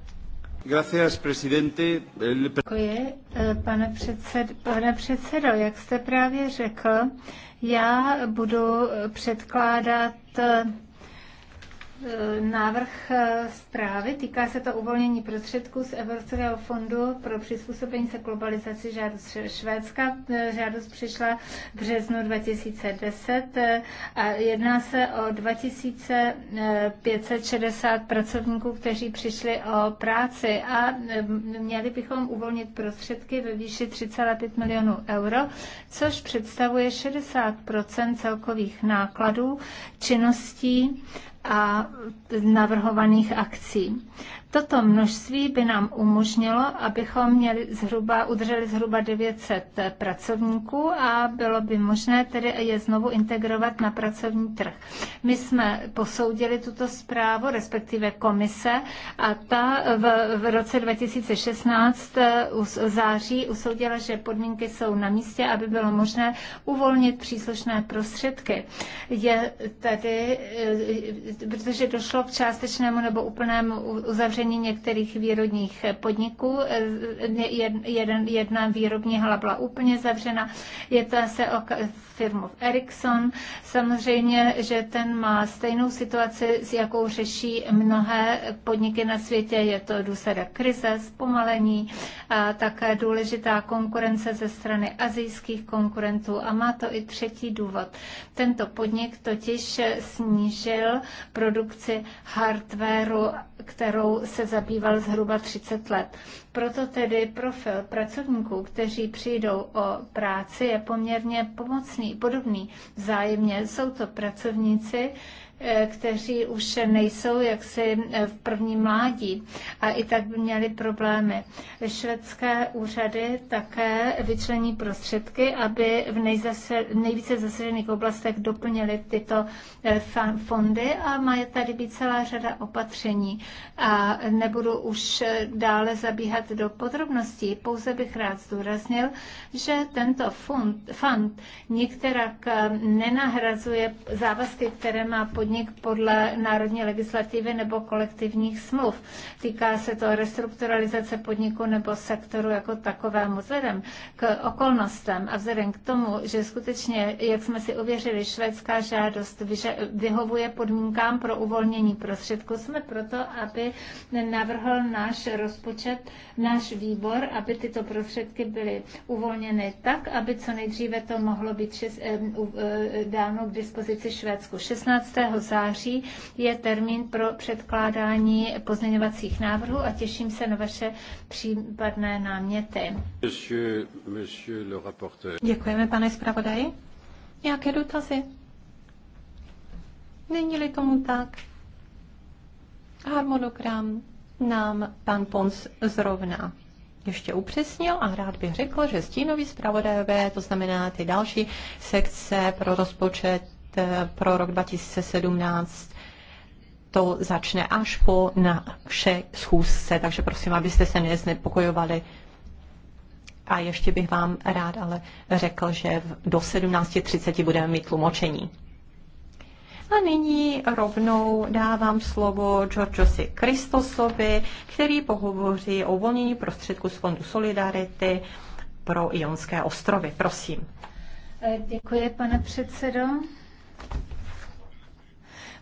A: Děkuji,
B: eh,
C: pane, předsed, pane předsedo. Jak jste právě řekl, já budu předkládat eh, Eh, návrh eh, zprávy. Týká se to uvolnění prostředků z Evropského fondu pro přizpůsobení se globalizaci žádost Švédska. Eh, žádost přišla v březnu 2010 a jedná se o 2560 pracovníků, kteří přišli o práci a měli bychom uvolnit prostředky ve výši 3,5 milionů euro, což představuje 60 celkových nákladů činností a navrhovaných akcí. Toto množství by nám umožnilo, abychom měli zhruba, udrželi zhruba 900 pracovníků a bylo by možné tedy je znovu integrovat na pracovní trh. My jsme posoudili tuto zprávu, respektive komise, a ta v, v roce 2016 eh, září usoudila, že podmínky jsou na místě, aby bylo možné uvolnit příslušné prostředky. Je tedy eh, protože došlo k částečnému nebo úplnému uzavření uzavření některých výrobních podniků. Eh, jedna výrobní hala byla úplně zavřena. Je to se firmu Ericsson. Samozřejmě, že ten má stejnou situaci, s jakou řeší mnohé podniky na světě. Je to důsledek krize, zpomalení, a také důležitá konkurence ze strany azijských konkurentů a má to i třetí důvod. Tento podnik totiž snížil produkci hardwareu, kterou se zabýval zhruba 30 let. Proto tedy profil pracovníků, kteří přijdou o práci, je poměrně pomocný podobný. Vzájemně jsou to pracovníci, Eh, kteří už nejsou jaksi eh, v první mládí a i tak by měli problémy. Švédské úřady také vyčlení prostředky, aby v nejzase, nejvíce zasažených oblastech doplnili tyto eh, fondy a má tady být celá řada opatření. A nebudu už dále zabíhat do podrobností, pouze bych rád zdůraznil, že tento fond, fond některak nenahrazuje závazky, které má podnik podnik podle národní legislativy nebo kolektivních smluv. Týká se to restrukturalizace podniku nebo sektoru jako takovému. Vzhledem k okolnostem a vzhledem k tomu, že skutečně, jak jsme si uvěřili švédská žádost vyhovuje podmínkám pro uvolnění prostředků, jsme proto, aby navrhl náš rozpočet, náš výbor, aby tyto prostředky byly uvolněny tak, aby co nejdříve to mohlo být eh, eh, dáno k dispozici Švédsku. 16 září je termín pro předkládání pozměňovacích návrhů a těším se na vaše případné náměty.
B: Děkujeme, pane zpravodaji. Nějaké dotazy? Není-li tomu tak, harmonogram nám pan Pons zrovna ještě upřesnil a rád bych řekl, že stínový zpravodajové, to znamená ty další sekce pro rozpočet pro rok 2017 to začne až po vše schůzce, takže prosím, abyste se neznepokojovali. A ještě bych vám rád ale řekl, že do 17.30 budeme mít tlumočení. A nyní rovnou dávám slovo Georgiosi Kristosovi, který pohovoří o uvolnění prostředku z Fondu Solidarity pro Ionské ostrovy. Prosím.
C: Děkuji, pane předsedo.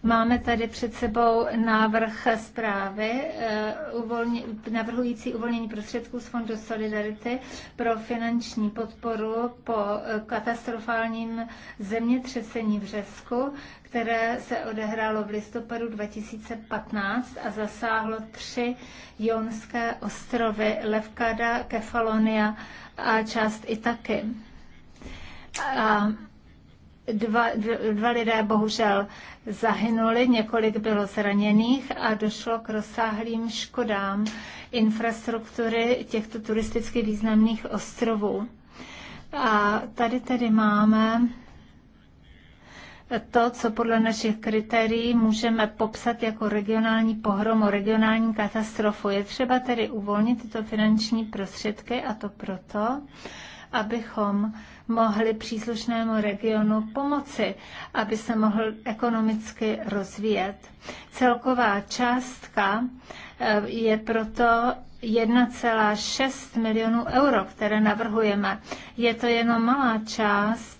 C: Máme tady před sebou návrh zprávy eh, uvolně, navrhující uvolnění prostředků z Fondu Solidarity pro finanční podporu po eh, katastrofálním zemětřesení v Řecku, které se odehrálo v listopadu 2015 a zasáhlo tři jonské ostrovy Levkada, Kefalonia a část Itaky. A Dva, dva lidé bohužel zahynuli, několik bylo zraněných a došlo k rozsáhlým škodám infrastruktury těchto turisticky významných ostrovů. A tady tedy máme to, co podle našich kritérií můžeme popsat jako regionální pohromu, regionální katastrofu. Je třeba tedy uvolnit tyto finanční prostředky a to proto, abychom mohli příslušnému regionu pomoci, aby se mohl ekonomicky rozvíjet. Celková částka eh, je proto 1,6 milionů euro, které navrhujeme. Je to jenom malá část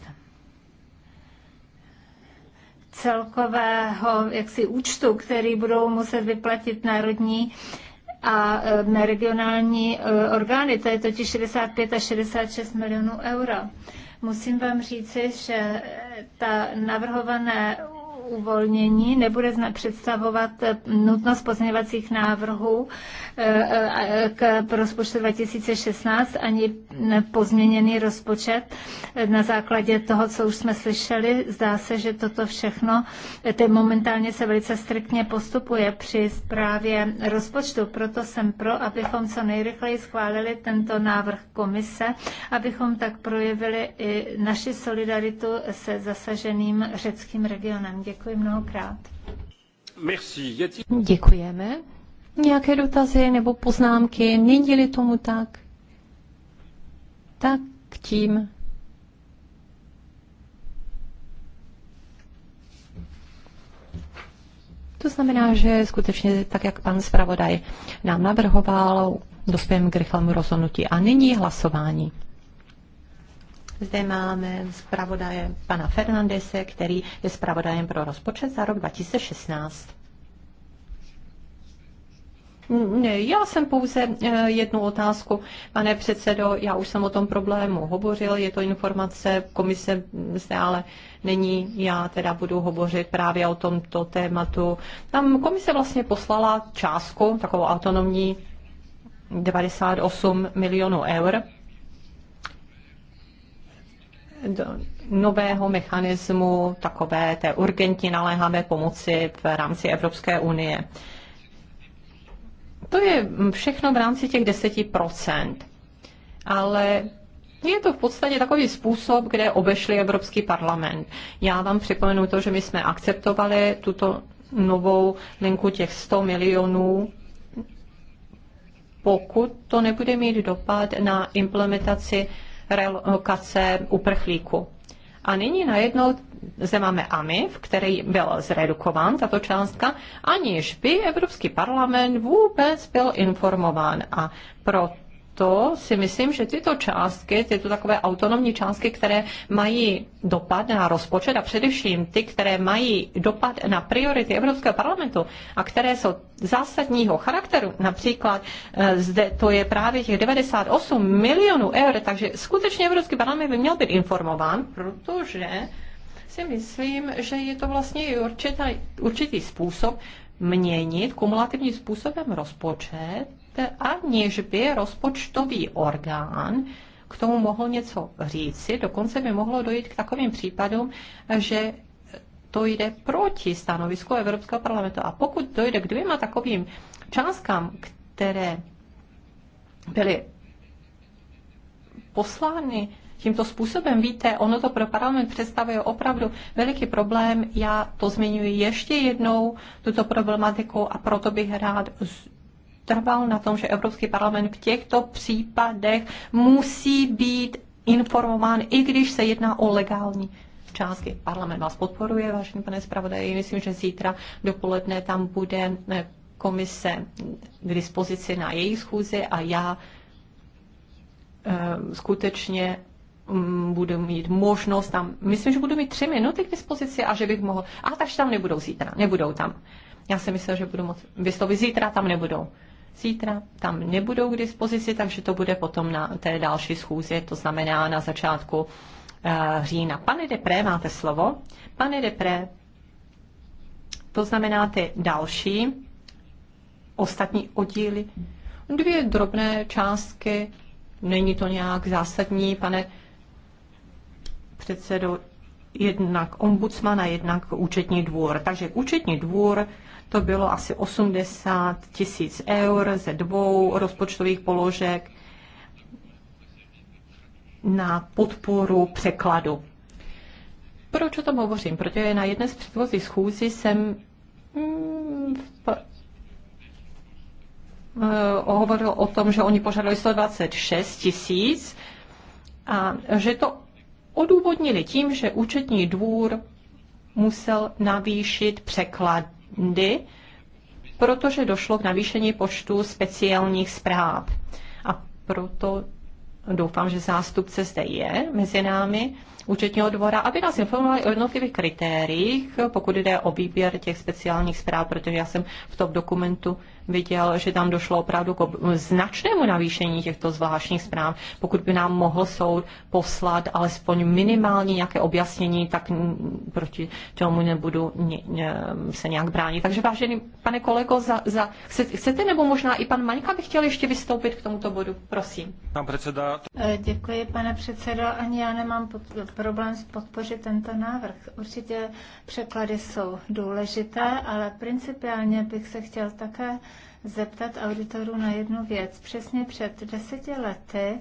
C: celkového jaksi účtu, který budou muset vyplatit národní a na e, regionální e, orgány, to je totiž 65 a 66 milionů euro. Musím vám říci, že ta navrhované uvolnění nebude představovat eh, nutnost pozměňovacích návrhů eh, eh, k rozpočtu 2016 ani pozměněný rozpočet. Na základě toho, co už jsme slyšeli, zdá se, že toto všechno momentálně se velice striktně postupuje při zprávě rozpočtu. Proto jsem pro, abychom co nejrychleji schválili tento návrh komise, abychom tak projevili i naši solidaritu se zasaženým řeckým regionem. Děkuji.
B: Děkuji mnohokrát. Merci. Děkujeme. Nějaké dotazy nebo poznámky? Není-li tomu tak? Tak tím To znamená, že skutečně tak, jak pan zpravodaj nám navrhoval, dospějeme k rychlému rozhodnutí. A nyní hlasování. Zde máme zpravodaje pana Fernandese, který je zpravodajem pro rozpočet za rok 2016. Ne, já jsem pouze eh, jednu otázku, pane předsedo, já už jsem o tom problému hovořil, je to informace, komise zde ale není, já teda budu hovořit právě o tomto tématu. Tam komise vlastně poslala částku, takovou autonomní 98 milionů eur do nového mechanismu takové té urgentní naléhavé pomoci v rámci Evropské unie. To je všechno v rámci těch 10%. Ale je to v podstatě takový způsob, kde obešli Evropský parlament. Já vám připomenu to, že my jsme akceptovali tuto novou linku těch 100 milionů, pokud to nebude mít dopad na implementaci relokace uprchlíků. A nyní najednou zde máme AMIF, který byl zredukován, tato částka, aniž by Evropský parlament vůbec byl informován. A pro to si myslím, že tyto částky, tyto takové autonomní částky, které mají dopad na rozpočet a především ty, které mají dopad na priority Evropského parlamentu a které jsou zásadního charakteru, například eh, zde to je právě těch 98 milionů eur, takže skutečně Evropský parlament by měl být informován, protože si myslím, že je to vlastně určitý, určitý způsob měnit kumulativním způsobem rozpočet aniž by rozpočtový orgán k tomu mohl něco říci. Dokonce by mohlo dojít k takovým případům, že to jde proti stanovisku Evropského parlamentu. A pokud dojde k dvěma takovým částkám, které byly poslány tímto způsobem, víte, ono to pro parlament představuje opravdu veliký problém. Já to zmiňuji ještě jednou, tuto problematiku, a proto bych rád trval na tom, že Evropský parlament v těchto případech musí být informován, i když se jedná o legální částky. Parlament vás podporuje, vážený pane zpravodaji. Myslím, že zítra dopoledne tam bude eh, komise k dispozici na její schůzi a já eh, skutečně mm, budu mít možnost tam, myslím, že budu mít tři minuty k dispozici a že bych mohl, a takže tam nebudou zítra, nebudou tam. Já si myslel, že budu moct vystoupit zítra, tam nebudou. Zítra tam nebudou k dispozici, takže to bude potom na té další schůzi, to znamená na začátku eh, října. Pane Depré, máte slovo. Pane Depré, to znamená ty další ostatní oddíly. Dvě drobné částky, není to nějak zásadní, pane předsedo, jednak ombudsmana, jednak účetní dvůr. Takže účetní dvůr to bylo asi 80 tisíc eur ze dvou rozpočtových položek na podporu překladu. Proč o tom hovořím? Protože na jedné z předchozích schůzí jsem mm, eh, hovořil o tom, že oni požadovali 126 tisíc a že to odůvodnili tím, že účetní dvůr musel navýšit překlad trendy, protože došlo k navýšení počtu speciálních zpráv. A proto doufám, že zástupce zde je mezi námi účetního dvora, aby nás informovali o jednotlivých kritériích, pokud jde o výběr těch speciálních zpráv, protože já jsem v tom dokumentu viděl, že tam došlo opravdu k značnému navýšení těchto zvláštních zpráv. Pokud by nám mohl soud poslat alespoň minimální nějaké objasnění, tak proti tomu nebudu se nějak bránit. Takže vážený pane kolego, za, za, chcete nebo možná i pan Maňka by chtěl ještě vystoupit k tomuto bodu? Prosím.
C: Pan předseda. E, děkuji, pane předsedo. Ani já nemám problém s podpořit tento návrh. Určitě překlady jsou důležité, ale principiálně bych se chtěl také zeptat auditoru na jednu věc. Přesně před deseti lety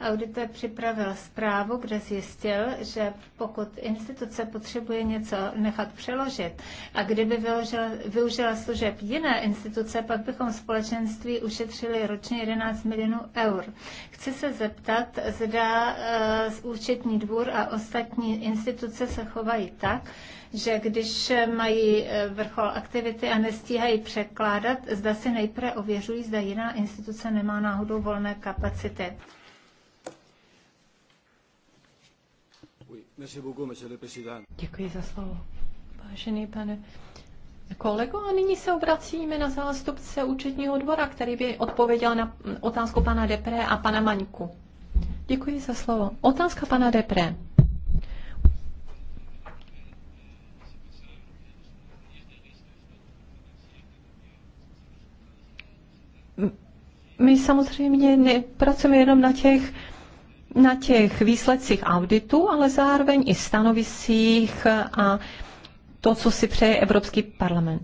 C: Auditor připravil zprávu, kde zjistil, že pokud instituce potřebuje něco nechat přeložit a kdyby využila, využila služeb jiné instituce, pak bychom společenství ušetřili ročně 11 milionů eur. Chci se zeptat, zda eh, z účetní dvůr a ostatní instituce se chovají tak, že když mají eh, vrchol aktivity a nestíhají překládat, zda si nejprve ověřují, zda jiná instituce nemá náhodou volné kapacity. Děkuji
B: za slovo, vážený pane kolego. A nyní se obracíme na zástupce účetního dvora, který by odpověděl na otázku pana Depré a pana Maňku. Děkuji za slovo. Otázka pana Depré. My samozřejmě nepracujeme jenom na těch na těch výsledcích auditu, ale zároveň i stanovisích a to, co si přeje Evropský parlament.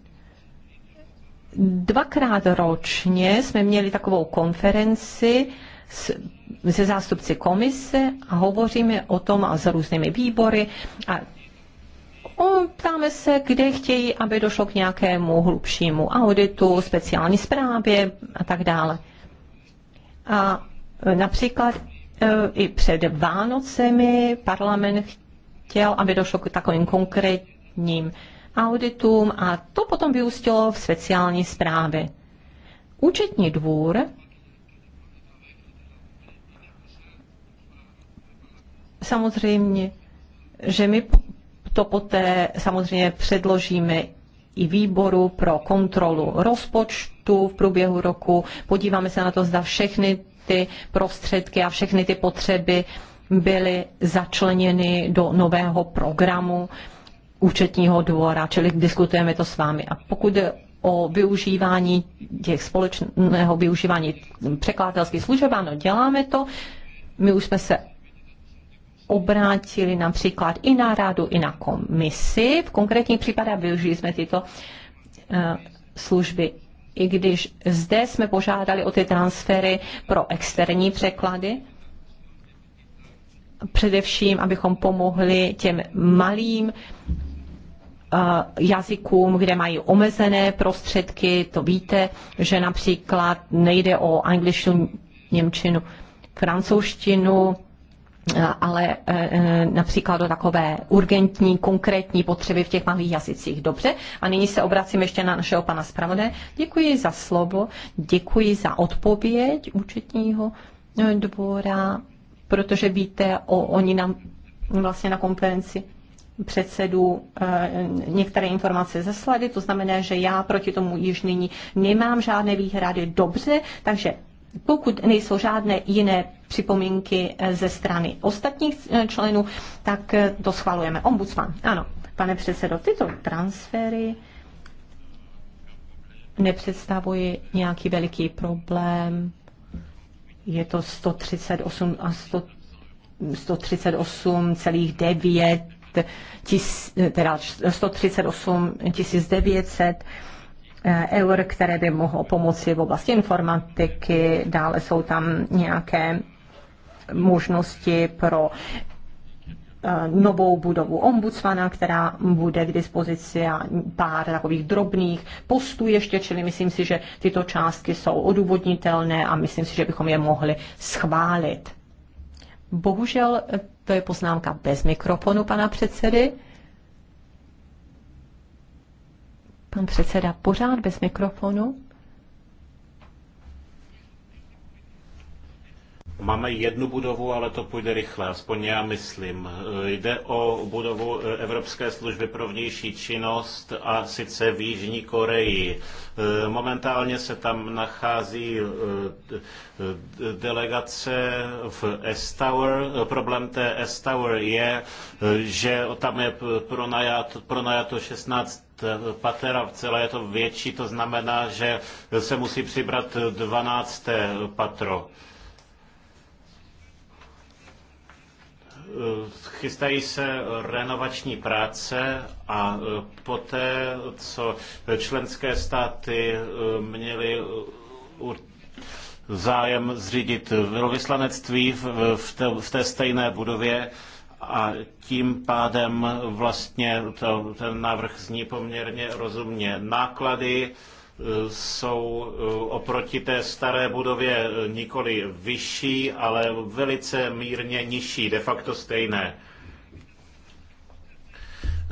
B: Dvakrát ročně jsme měli takovou konferenci s, se zástupci komise a hovoříme o tom a s různými výbory a ptáme se, kde chtějí, aby došlo k nějakému hlubšímu auditu, speciální zprávě a tak dále. A například E, i před Vánocemi parlament chtěl, aby došlo k takovým konkrétním auditům a to potom vyústilo v speciální zprávy. Účetní dvůr samozřejmě, že my to poté samozřejmě předložíme i výboru pro kontrolu rozpočtu v průběhu roku. Podíváme se na to, zda všechny ty prostředky a všechny ty potřeby byly začleněny do nového programu účetního dvora, čili diskutujeme to s vámi. A pokud je o využívání těch společného využívání překladatelských služeb, ano, děláme to. My už jsme se obrátili například i na radu, i na komisi. V konkrétních případech využili jsme tyto eh, služby i když zde jsme požádali o ty transfery pro externí překlady, především, abychom pomohli těm malým eh, jazykům, kde mají omezené prostředky. To víte, že například nejde o angličtinu, němčinu, francouzštinu, Eh, ale eh, eh, například do takové urgentní, konkrétní potřeby v těch malých jazycích. Dobře, a nyní se obracím ještě na našeho pana zpravodaje. Děkuji za slovo, děkuji za odpověď účetního dvora, protože víte, o, oni nám vlastně na konferenci předsedu některé informace zaslali, to znamená, že já proti tomu již nyní nemám žádné výhrady. Dobře, takže pokud nejsou žádné jiné připomínky eh, ze strany ostatních eh, členů, tak eh, to schvalujeme. Ombudsman, ano. Pane předsedo, tyto transfery nepředstavují nějaký veliký problém. Je to 138 a 138,9 tis, teda 138 900 Eh, eur, které by mohlo pomoci v oblasti informatiky. Dále jsou tam nějaké možnosti pro eh, novou budovu ombudsmana, která bude k dispozici a pár takových drobných postů ještě, čili myslím si, že tyto částky jsou odůvodnitelné a myslím si, že bychom je mohli schválit. Bohužel eh, to je poznámka bez mikrofonu pana předsedy. Pan předseda pořád bez mikrofonu.
A: Máme jednu budovu, ale to půjde rychle, aspoň já myslím. Jde o budovu eh, Evropské služby pro vnější činnost a sice v Jižní Koreji. Eh, momentálně se tam nachází eh, delegace v S-Tower. Problém té S-Tower je, že tam je pronajato, pronajato 16 a celé je to větší, to znamená, že se musí přibrat 12. patro. Chystají se renovační práce a poté, co členské státy měly zájem zřídit velvyslanectví v té stejné budově, a tím pádem vlastně to, ten návrh zní poměrně rozumně. Náklady e, jsou e, oproti té staré budově e, nikoli vyšší, ale velice mírně nižší, de facto stejné.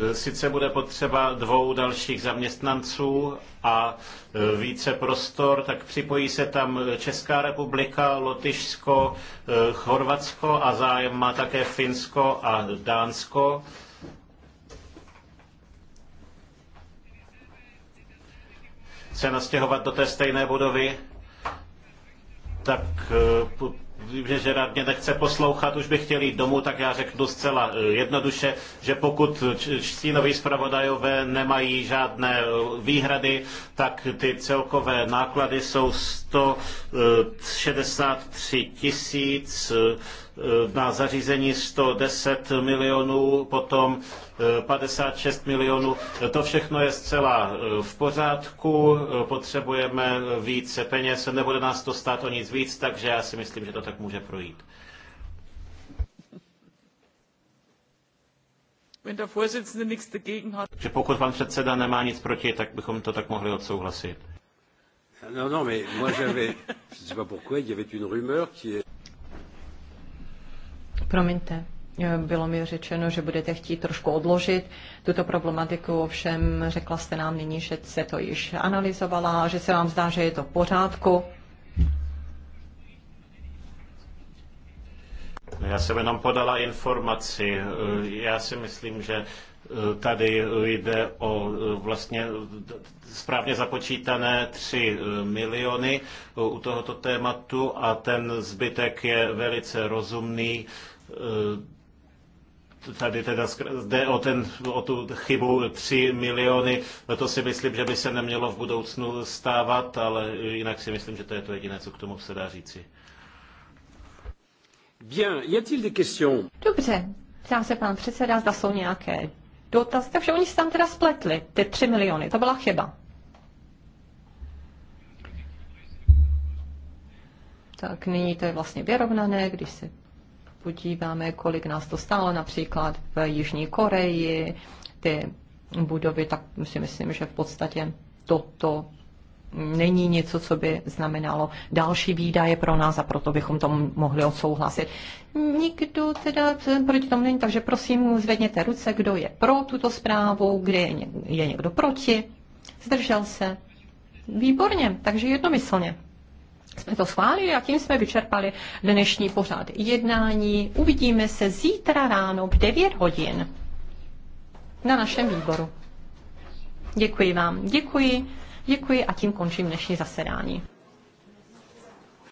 A: E, sice bude potřeba dvou dalších zaměstnanců a e, více prostor, tak připojí se tam Česká republika, Lotyšsko, e, Chorvatsko a zájem má také Finsko a Dánsko. se nastěhovat do té stejné budovy, tak že Žerard mě nechce poslouchat, už by chtěl jít domů, tak já řeknu zcela eh, jednoduše, že pokud stínoví zpravodajové nemají žádné eh, výhrady, tak ty celkové náklady jsou 163 eh, tisíc, na zařízení 110 milionů, potom 56 milionů. To všechno je zcela e, v pořádku, e, potřebujeme více peněz, nebude nás to stát o nic víc, takže já si myslím, že to tak může projít. Že pokud pan předseda nemá nic proti, tak bychom to tak mohli odsouhlasit. Non, non, mais moi j'avais,
D: je sais pas pourquoi, il y avait une rumeur qui est...
B: Promiňte, Eh, bylo mi řečeno, že budete chtít trošku odložit tuto problematiku, ovšem řekla jste nám nyní, že se to již analyzovala, že se vám zdá, že je to v pořádku.
A: Já jsem jenom podala informaci. Eh, já si myslím, že eh, tady jde o vlastně správně započítané 3 miliony u tohoto tématu a ten zbytek je velice rozumný tady teda jde o, ten, o tu chybu 3 miliony. To si myslím, že by se nemělo v budoucnu stávat, ale jinak si myslím, že to je to jediné, co k tomu se dá říci. Bien, y a-t-il des questions?
B: Dobře, ptá se pan předseda, zda jsou nějaké dotazy. Takže oni se tam teda spletli, ty 3 miliony, to byla chyba. Tak nyní to je vlastně vyrovnané, když se podíváme, kolik nás to stálo, například v Jižní Koreji, ty budovy, tak si myslím, že v podstatě toto není něco, co by znamenalo další výdaje pro nás a proto bychom to mohli odsouhlasit. Nikdo teda proti tomu není, takže prosím zvedněte ruce, kdo je pro tuto zprávu, kde je někdo proti, zdržel se. Výborně, takže jednomyslně jsme to schválili a tím jsme vyčerpali dnešní pořad jednání. Uvidíme se zítra ráno v 9 hodin na našem výboru. Děkuji vám. Děkuji. Děkuji a tím končím dnešní zasedání.